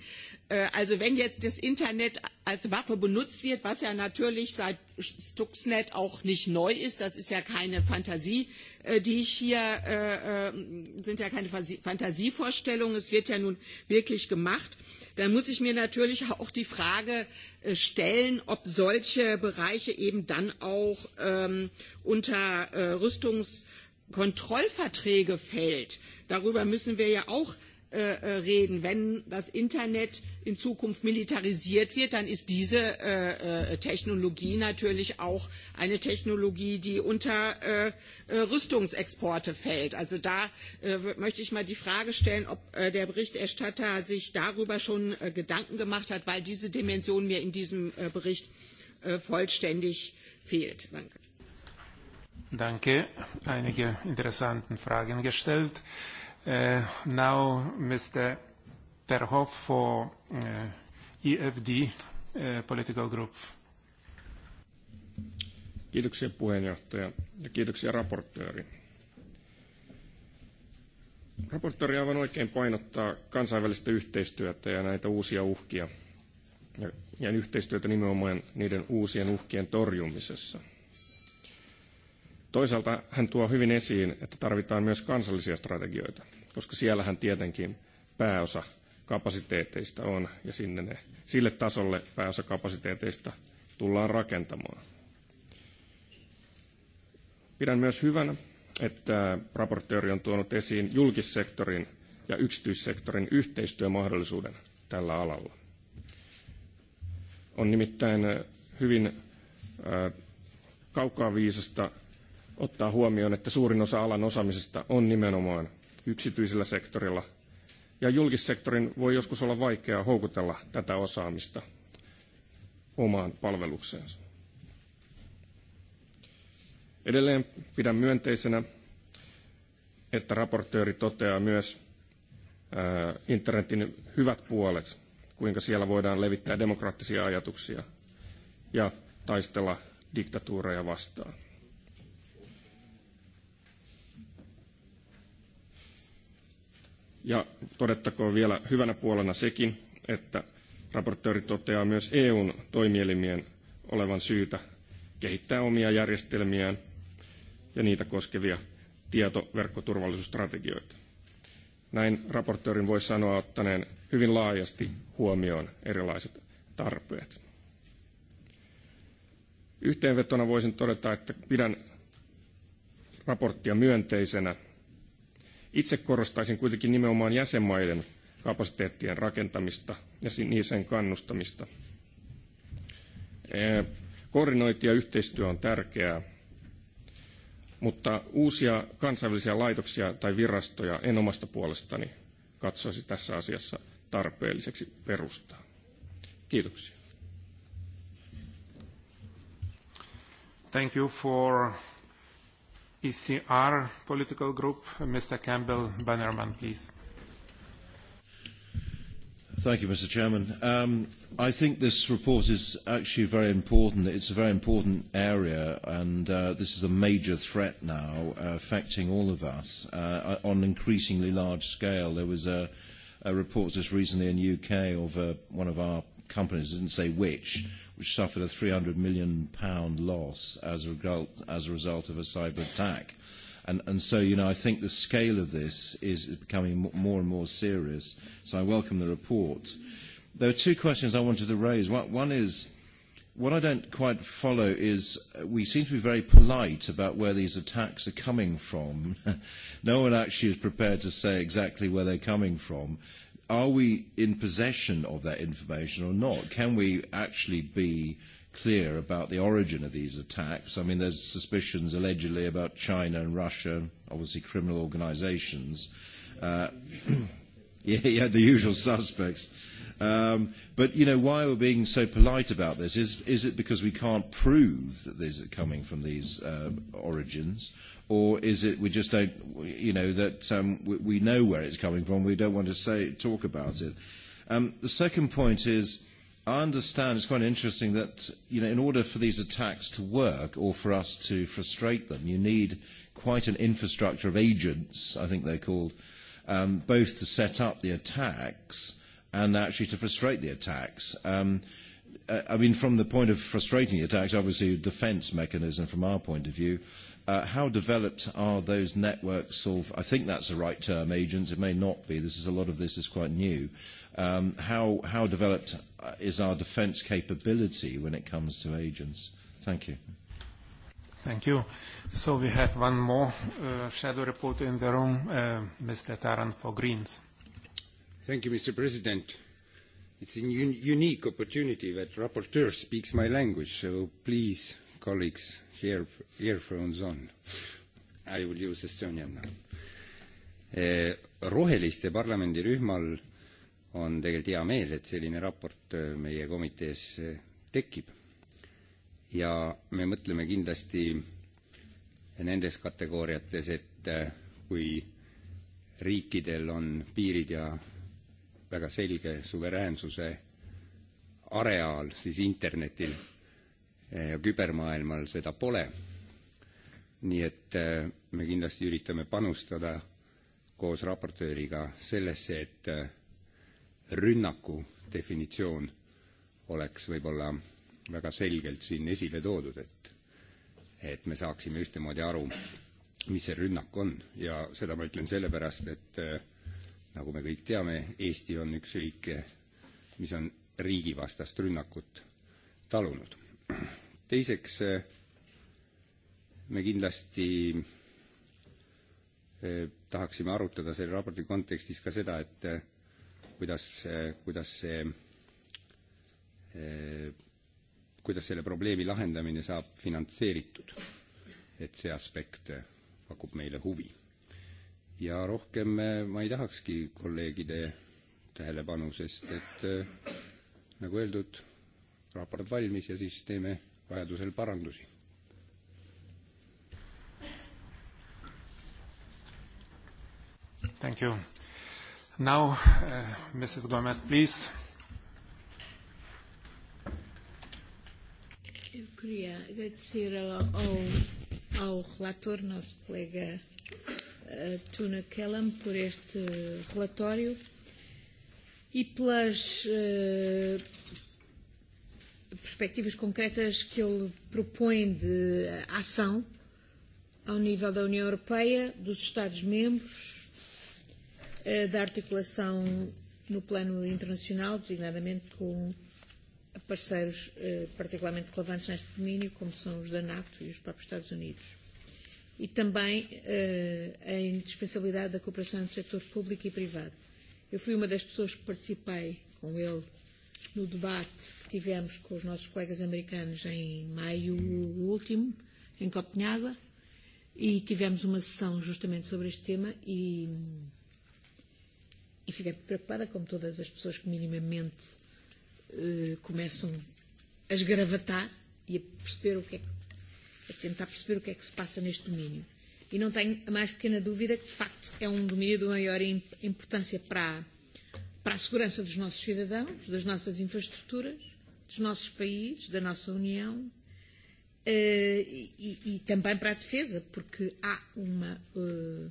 Äh, also wenn jetzt das Internet als Waffe benutzt wird, was ja natürlich seit Stuxnet auch nicht neu ist, das ist ja keine Fantasie, äh, die ich hier, äh, ähm, sind ja keine Fantasievorstellungen, es wird ja nun wirklich gemacht, dann muss ich mir natürlich auch die Frage stellen, ob solche Bereiche eben dann auch ähm, unter Rüstungskontrollverträge fällt. Darüber müssen wir ja auch Äh, äh, reden. Wenn das Internet in Zukunft militarisiert wird, dann ist diese äh, äh Technologie natürlich auch eine Technologie, die unter äh, Rüstungsexporte fällt. Also da äh, möchte ich mal die Frage stellen, ob äh, der Berichterstatter sich darüber schon äh, Gedanken gemacht hat, weil diese Dimension mir in diesem äh, Bericht äh, vollständig fehlt. Danke. Danke. Einige interessante Fragen gestellt. Uh, now, Mr. Terhoff for uh, EFD uh, Political Group. Kiitoksia puheenjohtaja ja kiitoksia raportööri. Raportööri aivan oikein painottaa kansainvälistä yhteistyötä ja näitä uusia uhkia ja, ja yhteistyötä nimenomaan niiden uusien uhkien torjumisessa – Toisaalta hän tuo hyvin esiin, että tarvitaan myös kansallisia strategioita, koska siellähän tietenkin pääosa kapasiteeteista on ja sinne ne, sille tasolle pääosa kapasiteeteista tullaan rakentamaan. Pidän myös hyvänä, että raportööri on tuonut esiin julkissektorin ja yksityissektorin yhteistyömahdollisuuden tällä alalla. On nimittäin hyvin kaukaa viisasta ottaa huomioon, että suurin osa alan osaamisesta on nimenomaan yksityisellä sektorilla, ja julkissektorin voi joskus olla vaikeaa houkutella tätä osaamista omaan palvelukseensa. Edelleen pidän myönteisenä, että raportööri toteaa myös internetin hyvät puolet, kuinka siellä voidaan levittää demokraattisia ajatuksia ja taistella diktatuureja vastaan. Ja todettakoon vielä hyvänä puolena sekin, että raportööri toteaa myös EUn toimielimien olevan syytä kehittää omia järjestelmiään ja niitä koskevia tietoverkkoturvallisuusstrategioita. Näin raportöörin voi sanoa ottaneen hyvin laajasti huomioon erilaiset tarpeet. Yhteenvetona voisin todeta, että pidän raporttia myönteisenä – Itse korostaisin kuitenkin nimenomaan jäsenmaiden kapasiteettien rakentamista ja niiden kannustamista. Koordinointi ja yhteistyö on tärkeää, mutta uusia kansainvälisiä laitoksia tai virastoja en omasta puolestani katsoisi tässä asiassa tarpeelliseksi perustaa. Kiitoksia. Thank you for ECR political group, Mr. Campbell Bannerman, please. Thank you, Mr. Chairman. Um, I think this report is actually very important. It's a very important area, and uh, this is a major threat now uh, affecting all of us uh, on an increasingly large scale. There was a, a report just recently in the UK of uh, one of our companies, I didn't say which, which suffered a £300 million pound loss as a result, as a result of a cyber attack. And, and so, you know, I think the scale of this is becoming more and more serious. So I welcome the report. There are two questions I wanted to raise. One, one is, what I don't quite follow is uh, we seem to be very polite about where these attacks are coming from. no one actually is prepared to say exactly where they're coming from are we in possession of that information or not? Can we actually be clear about the origin of these attacks? I mean, there's suspicions allegedly about China and Russia, obviously criminal organizations. Uh, yeah, yeah, the usual suspects. Um, but, you know, why we're being so polite about this? Is, is it because we can't prove that these are coming from these uh, origins? or is it we just don't, you know, that um, we, we know where it's coming from, we don't want to say, talk about it. Um, the second point is, I understand it's quite interesting that, you know, in order for these attacks to work or for us to frustrate them, you need quite an infrastructure of agents, I think they're called, um, both to set up the attacks and actually to frustrate the attacks. Um, uh, I mean, from the point of frustrating the attacks, obviously a defence mechanism from our point of view, Uh, how developed are those networks of, I think that's the right term, agents, it may not be, this is a lot of this is quite new. Um, how, how developed uh, is our defence capability when it comes to agents? Thank you. Thank you. So we have one more uh, shadow reporter in the room, uh, Mr. Taran for Greens. Thank you, Mr. President. It's a un unique opportunity that rapporteur speaks my language, so please, colleagues, ear, earphones on. I will use Estonian now. Eh, roheliste parlamendirühmal on tegelikult hea meel, et selline raport eh, meie komitees eh, tekib. ja me mõtleme kindlasti nendes kategooriates, et kui riikidel on piirid ja väga selge suveräänsuse areaal, siis internetil ja eh, seda pole. nii et eh, me kindlasti üritame panustada koos raportööriga sellesse, et eh, rünnaku definitsioon oleks võib-olla väga selgelt siin esile toodud, et, et me saaksime ühtemoodi aru, mis see rünnak on ja seda ma ütlen sellepärast, et nagu me kõik teame, Eesti on üks riike, mis on riigivastast rünnakut talunud teiseks eh, me kindlasti eh, tahaksime arutada selle raporti kontekstis ka seda, et eh, kuidas, kuidas see, kuidas selle probleemi lahendamine saab finantseeritud. et see aspekt pakub meile huvi. ja rohkem ma ei tahakski kolleegide tähelepanu, sest et nagu öeldud, raport valmis ja siis teeme vajadusel parandusi. Thank you. Now, uh, Mrs. Gomez, please. Eu queria agradecer ao, ao relator, nosso colega uh, Tuna Kellam, por este relatório e pelas, uh, perspectivas concretas que ele propõe de ação ao nível da União Europeia, dos Estados-membros, eh, da articulação no plano internacional, designadamente com parceiros eh, particularmente relevantes neste domínio, como são os da NATO e os próprios Estados Unidos. E também eh, a indispensabilidade da cooperação entre o setor público e privado. Eu fui uma das pessoas que participei com ele no debate que tivemos com os nossos colegas americanos em maio último, em Copenhaga, e tivemos uma sessão justamente sobre este tema e, e fiquei preocupada, como todas as pessoas que minimamente eh, começam a esgravatar e a perceber o que é que a tentar perceber o que é que se passa neste domínio. E não tenho a mais pequena dúvida que, de facto, é um domínio de maior importância para a para a segurança dos nossos cidadãos, das nossas infraestruturas, dos nossos países, da nossa União eh, e, e, e também para a defesa, porque há uma. Eh,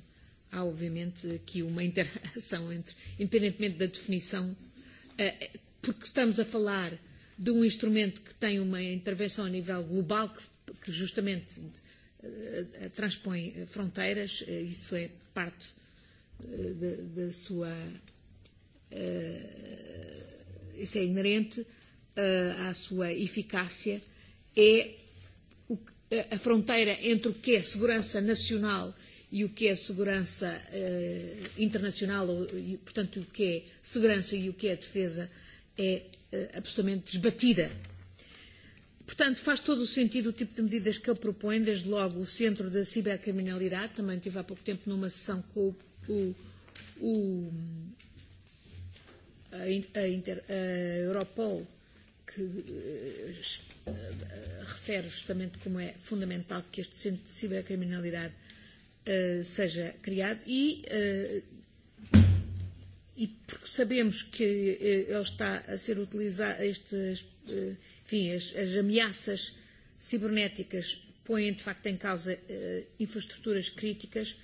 há, obviamente, aqui uma interação entre, independentemente da definição, eh, porque estamos a falar de um instrumento que tem uma intervenção a nível global, que, que justamente transpõe fronteiras, isso é parte da, da sua Eh, isso é inerente eh, à sua eficácia, é e eh, a fronteira entre o que é segurança nacional e o que é segurança uh, internacional, ou, e, portanto, o que é segurança e o que é defesa, é uh, absolutamente desbatida. Portanto, faz todo o sentido o tipo de medidas que ele propõe, desde logo o Centro da Cibercriminalidade, também tive há pouco tempo numa sessão com o, o, o a Europol, que eh, refere justamente como é fundamental que este centro de cibercriminalidade eh, seja criado e, eh, e porque sabemos que ele está a ser utilizado, estes, enfim, as, as ameaças cibernéticas põem de facto em causa infraestruturas críticas,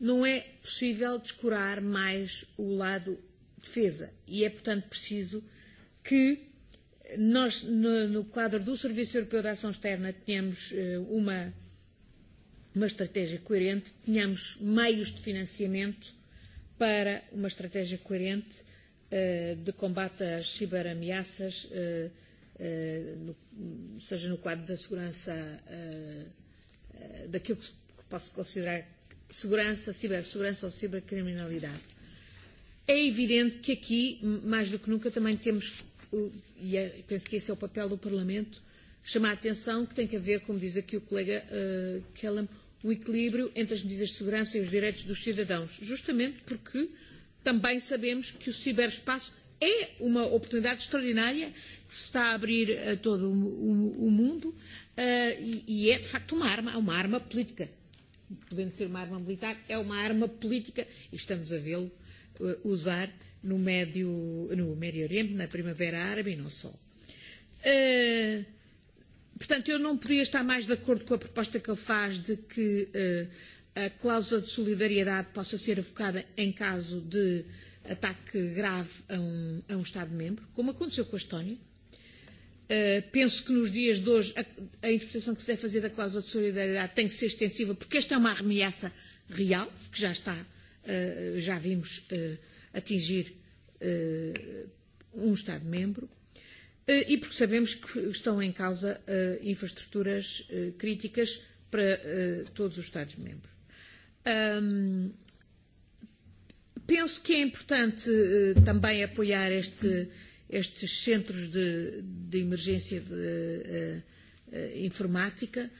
não é possível descurar mais o lado defesa. E é, portanto, preciso que nós, no, no quadro do Serviço Europeu de Ação Externa, tenhamos uh, uma, uma estratégia coerente, tenhamos meios de financiamento para uma estratégia coerente uh, de combate às ciberameaças, uh, uh, no, seja no quadro da segurança, uh, uh, daquilo que, se, que posso considerar segurança, cibersegurança ou cibercriminalidade. É evidente que aqui, mais do que nunca, também temos, e penso que esse é o papel do Parlamento, chamar a atenção que tem que haver, como diz aqui o colega uh, eh, Kellam, o equilíbrio entre as medidas de segurança e os direitos dos cidadãos, justamente porque também sabemos que o ciberespaço é uma oportunidade extraordinária que se está a abrir a todo o, o, o mundo uh, e, e é, de facto, uma arma, uma arma política. Podendo ser uma arma militar, é uma arma política e estamos a vê-lo uh, Eh, usar no Médio, no Médio Oriente, na Primavera Árabe e não só. Uh, portanto, eu não podia estar mais de acordo com a proposta que ele faz de que uh, a cláusula de solidariedade possa ser avocada em caso de ataque grave a um, a um Estado-membro, como aconteceu com a Estónia. Uh, penso que nos dias de hoje a, a interpretação que se deve fazer da cláusula de solidariedade tem que ser extensiva, porque esta é uma ameaça real, que já está Eh, já vimos eh, atingir eh, um Estado-membro, e porque sabemos que estão em causa infraestruturas críticas para todos os Estados-membros. Um, penso que é importante também apoiar este, estes centros de, de emergência de, uh, uh, informática,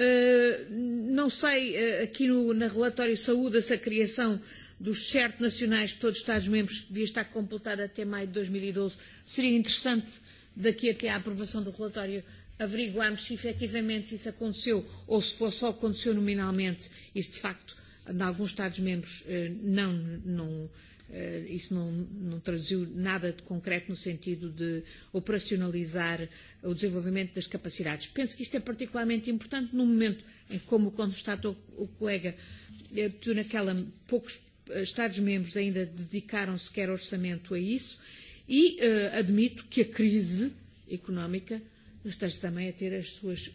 Eh, não sei eh, aqui no na relatório saúde-se a criação dos certos nacionais de todos os Estados-membros, que devia estar completada até maio de 2012. E seria interessante, daqui até à aprovação do relatório, averiguarmos se efetivamente isso aconteceu ou se for só aconteceu nominalmente e se de facto, em alguns Estados-membros, eh, não, não, Eh, isso não, não traduziu nada de concreto no sentido de operacionalizar o desenvolvimento das capacidades. Penso que isto é particularmente importante no momento em que, como constatou o colega, eh, naquela poucos eh, Estados-membros ainda dedicaram sequer orçamento a isso e uh, admito que a crise económica esteja também a ter as suas uh,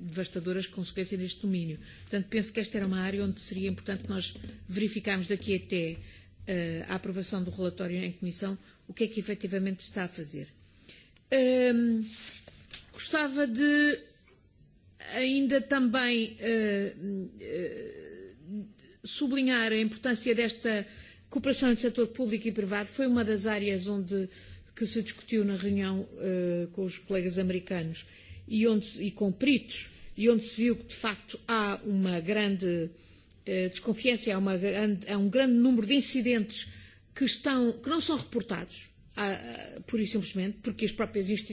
devastadoras consequências neste domínio. Portanto, penso que esta era uma área onde seria importante nós verificarmos daqui até Eh, a aprovação do relatório em comissão, o que é que efetivamente está a fazer. Um, gostava de ainda também uh, uh, sublinhar a importância desta cooperação entre setor público e privado. Foi uma das áreas onde que se discutiu na reunião uh, com os colegas americanos e, onde, e com peritos, e onde se viu que, de facto, há uma grande uh, Eh, desconfiança, e há, uma, há um grande número de incidentes que, estão, que não são reportados, ah, ah, por e simplesmente, porque as próprias, as,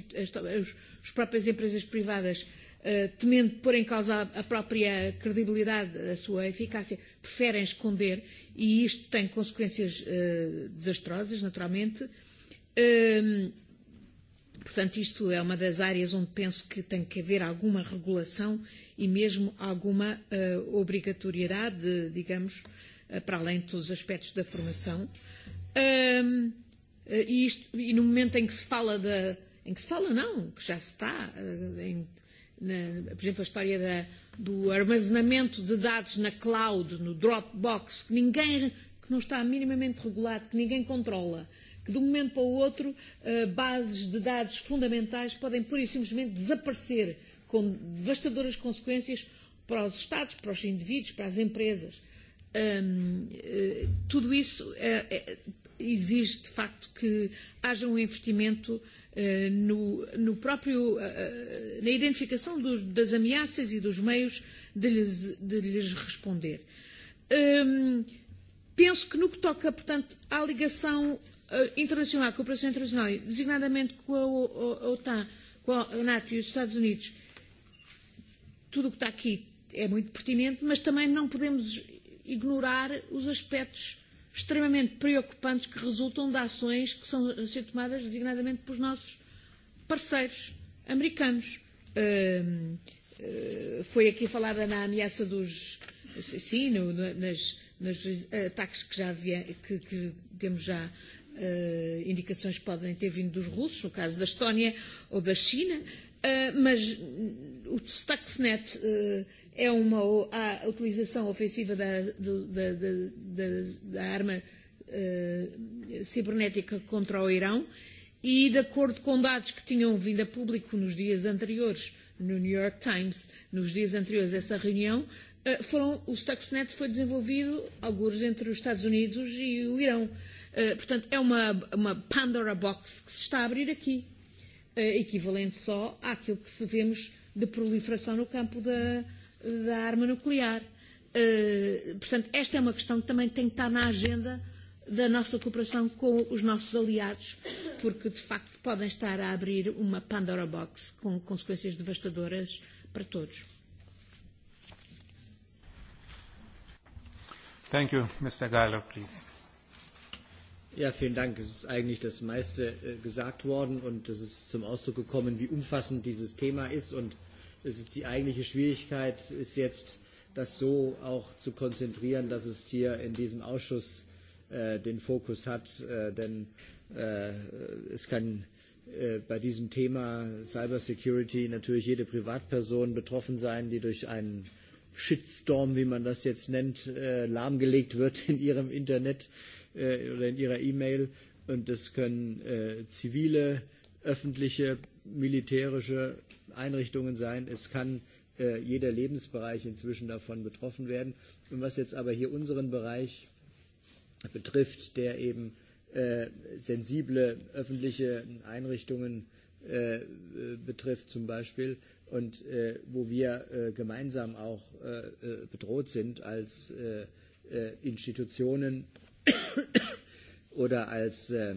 as próprias empresas privadas, eh, temendo pôr em causa a, a própria credibilidade a sua eficácia, preferem esconder e isto tem consequências eh, desastrosas, naturalmente. Ehm, Portanto, isto é uma das áreas onde penso que tem que haver alguma regulação e mesmo alguma uh, obrigatoriedade, digamos, uh, para além de todos os aspectos da formação. Um, uh, e, isto, e no momento em que se fala da. em que se fala, não, que já se está, uh, em, na, por exemplo, a história da, do armazenamento de dados na cloud, no Dropbox, que ninguém. que não está minimamente regulado, que ninguém controla de um momento para o outro, eh, bases de dados fundamentais podem pura e simplesmente desaparecer, com devastadoras consequências para os Estados, para os indivíduos, para as empresas. Um, uh, tudo isso é, eh, é, exige, de facto, que haja um investimento uh, no, no próprio, uh, na identificação dos, das ameaças e dos meios de lhes, de lhes responder. Um, penso que no que toca, portanto, à ligação Eh, internacional, cooperação internacional, designadamente com a OTAN, com a NATO e os Estados Unidos, tudo o que está aqui é muito pertinente, mas também não podemos ignorar os aspectos extremamente preocupantes que resultam de ações que são a ser tomadas designadamente pelos nossos parceiros americanos. Uh, uh, foi aqui falada na ameaça dos. Sim, no, no, nas, nos ataques que já havia, que, que temos já uh, indicações que podem ter vindo dos russos, no caso da Estónia ou da China, uh, mas o Stuxnet uh, é uma a utilização ofensiva da, do, da, da, da, da arma uh, cibernética contra o Irão e, de acordo com dados que tinham vindo a público nos dias anteriores, no New York Times, nos dias anteriores a essa reunião, uh, foram, o Stuxnet foi desenvolvido, alguns entre os Estados Unidos e o Irão. Uh, Eh, portanto, é uma, uma Pandora Box que se está a abrir aqui, uh, equivalente só àquilo que se vemos de proliferação no campo da, da arma nuclear. Uh, portanto, esta é uma questão que também tem que estar na agenda da nossa cooperação com os nossos aliados, porque de facto podem estar a abrir uma Pandora Box com consequências devastadoras para todos. Thank you, Mr. Geiler, please. Ja, vielen Dank. Es ist eigentlich das meiste äh, gesagt worden und es ist zum Ausdruck gekommen, wie umfassend dieses Thema ist und es ist die eigentliche Schwierigkeit ist jetzt, das so auch zu konzentrieren, dass es hier in diesem Ausschuss äh, den Fokus hat, äh, denn äh, es kann äh, bei diesem Thema Cybersecurity natürlich jede Privatperson betroffen sein, die durch einen Shitstorm, wie man das jetzt nennt, äh, lahmgelegt wird in ihrem Internet. Äh, äh, oder in ihrer E-Mail und das können äh, zivile, öffentliche, militärische Einrichtungen sein. Es kann äh, jeder Lebensbereich inzwischen davon betroffen werden. Und was jetzt aber hier unseren Bereich betrifft, der eben äh, sensible öffentliche Einrichtungen äh, betrifft zum Beispiel und äh, wo wir äh, gemeinsam auch äh, äh bedroht sind als äh, äh, Institutionen oder als äh,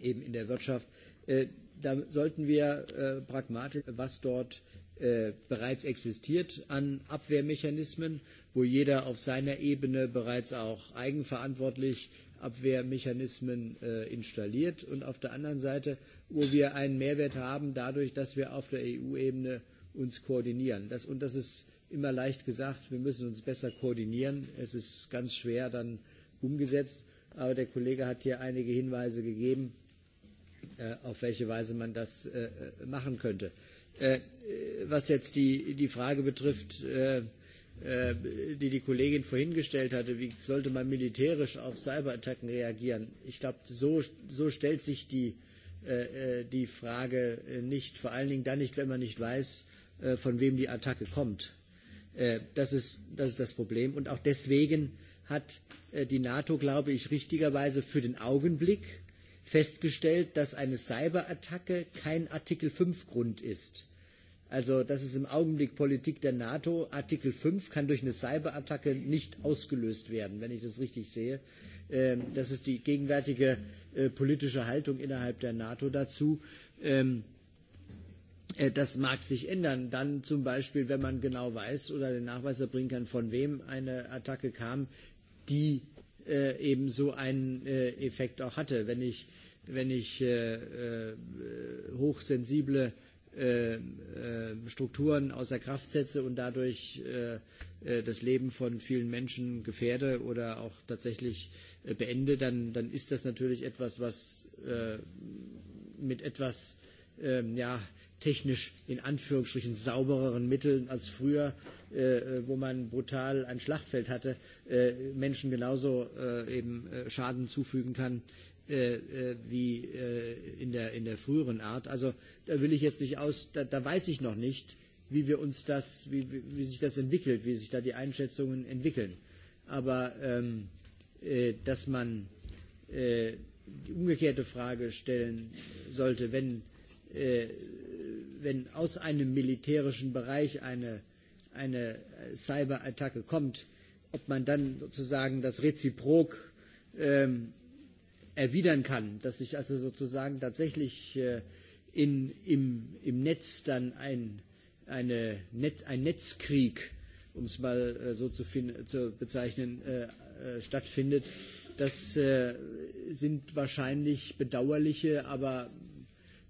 eben in der Wirtschaft. Äh, da sollten wir äh, pragmatisch, was dort äh, bereits existiert an Abwehrmechanismen, wo jeder auf seiner Ebene bereits auch eigenverantwortlich Abwehrmechanismen äh, installiert und auf der anderen Seite, wo wir einen Mehrwert haben dadurch, dass wir auf der EU-Ebene uns koordinieren. Das, und das ist immer leicht gesagt, wir müssen uns besser koordinieren. Es ist ganz schwer dann umgesetzt. Aber der Kollege hat hier einige Hinweise gegeben, äh, auf welche Weise man das äh, äh machen könnte. Äh, äh, was jetzt die, die Frage betrifft, äh, äh, die die Kollegin vorhin gestellt hatte, wie sollte man militärisch auf Cyberattacken reagieren? Ich glaube, so, so stellt sich die, äh, äh die Frage nicht, vor allen Dingen dann nicht, wenn man nicht weiß, äh, von wem die Attacke kommt. Äh, das, ist, das ist das Problem. Und auch deswegen hat äh, die NATO, glaube ich, richtigerweise für den Augenblick festgestellt, dass eine Cyberattacke kein Artikel 5 Grund ist. Also das ist im Augenblick Politik der NATO. Artikel 5 kann durch eine Cyberattacke nicht ausgelöst werden, wenn ich das richtig sehe. Ähm, das ist die gegenwärtige äh, politische Haltung innerhalb der NATO dazu. Ähm, äh, das mag sich ändern. Dann zum Beispiel, wenn man genau weiß oder den Nachweis erbringen kann, von wem eine Attacke kam, die äh, eben so einen äh, Effekt auch hatte. Wenn ich, wenn ich äh, äh, hochsensible äh, äh, Strukturen außer Kraft setze und dadurch äh, äh, das Leben von vielen Menschen gefährde oder auch tatsächlich äh, beende, dann, dann ist das natürlich etwas, was äh, mit etwas äh, ja, technisch in Anführungsstrichen saubereren Mitteln als früher, äh, wo man brutal ein Schlachtfeld hatte, äh, Menschen genauso äh, eben äh, Schaden zufügen kann äh, äh, wie äh, in, der, in der früheren Art. Also da will ich jetzt nicht aus, da, da weiß ich noch nicht, wie wir uns das, wie, wie, wie sich das entwickelt, wie sich da die Einschätzungen entwickeln. Aber ähm, äh, dass man äh, die umgekehrte Frage stellen sollte, wenn äh, wenn aus einem militärischen Bereich eine, eine Cyberattacke kommt, ob man dann sozusagen das reziprok ähm, erwidern kann, dass sich also sozusagen tatsächlich äh, in, im, im Netz dann ein, eine Net, ein Netzkrieg, um es mal äh, so zu, zu bezeichnen, äh, äh, stattfindet. Das äh, sind wahrscheinlich bedauerliche, aber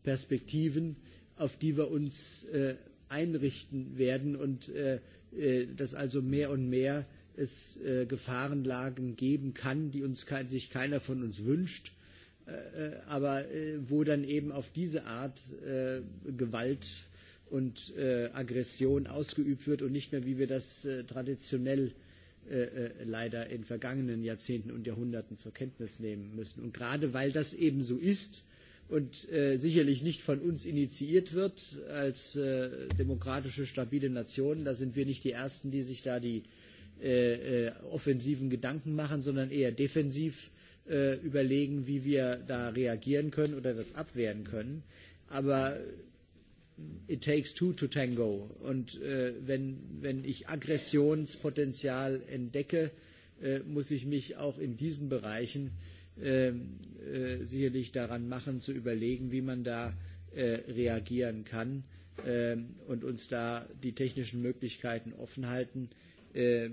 Perspektiven, äh, auf die wir uns äh, einrichten werden und äh, äh, dass also mehr und mehr es äh, Gefahrenlagen geben kann, die uns kein, sich keiner von uns wünscht, äh, äh, aber äh, wo dann eben auf diese Art äh, Gewalt und äh, Aggression ausgeübt wird und nicht mehr, wie wir das äh, traditionell äh, äh leider in vergangenen Jahrzehnten und Jahrhunderten zur Kenntnis nehmen müssen. Und gerade weil das eben so ist, und äh, sicherlich nicht von uns initiiert wird als äh, demokratische, stabile Nation. Da sind wir nicht die Ersten, die sich da die äh, äh, offensiven Gedanken machen, sondern eher defensiv äh, überlegen, wie wir da reagieren können oder das abwehren können. Aber it takes two to tango. Und äh, wenn, wenn ich Aggressionspotenzial entdecke, äh, muss ich mich auch in diesen Bereichen äh, Ähm, äh, sicherlich daran machen, zu überlegen, wie man da äh, reagieren kann äh, und uns da die technischen Möglichkeiten offen halten. Äh,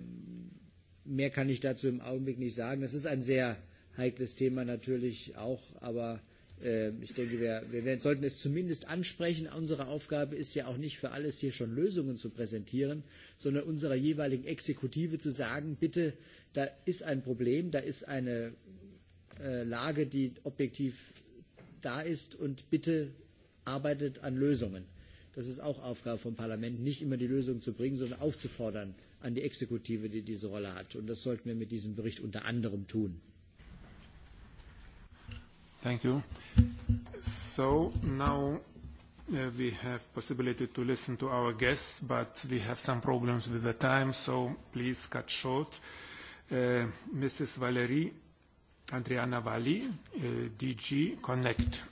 mehr kann ich dazu im Augenblick nicht sagen. Das ist ein sehr heikles Thema natürlich auch, aber äh, ich denke, wir, wir werden, sollten es zumindest ansprechen. Unsere Aufgabe ist ja auch nicht für alles hier schon Lösungen zu präsentieren, sondern unserer jeweiligen Exekutive zu sagen, bitte, da ist ein Problem, da ist eine Äh, Lage, die objektiv da ist und bitte arbeitet an Lösungen. Das ist auch Aufgabe vom Parlament, nicht immer die Lösung zu bringen, sondern aufzufordern an die Exekutive, die diese Rolle hat. Und das sollten wir mit diesem Bericht unter anderem tun. Thank you. So now uh, we have possibility to listen to our guests, but we have some problems with the time, so please cut short. Uh, Mrs. Valerie Adriana Valli, eh, DG Connect.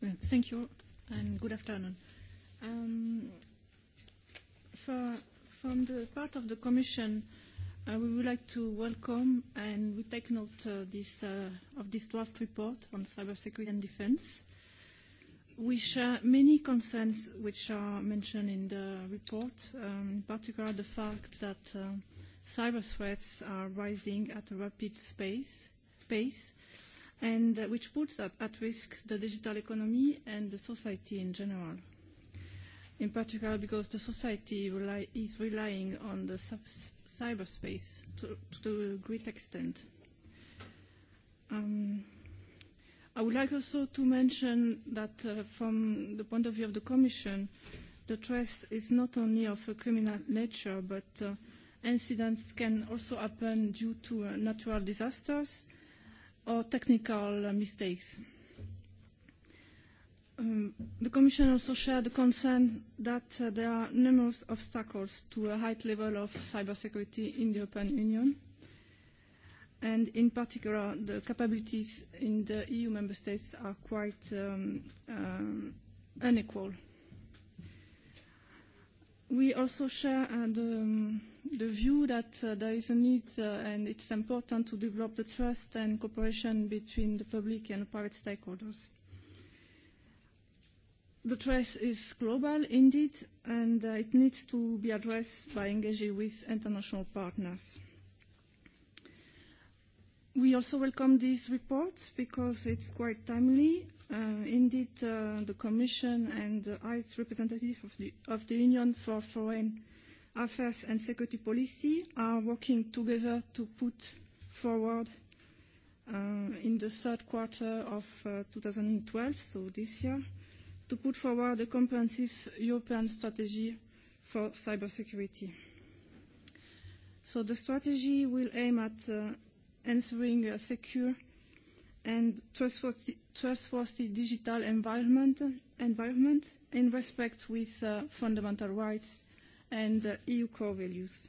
Well, thank you and good afternoon. Um, for, from the part of the Commission, uh, we would like to welcome and we take note uh, this, uh, of this draft report on cybersecurity and defense. We share many concerns which are mentioned in the report, um, in particular the fact that uh, cyber threats are rising at a rapid space, pace, and uh, which puts at, at risk the digital economy and the society in general. In particular, because the society rely, is relying on the cyberspace to, to a great extent. Um, I would like also to mention that uh, from the point of view of the Commission, the trust is not only of a criminal nature, but uh, Incidents can also happen due to uh, natural disasters or technical uh, mistakes. Um, the Commission also shared the concern that uh, there are numerous obstacles to a high level of cybersecurity in the European Union, and in particular, the capabilities in the EU member states are quite um, um, unequal we also share uh, the, um, the view that uh, there is a need uh, and it's important to develop the trust and cooperation between the public and the private stakeholders. The trust is global indeed and uh, it needs to be addressed by engaging with international partners. We also welcome this report because it's quite timely Uh, indeed, uh, the Commission and the High Representative of the, of the Union for Foreign Affairs and Security Policy are working together to put forward uh, in the third quarter of uh, 2012, so this year, to put forward a comprehensive European strategy for cybersecurity. So the strategy will aim at uh, answering a secure and trustworthy trustworthy digital environment, environment in respect with uh, fundamental rights and uh, EU core values.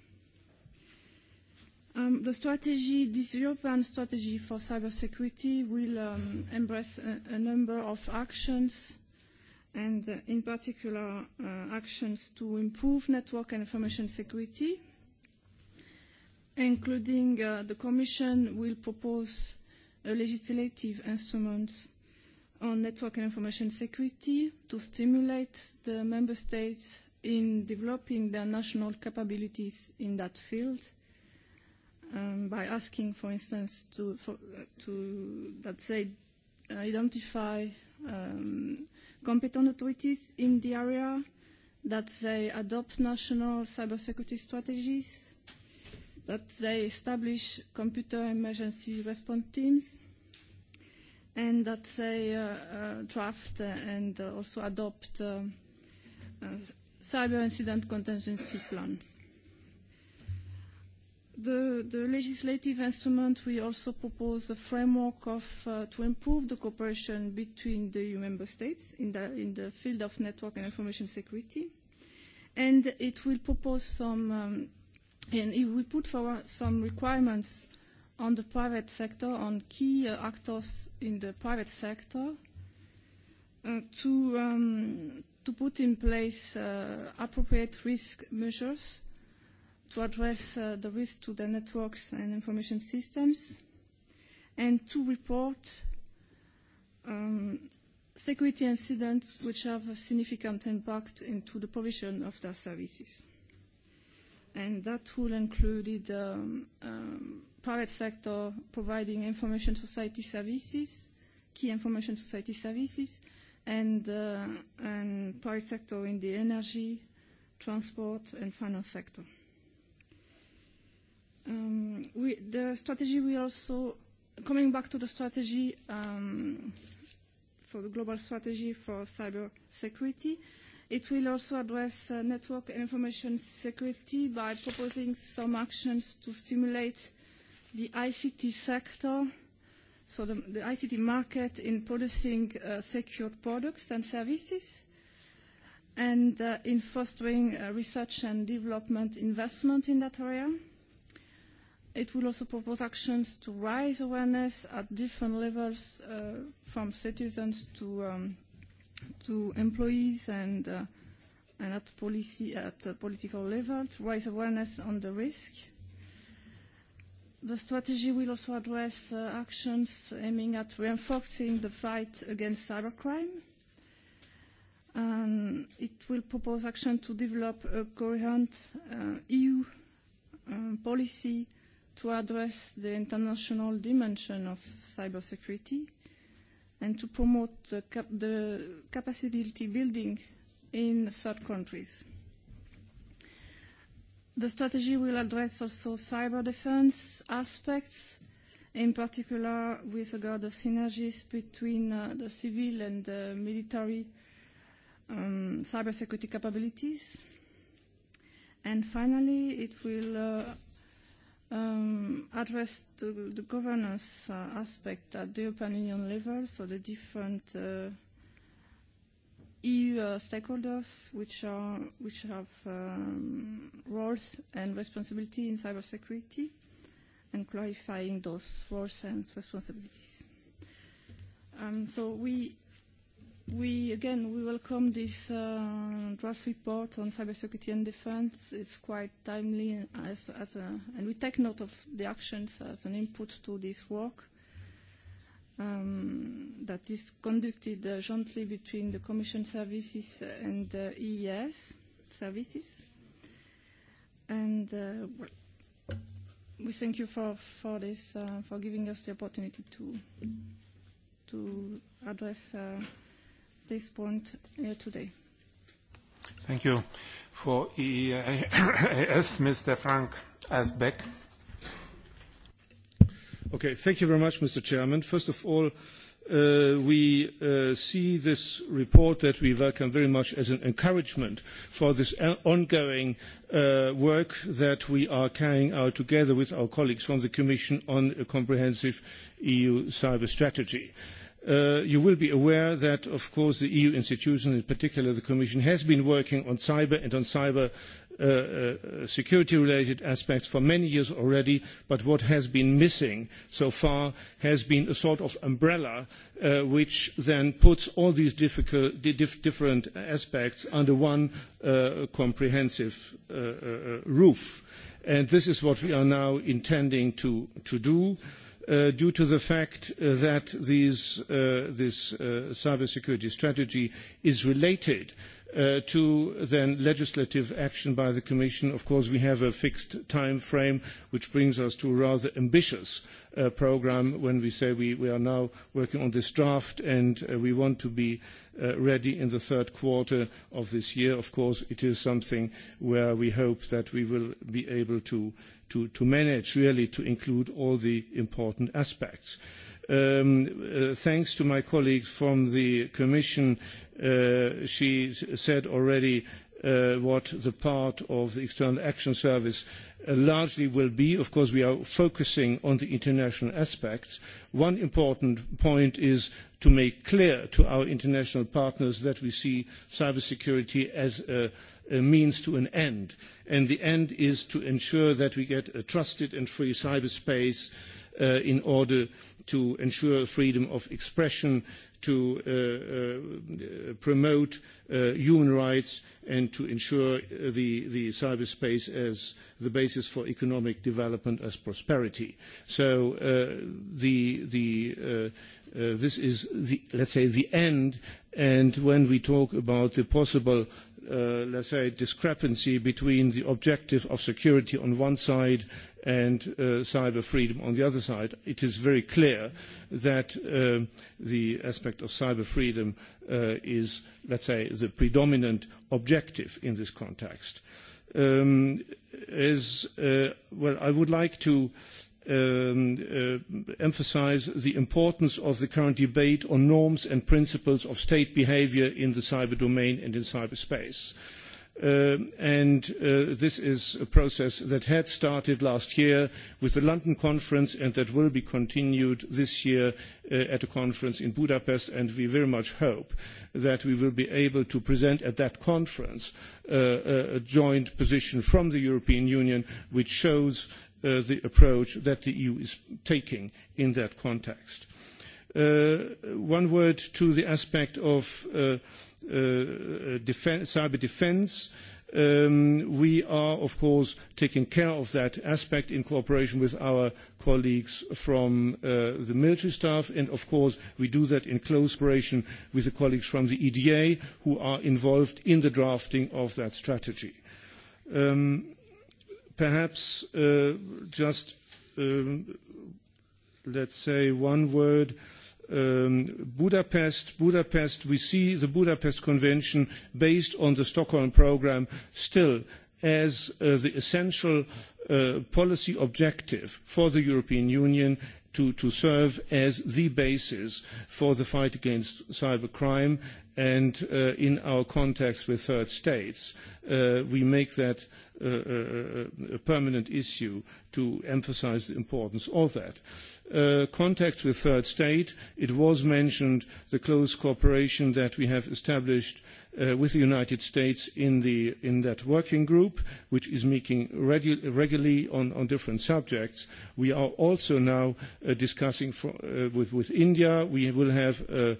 Um, the strategy, this European strategy for cybersecurity will um, embrace a, a number of actions and uh, in particular uh, actions to improve network and information security, including uh, the Commission will propose a legislative instrument on network and information security to stimulate the member states in developing their national capabilities in that field um, by asking, for instance, to, for, uh, to that they identify um, competent authorities in the area, that they adopt national cybersecurity strategies, that they establish computer emergency response teams, and that they uh, uh, draft and uh, also adopt uh, uh, cyber incident contingency plans. The, the legislative instrument, we also propose a framework of, uh, to improve the cooperation between the EU member states in the, in the field of network and information security. And it will propose some, um, and it will put forward some requirements on the private sector, on key uh, actors in the private sector, uh, to, um, to put in place uh, appropriate risk measures to address uh, the risk to the networks and information systems, and to report um, security incidents which have a significant impact into the provision of their services. And that will include um, um, private sector providing information society services, key information society services, and, uh, and private sector in the energy, transport, and finance sector. Um, we, the strategy we also, coming back to the strategy, um, so the global strategy for cyber security, It will also address uh, network and information security by proposing some actions to stimulate the ICT sector, so the, the ICT market in producing uh, secure products and services, and uh, in fostering uh, research and development investment in that area. It will also propose actions to raise awareness at different levels uh, from citizens to, um, to employees and, uh, and at, policy, at a uh, political level to raise awareness on the risk The strategy will also address uh, actions aiming at reinforcing the fight against cybercrime. Um, it will propose action to develop a coherent uh, EU um, policy to address the international dimension of cybersecurity and to promote the, cap the capacity building in third countries. The strategy will address also cyber defense aspects, in particular with regard to synergies between uh, the civil and uh, military um, cybersecurity capabilities. And finally, it will uh, um, address the, the governance uh, aspect at the European Union level, so the different uh, EU uh, stakeholders which, are, which have um, roles and responsibility in cybersecurity and clarifying those roles and responsibilities. Um, so we, we, again, we welcome this uh, draft report on cybersecurity and defense. It's quite timely uh, as, as a, and we take note of the actions as an input to this work um, that is conducted uh, jointly between the Commission services and uh, EES services. And uh, well, we thank you for, for this, uh, for giving us the opportunity to, to address uh, this point here today. Thank you. For EES, Mr. Frank Asbeck. Okay, thank you very much, Mr. Chairman. First of all, uh, we uh, see this report that we welcome very much as an encouragement for this e, ongoing uh, work that we are carrying out together with our colleagues from the Commission on a comprehensive EU cyber strategy. Uh, you will be aware that, of course, the EU institution, in particular the Commission, has been working on cyber and on cyber uh, uh security related aspects for many years already, but what has been missing so far has been a sort of umbrella uh, which then puts all these difficult, different aspects under one uh, comprehensive uh, uh, uh, roof. And this is what we are now intending to, to do. Uh, due to the fact uh, that these, uh, this uh, cybersecurity strategy is related Uh, to then legislative action by the Commission. Of course, we have a fixed time frame, which brings us to a rather ambitious uh, programme when we say we, we, are now working on this draft and uh, we want to be uh, ready in the third quarter of this year. Of course, it is something where we hope that we will be able to, to, to manage, really, to include all the important aspects. Um, uh, thanks to my colleagues from the Commission, Uh, she said already uh, what the part of the External Action Service uh, largely will be. Of course, we are focusing on the international aspects. One important point is to make clear to our international partners that we see cybersecurity as a, a means to an end. And the end is to ensure that we get a trusted and free cyberspace uh, in order to ensure freedom of expression, to uh, uh, promote uh, human rights and to ensure the, the cyberspace as the basis for economic development as prosperity. So the, the Uh, this is the, let's say the end and when we talk about the possible uh, let's say discrepancy between the objective of security on one side and uh, cyber freedom on the other side, it is very clear that um, the aspect of cyber freedom uh, is, let's say, the predominant objective in this context. Um, is, uh, well, I would like to um, uh, emphasize the importance of the current debate on norms and principles of state behavior in the cyber domain and in cyberspace. Uh, and uh, this is a process that had started last year with the London conference and that will be continued this year uh, at a conference in Budapest and we very much hope that we will be able to present at that conference uh, uh, a joint position from the European Union which shows uh, the approach that the EU is taking in that context. one word to the aspect of uh, uh defense, cyber defense. Um, we are, of course, taking care of that aspect in cooperation with our colleagues from uh, the military staff, and of course, we do that in close cooperation with the colleagues from the EDA who are involved in the drafting of that strategy. Um, perhaps uh, just, um, let's say, one word. Uh, um, Budapest, Budapest, we see the Budapest Convention based on the Stockholm Programme still as uh, the essential uh, policy objective for the European Union to, to serve as the basis for the fight against cybercrime and uh, in our contacts with third states, uh, we make that uh, uh, uh, a, permanent issue to emphasize the importance of that. Uh, contacts with third state, it was mentioned the close cooperation that we have established uh, uh, with the United States in, the, in that working group, which is meeting regu regularly on, on different subjects. We are also now uh, discussing for, uh, with, with India. We will have a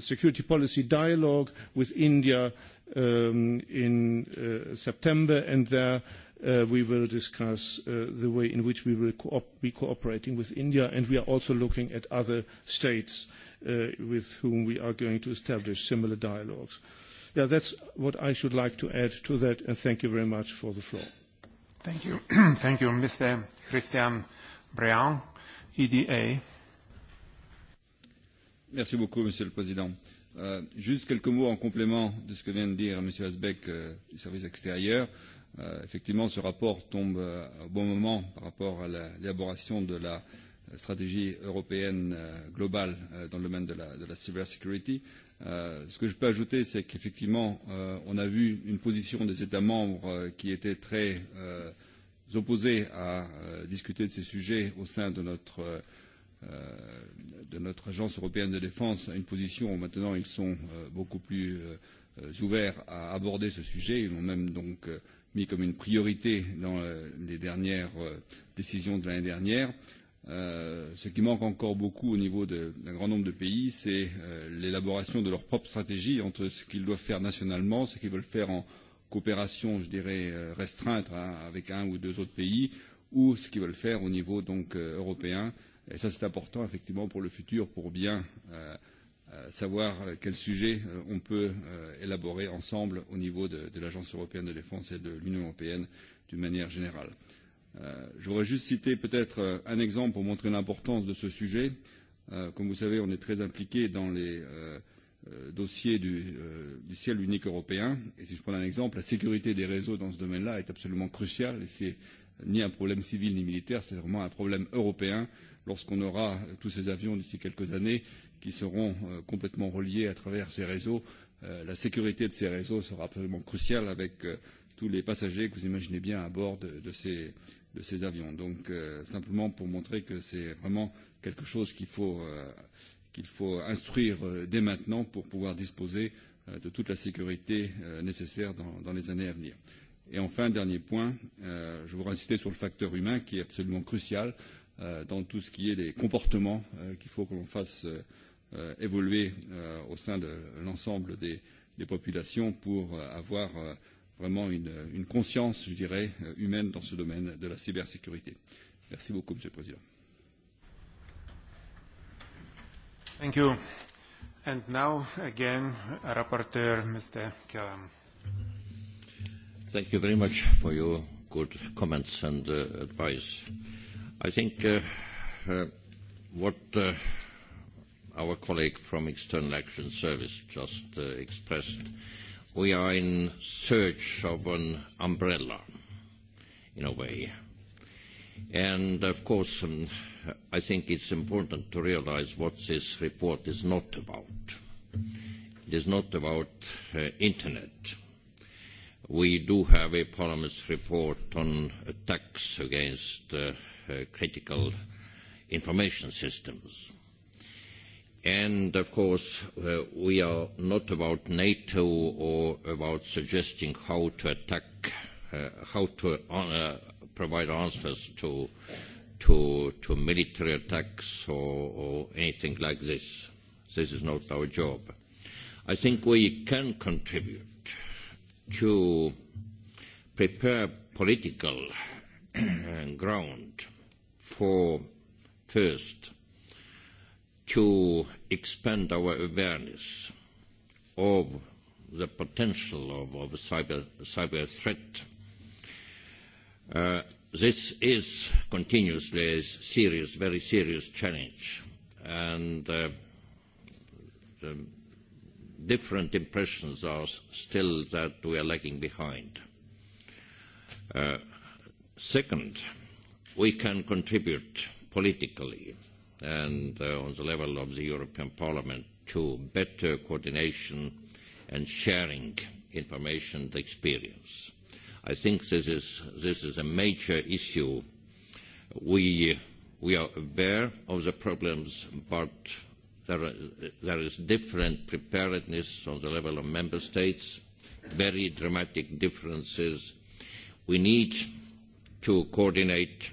security policy dialogue with India um, in uh, September, and there uh, we will discuss uh, the way in which we will co be cooperating with India, and we are also looking at other states uh, with whom we are going to establish similar dialogues. Yeah, that's what I should like to add to that, and thank you very much for the floor. Thank you. thank you, Mr. Christian Brean, EDA. Merci beaucoup, Monsieur le Président. Euh, juste quelques mots en complément de ce que vient de dire M. Asbeck euh, du service extérieur. Euh, effectivement, ce rapport tombe euh, au bon moment par rapport à l'élaboration de la stratégie européenne euh, globale euh, dans le domaine de la, de la cybersécurité. Euh, ce que je peux ajouter, c'est qu'effectivement, euh, on a vu une position des États membres euh, qui était très euh, opposée à euh, discuter de ces sujets au sein de notre euh, de notre agence européenne de défense une position. où Maintenant, ils sont euh, beaucoup plus euh, euh ouverts à aborder ce sujet. Ils l'ont même donc euh, mis comme une priorité dans euh, les dernières euh, décisions de l'année dernière. Euh, ce qui manque encore beaucoup au niveau d'un grand nombre de pays, c'est euh, l'élaboration de leur propre stratégie entre ce qu'ils doivent faire nationalement, ce qu'ils veulent faire en coopération, je dirais, euh, restreinte hein, avec un ou deux autres pays, ou ce qu'ils veulent faire au niveau donc euh, européen. Et ça, c'est important effectivement pour le futur, pour bien euh, savoir quel sujet on peut élaborer ensemble au niveau de, de l'Agence européenne de défense et de l'Union européenne d'une manière générale. Euh, je voudrais juste citer peut-être euh, un exemple pour montrer l'importance de ce sujet. Euh, comme vous savez, on est très impliqué dans les euh, euh, dossiers du, euh, du ciel unique européen. Et si je prends un exemple, la sécurité des réseaux dans ce domaine-là est absolument cruciale. Et c'est ni un problème civil ni militaire, c'est vraiment un problème européen lorsqu'on aura tous ces avions d'ici quelques années qui seront euh, complètement reliés à travers ces réseaux. Euh, la sécurité de ces réseaux sera absolument cruciale avec euh, tous les passagers que vous imaginez bien à bord de, de ces de ces avions. Donc euh, simplement pour montrer que c'est vraiment quelque chose qu'il faut, euh, qu faut instruire euh, dès maintenant pour pouvoir disposer euh, de toute la sécurité euh, nécessaire dans, dans les années à venir. Et enfin, dernier point, euh, je voudrais insister sur le facteur humain qui est absolument crucial euh, dans tout ce qui est les comportements euh, qu'il faut que l'on fasse euh, euh, évoluer euh, au sein de l'ensemble des, des populations pour euh, avoir euh, vraiment une, une conscience, je dirais, euh, humaine dans ce domaine de la cybersécurité. Merci beaucoup, Monsieur le Président. Thank you. And now again, Rapporteur Mr. Kellam. Thank you very much for your good comments and uh, advice. I think uh, uh, what uh, our colleague from External Action Service just uh, expressed uh, we are in search of an umbrella, in a way. And of course, um, I think it's important to realize what this report is not about. It is not about uh, internet. We do have a Parliament's report on attacks against uh, uh, critical information systems. And of course, uh, we are not about NATO or about suggesting how to attack, uh, how to uh, provide answers to, to, to military attacks or, or anything like this. This is not our job. I think we can contribute to prepare political ground for first to expand our awareness of the potential of, of cyber, cyber threat. Uh, this is continuously a serious, very serious challenge, and uh, the different impressions are still that we are lagging behind. Uh, second, we can contribute politically and uh, on the level of the European Parliament to better coordination and sharing information and experience. I think this is, this is a major issue. We, we are aware of the problems, but there, are, there is different preparedness on the level of member states, very dramatic differences. We need to coordinate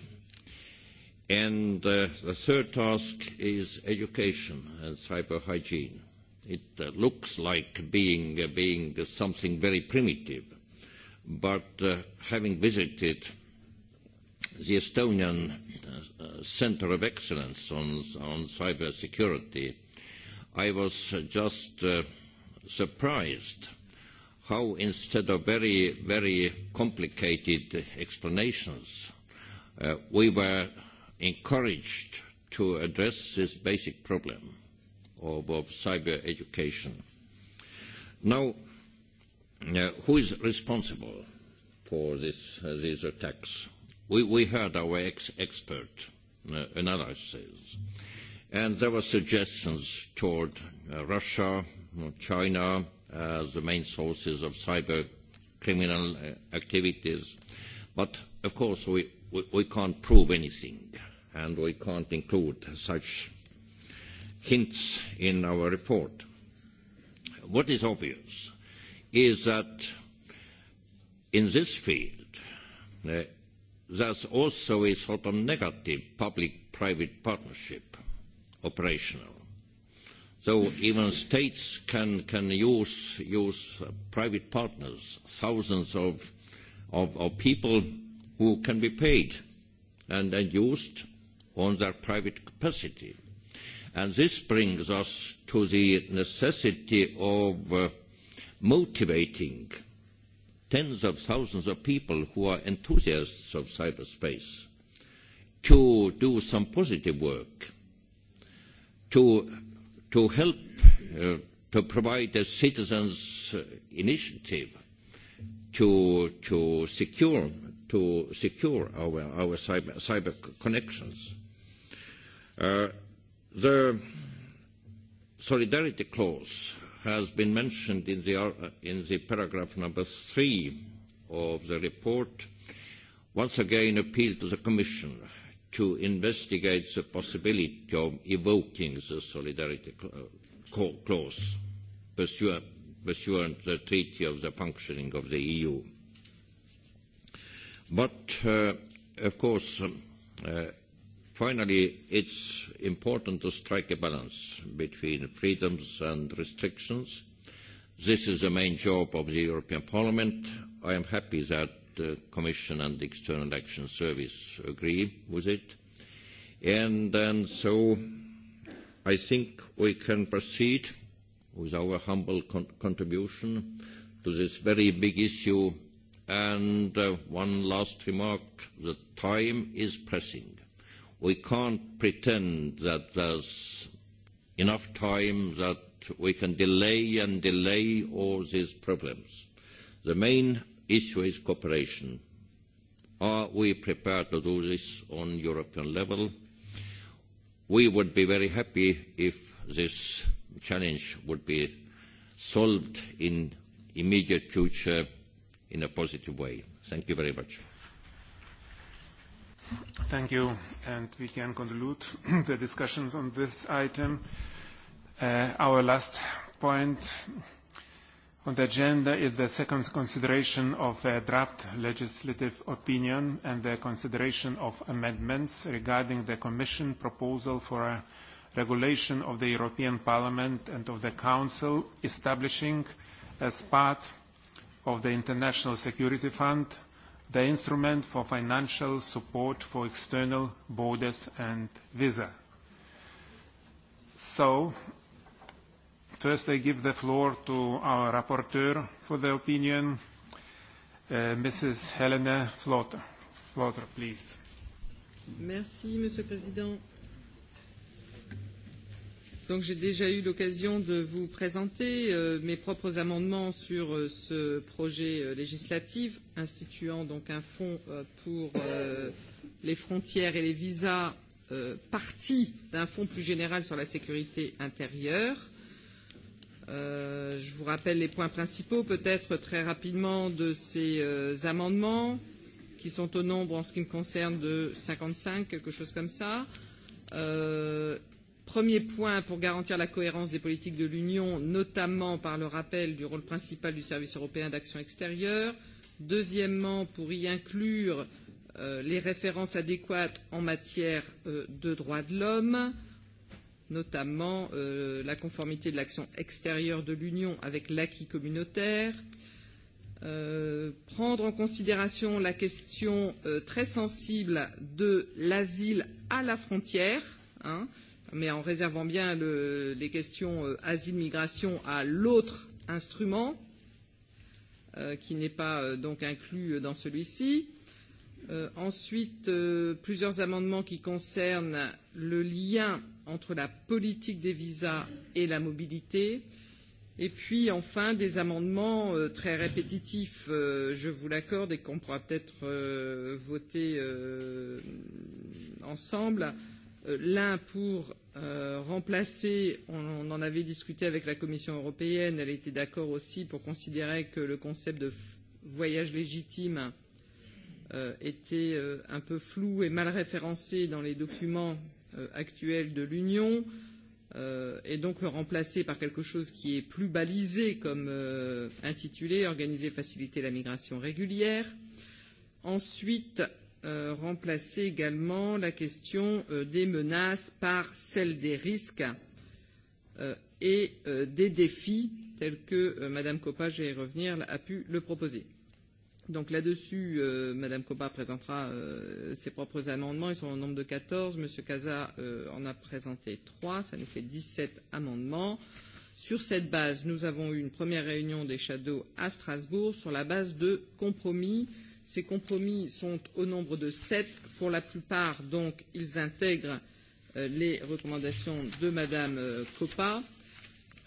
And uh, the third task is education and cyber hygiene. It uh, looks like being, uh, being something very primitive, but uh, having visited the Estonian uh, uh, Center of Excellence on, on cybersecurity, I was just uh, surprised how instead of very, very complicated explanations, uh, we were encouraged to address this basic problem of, of cyber education. Now, uh, who is responsible for this, uh, these attacks? We, we heard our ex-expert uh, analysis, and there were suggestions toward uh, Russia, uh, China as the main sources of cyber criminal uh, activities, but of course we, we, we can't prove anything and we can't include such hints in our report. What is obvious is that in this field, uh, there's also a sort of negative public-private partnership operational. So even states can, can use, use private partners, thousands of, of, of people who can be paid and, and used on their private capacity. And this brings us to the necessity of uh, motivating tens of thousands of people who are enthusiasts of cyberspace to do some positive work, to, to help uh, to provide a citizens' uh, initiative to, to, secure, to secure our, our cyber, cyber connections. Uh, the solidarity clause has been mentioned in the, in the paragraph number three of the report. Once again, appeal to the Commission to investigate the possibility of evoking the solidarity uh, clause pursuant, pursuant the Treaty of the Functioning of the EU. But, uh, of course, um, uh, Finally, it's important to strike a balance between freedoms and restrictions. This is the main job of the European Parliament. I am happy that the Commission and the External Action Service agree with it. And, and so I think we can proceed with our humble con contribution to this very big issue. And uh, one last remark, the time is pressing we can't pretend that there's enough time that we can delay and delay all these problems. The main issue is cooperation. Are we prepared to do this on European level? We would be very happy if this challenge would be solved in immediate future in a positive way. Thank you very much. Thank you, and we can conclude the discussions on this item. Uh, our last point on the agenda is the second consideration of a draft legislative opinion and the consideration of amendments regarding the Commission proposal for a regulation of the European Parliament and of the Council establishing as part of the International Security Fund the instrument for financial support for external borders and visa. So, first I give the floor to our rapporteur for the opinion, uh, Mrs. Helena Flotter. Flotter, please. Merci, Monsieur le Président. Donc j'ai déjà eu l'occasion de vous présenter euh, mes propres amendements sur euh, ce projet euh, législatif instituant donc un fonds euh, pour euh, les frontières et les visas euh, partie d'un fonds plus général sur la sécurité intérieure. Euh, je vous rappelle les points principaux peut-être très rapidement de ces euh, amendements qui sont au nombre en ce qui me concerne de 55, quelque chose comme ça. Euh, Premier point pour garantir la cohérence des politiques de l'Union, notamment par le rappel du rôle principal du Service européen d'action extérieure. Deuxièmement, pour y inclure euh, les références adéquates en matière euh, de droits de l'homme, notamment euh, la conformité de l'action extérieure de l'Union avec l'acquis communautaire. Euh, prendre en considération la question euh, très sensible de l'asile à la frontière, hein, euh, mais en réservant bien le, les questions euh, asile-migration à l'autre instrument, euh, qui n'est pas euh, donc inclus euh, dans celui-ci. Euh, ensuite, euh, plusieurs amendements qui concernent le lien entre la politique des visas et la mobilité. Et puis, enfin, des amendements euh, très répétitifs, euh, je vous l'accorde, et qu'on pourra peut-être euh, voter euh, ensemble. Euh, L'un pour euh, remplacer, on, on en avait discuté avec la Commission européenne, elle était d'accord aussi pour considérer que le concept de voyage légitime euh, était euh, un peu flou et mal référencé dans les documents euh, actuels de l'Union, euh, et donc le remplacer par quelque chose qui est plus balisé comme euh, intitulé Organiser, faciliter la migration régulière. Ensuite, Euh, remplacer également la question euh, des menaces par celle des risques euh, et euh, des défis tels que euh, Madame Coppa, je vais y revenir, a pu le proposer. Donc là-dessus, euh, Madame Coppa présentera euh, ses propres amendements. Ils sont au nombre de 14. Monsieur Casa euh, en a présenté 3. Ça nous fait 17 amendements. Sur cette base, nous avons eu une première réunion des Shadows à Strasbourg sur la base de compromis euh, Ces compromis sont au nombre de sept. Pour la plupart, donc, ils intègrent euh, les recommandations de Madame euh, Coppa.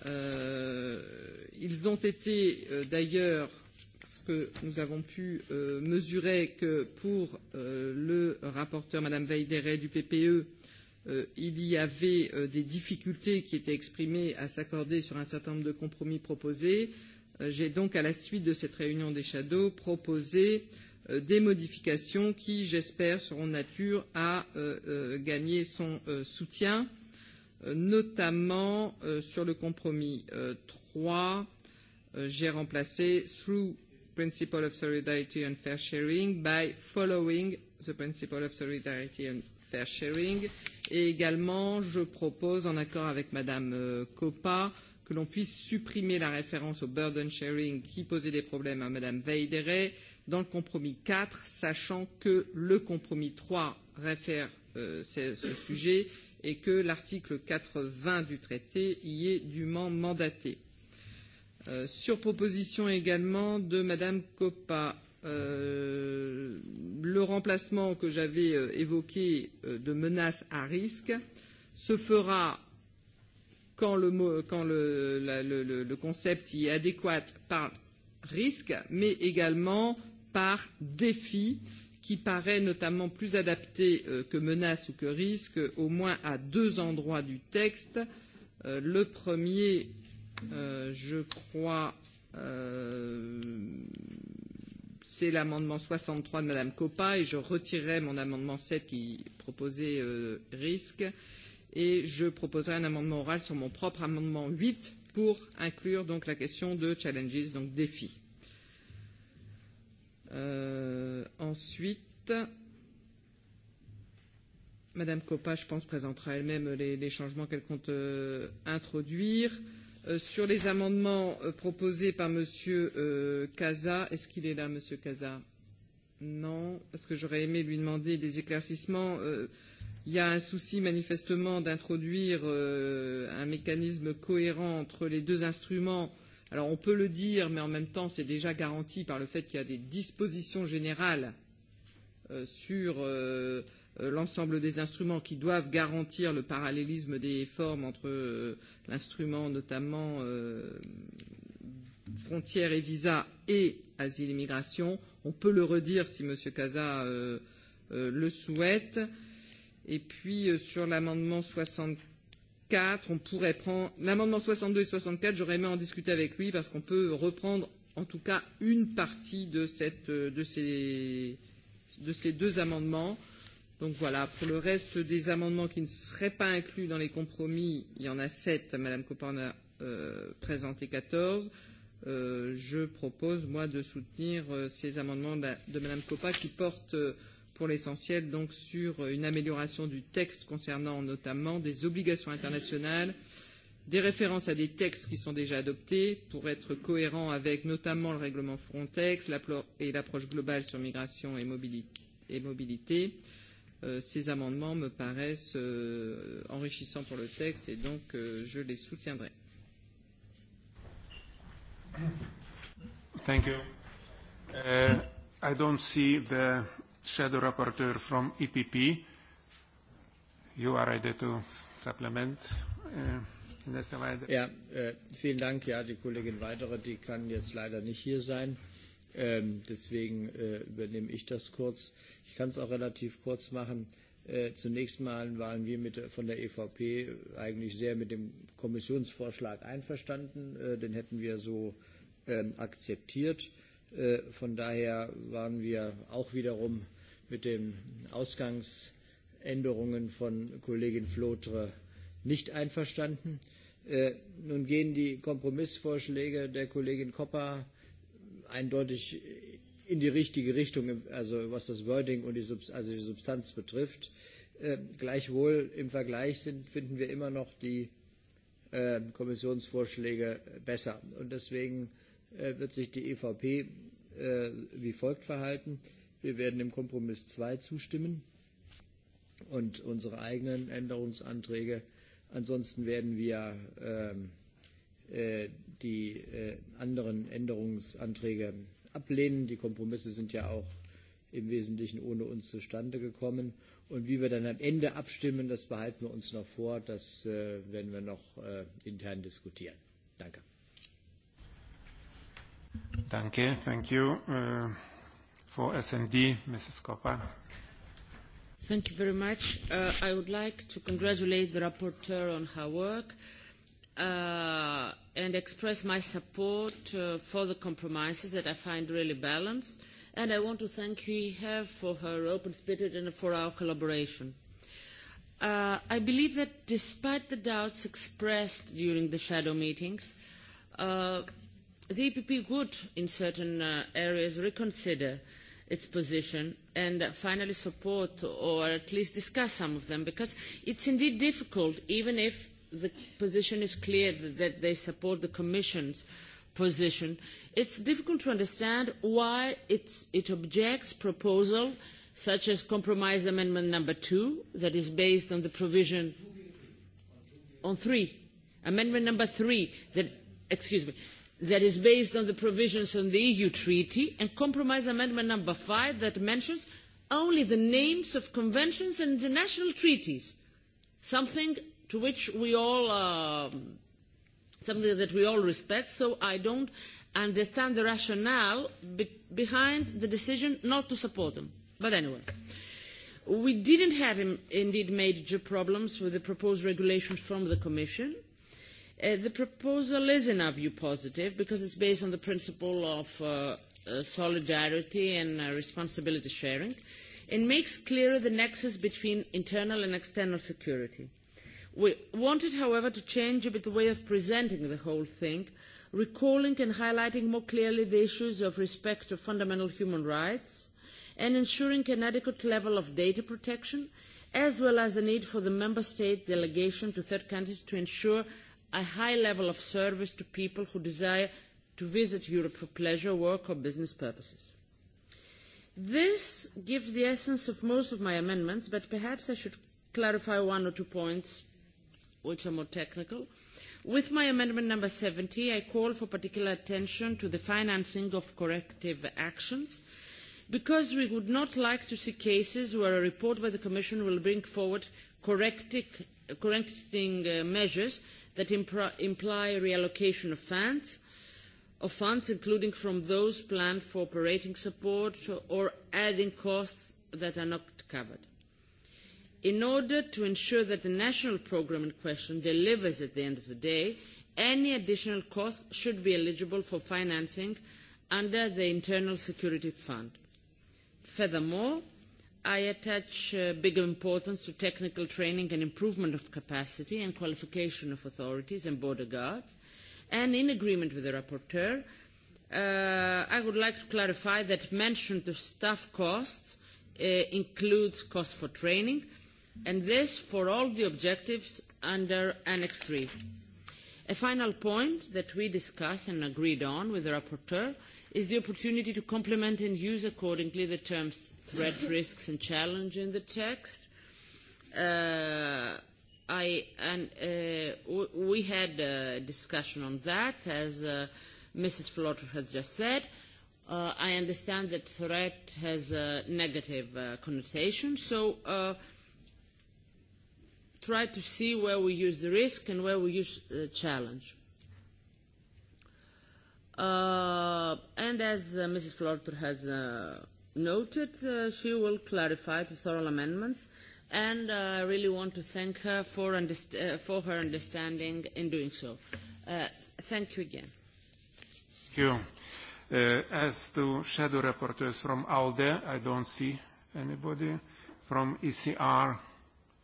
Euh, ils ont été euh, d'ailleurs, parce que nous avons pu euh, mesurer que pour euh, le rapporteur Madame Veideret du PPE, euh, il y avait euh, des difficultés qui étaient exprimées à s'accorder sur un certain nombre de compromis proposés. Euh, J'ai donc, à la suite de cette réunion des shadows, proposé euh, Euh, des modifications qui, j'espère, seront nature à euh, euh, gagner son euh, soutien, euh, notamment euh, sur le compromis euh, 3. Euh, J'ai remplacé through principle of solidarity and fair sharing by following the principle of solidarity and fair sharing. Et également, je propose, en accord avec Madame euh, Coppa, que l'on puisse supprimer la référence au burden sharing qui posait des problèmes à Madame Veidere dans le compromis 4, sachant que le compromis 3 réfère euh, ce sujet et que l'article 80 du traité y est dûment mandaté. Euh, sur proposition également de Madame Coppa, euh, le remplacement que j'avais euh, évoqué euh, de menace à risque se fera quand le, quand le, la, le, le concept y est adéquat par risque, mais également par défi qui paraît notamment plus adapté euh, que menace ou que risque au moins à deux endroits du texte. Euh, le premier, euh, je crois, euh, c'est l'amendement 63 de Madame Coppa et je retirerai mon amendement 7 qui proposait euh, risque et je proposerai un amendement oral sur mon propre amendement 8 pour inclure donc la question de challenges, donc défis. Euh, ensuite, Madame Coppa, je pense, présentera elle-même les, les changements qu'elle compte euh, introduire. Euh, sur les amendements euh, proposés par Monsieur euh, Casa, est-ce qu'il est là, Monsieur Casa Non, parce que j'aurais aimé lui demander des éclaircissements. Euh, il y a un souci manifestement d'introduire euh, un mécanisme cohérent entre les deux instruments euh, Alors on peut le dire, mais en même temps c'est déjà garanti par le fait qu'il y a des dispositions générales euh, sur euh, euh l'ensemble des instruments qui doivent garantir le parallélisme des formes entre euh, l'instrument notamment euh, frontières et visas et asile et migration. On peut le redire si M. Casa euh, euh, le souhaite. Et puis euh, sur l'amendement 64, 64, on pourrait prendre l'amendement 62 et 64, j'aurais aimé en discuter avec lui parce qu'on peut reprendre en tout cas une partie de, cette, euh, de, ces, de ces deux amendements. Donc voilà, pour le reste des amendements qui ne seraient pas inclus dans les compromis, il y en a sept, Madame Copin a euh, présenté 14. Euh, je propose, moi, de soutenir euh, ces amendements de, de Madame Copa qui portent euh, pour l'essentiel donc sur une amélioration du texte concernant notamment des obligations internationales, des références à des textes qui sont déjà adoptés pour être cohérents avec notamment le règlement Frontex et l'approche globale sur migration et mobilité. Et mobilité. Euh, ces amendements me paraissent euh, enrichissants pour le texte et donc euh, je les soutiendrai. Thank you. Uh, I don't see the shadow rapporteur from EPP. You are ready to supplement. Uh, ja, äh, vielen Dank. Ja, die Kollegin Weitere, die kann jetzt leider nicht hier sein. Ähm, deswegen äh, übernehme ich das kurz. Ich kann es auch relativ kurz machen. Äh, zunächst mal waren wir mit, von der EVP eigentlich sehr mit dem Kommissionsvorschlag einverstanden. Äh, den hätten wir so ähm, akzeptiert. Äh, von daher waren wir auch wiederum mit den Ausgangsänderungen von Kollegin Flotre nicht einverstanden. Äh, nun gehen die Kompromissvorschläge der Kollegin Koppa eindeutig in die richtige Richtung, also was das Wording und die, Substanz, also die Substanz betrifft. Äh, gleichwohl im Vergleich sind, finden wir immer noch die Kommissionsvorschläge besser. Und deswegen äh, wird sich die EVP äh, wie folgt verhalten. Wir werden dem Kompromiss 2 zustimmen und unsere eigenen Änderungsanträge. Ansonsten werden wir ähm, äh, die äh, anderen Änderungsanträge ablehnen. Die Kompromisse sind ja auch im Wesentlichen ohne uns zustande gekommen. Und wie wir dann am Ende abstimmen, das behalten wir uns noch vor. Das äh, werden wir noch äh, intern diskutieren. Danke. Danke, thank you. Uh, for SD, Mrs. Koppa. Thank you very much. Uh, I would like to congratulate the rapporteur on her work uh, and express my support uh, for the compromises that I find really balanced. And I want to thank her for her open spirit and for our collaboration. Uh, I believe that despite the doubts expressed during the shadow meetings, uh, the EPP would, in certain uh, areas, reconsider its position and finally support or at least discuss some of them because it's indeed difficult even if the position is clear that they support the Commission's position. It's difficult to understand why it's, it objects proposal such as compromise amendment number two that is based on the provision on three. Amendment number three that, excuse me, that is based on the provisions on the EU treaty and compromise amendment number five that mentions only the names of conventions and international treaties, something to which we all, uh, something that we all respect, so I don't understand the rationale be behind the decision not to support them. But anyway. We didn't have indeed major problems with the proposed regulations from the Commission. Uh, the proposal is in our view positive because it's based on the principle of uh, uh, solidarity and uh, responsibility sharing and makes clearer the nexus between internal and external security. We wanted, however, to change a bit the way of presenting the whole thing, recalling and highlighting more clearly the issues of respect of fundamental human rights and ensuring an adequate level of data protection, as well as the need for the member state delegation to third countries to ensure a high level of service to people who desire to visit Europe for pleasure, work or business purposes. This gives the essence of most of my amendments, but perhaps I should clarify one or two points which are more technical. With my amendment number 70, I call for particular attention to the financing of corrective actions because we would not like to see cases where a report by the Commission will bring forward correcting uh, measures that imply reallocation of funds, of funds including from those planned for operating support or adding costs that are not covered. In order to ensure that the national programme in question delivers at the end of the day, any additional costs should be eligible for financing under the Internal Security Fund. Furthermore, I attach uh, big importance to technical training and improvement of capacity and qualification of authorities and border guards. And in agreement with the rapporteur, uh, I would like to clarify that mention of staff costs uh, includes costs for training, and this for all the objectives under Annex 3. A final point that we discussed and agreed on with the rapporteur is the opportunity to complement and use accordingly the terms threat, risks and challenge in the text. Uh, I, and, uh, we had a discussion on that, as uh, Mrs. Flotter has just said. Uh, I understand that threat has a negative uh, connotation, so uh, try to see where we use the risk and where we use the challenge. Uh, and as uh, Mrs. Florter has uh, noted, uh, she will clarify the thorough amendments. And uh, I really want to thank her for, uh, for her understanding in doing so. Uh, thank you again. Thank you. Uh, as to shadow rapporteurs from ALDE, I don't see anybody. From ECR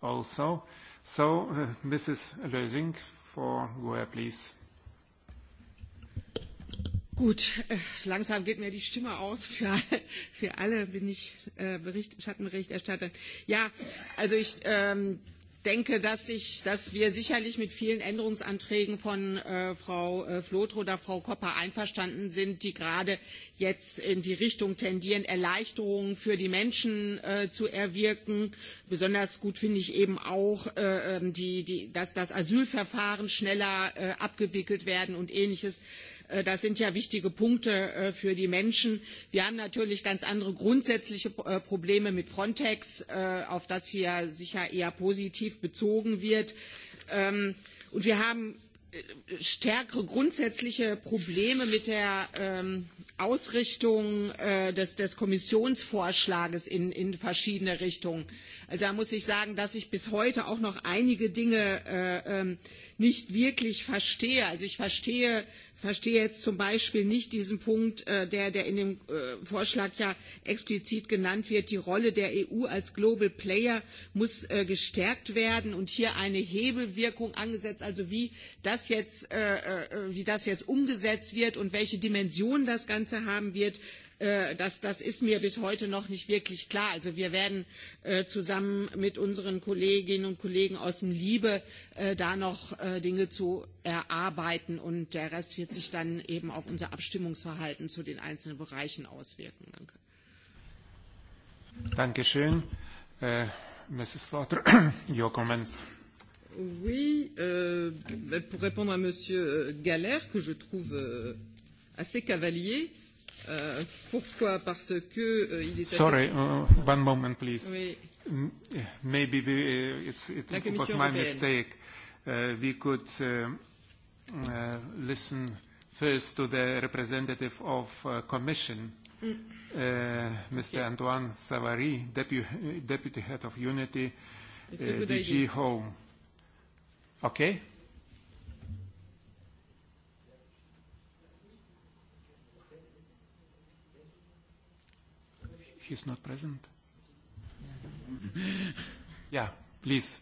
also. So, uh, Mrs. Lösing for GUE, please. Gut, äh, langsam geht mir die Stimme aus. Für, für alle bin ich äh, Bericht, Schattenberichterstatter. Ja, also ich ähm, denke, dass, ich, dass wir sicherlich mit vielen Änderungsanträgen von äh, Frau äh, Flotro oder Frau Kopper einverstanden sind, die gerade jetzt in die Richtung tendieren, Erleichterungen für die Menschen äh, zu erwirken. Besonders gut finde ich eben auch, äh, ähm, die, die, dass das Asylverfahren schneller äh, abgewickelt werden und ähnliches. Äh, Äh, das sind ja wichtige Punkte äh, für die Menschen. Wir haben natürlich ganz andere grundsätzliche äh, Probleme mit Frontex, auf das hier sicher eher positiv bezogen wird. Ähm, und wir haben stärkere grundsätzliche Probleme mit der ähm, Ausrichtung äh, des, des Kommissionsvorschlages in, in verschiedene Richtungen. Also da muss ich sagen, dass ich bis heute auch noch einige Dinge äh, ähm, nicht wirklich verstehe. Also ich verstehe verstehe jetzt zum Beispiel nicht diesen Punkt, äh, der, der in dem äh, Vorschlag ja explizit genannt wird. Die Rolle der EU als Global Player muss äh, gestärkt werden und hier eine Hebelwirkung angesetzt. Also wie das jetzt, äh, äh wie das jetzt umgesetzt wird und welche Dimension das Ganze haben wird, äh, das, das ist mir bis heute noch nicht wirklich klar. Also wir werden äh, zusammen mit unseren Kolleginnen und Kollegen aus dem Liebe äh, da noch äh, Dinge zu erarbeiten und der Rest wird sich dann eben auf unser Abstimmungsverhalten zu den einzelnen Bereichen auswirken. Danke. Dankeschön. Äh, Mrs. Slaughter, your comments. Oui, euh, pour répondre à Monsieur euh, Galère, que je trouve euh, assez cavalier, Euh, pourquoi Parce que uh, il est Sorry, assez... uh, one moment please. Oui. Eh, maybe we, uh, it's, it was my européenne. mistake. Uh, we could uh, uh, listen first to the representative of uh, Commission, mm. uh, Mr. Okay. Antoine Savary, Depu Deputy Head of Unity, uh, DG idea. Home. Okay? He's not present. yeah, please.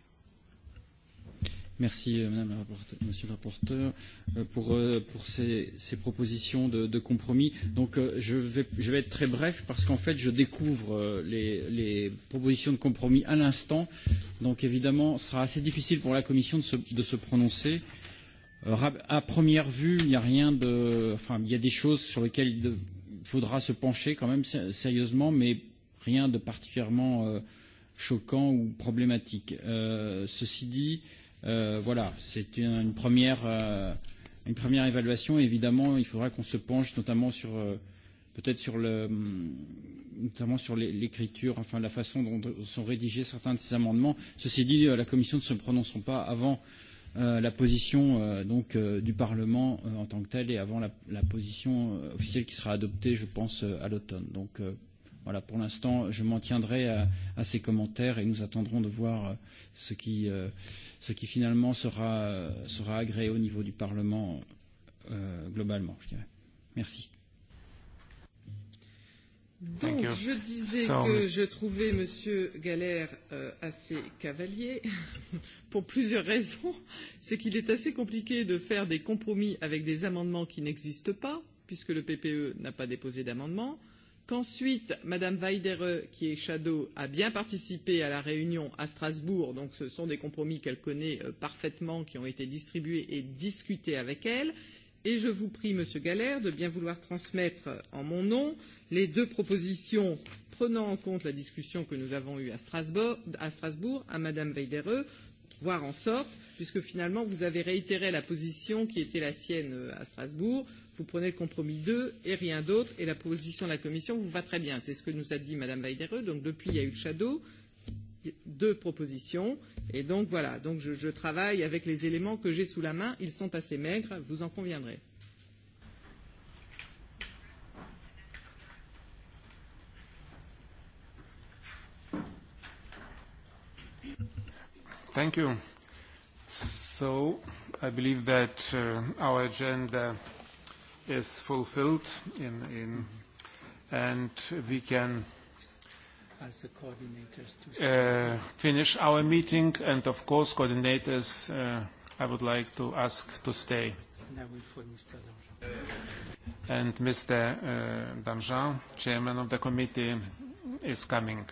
Merci euh, Madame la rapporteure, Monsieur le rapporteur euh, pour, euh, pour ces, ces propositions de, de compromis. Donc euh, je, vais, je vais être très bref parce qu'en fait je découvre euh, les, les propositions de compromis à l'instant. Donc évidemment, ce sera assez difficile pour la Commission de se, de se prononcer. Euh, à première vue, il n'y a rien de, enfin il y a des choses sur lesquelles il faudra se pencher quand même sérieusement, mais rien de particulièrement euh, choquant ou problématique. Euh, ceci dit, euh, voilà, c'est une, une, première, euh, une première évaluation. Évidemment, il faudra qu'on se penche notamment sur euh, peut-être sur le mm, notamment sur l'écriture, enfin la façon dont sont rédigés certains de ces amendements. Ceci dit, euh, la Commission ne se prononceront pas avant euh, Euh, la position euh, donc, euh, du Parlement euh, en tant que tel et avant la, la position euh, officielle qui sera adoptée, je pense, euh, à l'automne. Donc euh, voilà, pour l'instant, je m'en tiendrai à, à ces commentaires et nous attendrons de voir euh, ce qui, euh, ce qui finalement sera, euh, sera agréé au niveau du Parlement euh, globalement, je dirais. Merci. Donc, je disais so, que je trouvais Monsieur Galère euh, assez cavalier pour plusieurs raisons. C'est qu'il est assez compliqué de faire des compromis avec des amendements qui n'existent pas, puisque le PPE n'a pas déposé d'amendement. Qu'ensuite, Madame Weidere, qui est Shadow, a bien participé à la réunion à Strasbourg, donc ce sont des compromis qu'elle connaît euh, parfaitement, qui ont été distribués et discutés avec elle et je vous prie, Monsieur Galère, de bien vouloir transmettre en mon nom les deux propositions prenant en compte la discussion que nous avons eue à Strasbourg à, Strasbourg, à Madame Weidereux, voire en sorte, puisque finalement vous avez réitéré la position qui était la sienne euh, à Strasbourg, vous prenez le compromis 2 et rien d'autre, et la position de la Commission vous va très bien. C'est ce que nous a dit Madame Weidereux, donc depuis il y a eu le shadow, deux propositions. Et donc voilà, donc je, je travaille avec les éléments que j'ai sous la main. Ils sont assez maigres, vous en conviendrez. Thank you. So I believe that uh, our agenda is fulfilled in, in and we can as the coordinators to uh, finish our meeting and of course coordinators uh, I would like to ask to stay. And Mr. Uh, Danjean, chairman of the committee, is coming.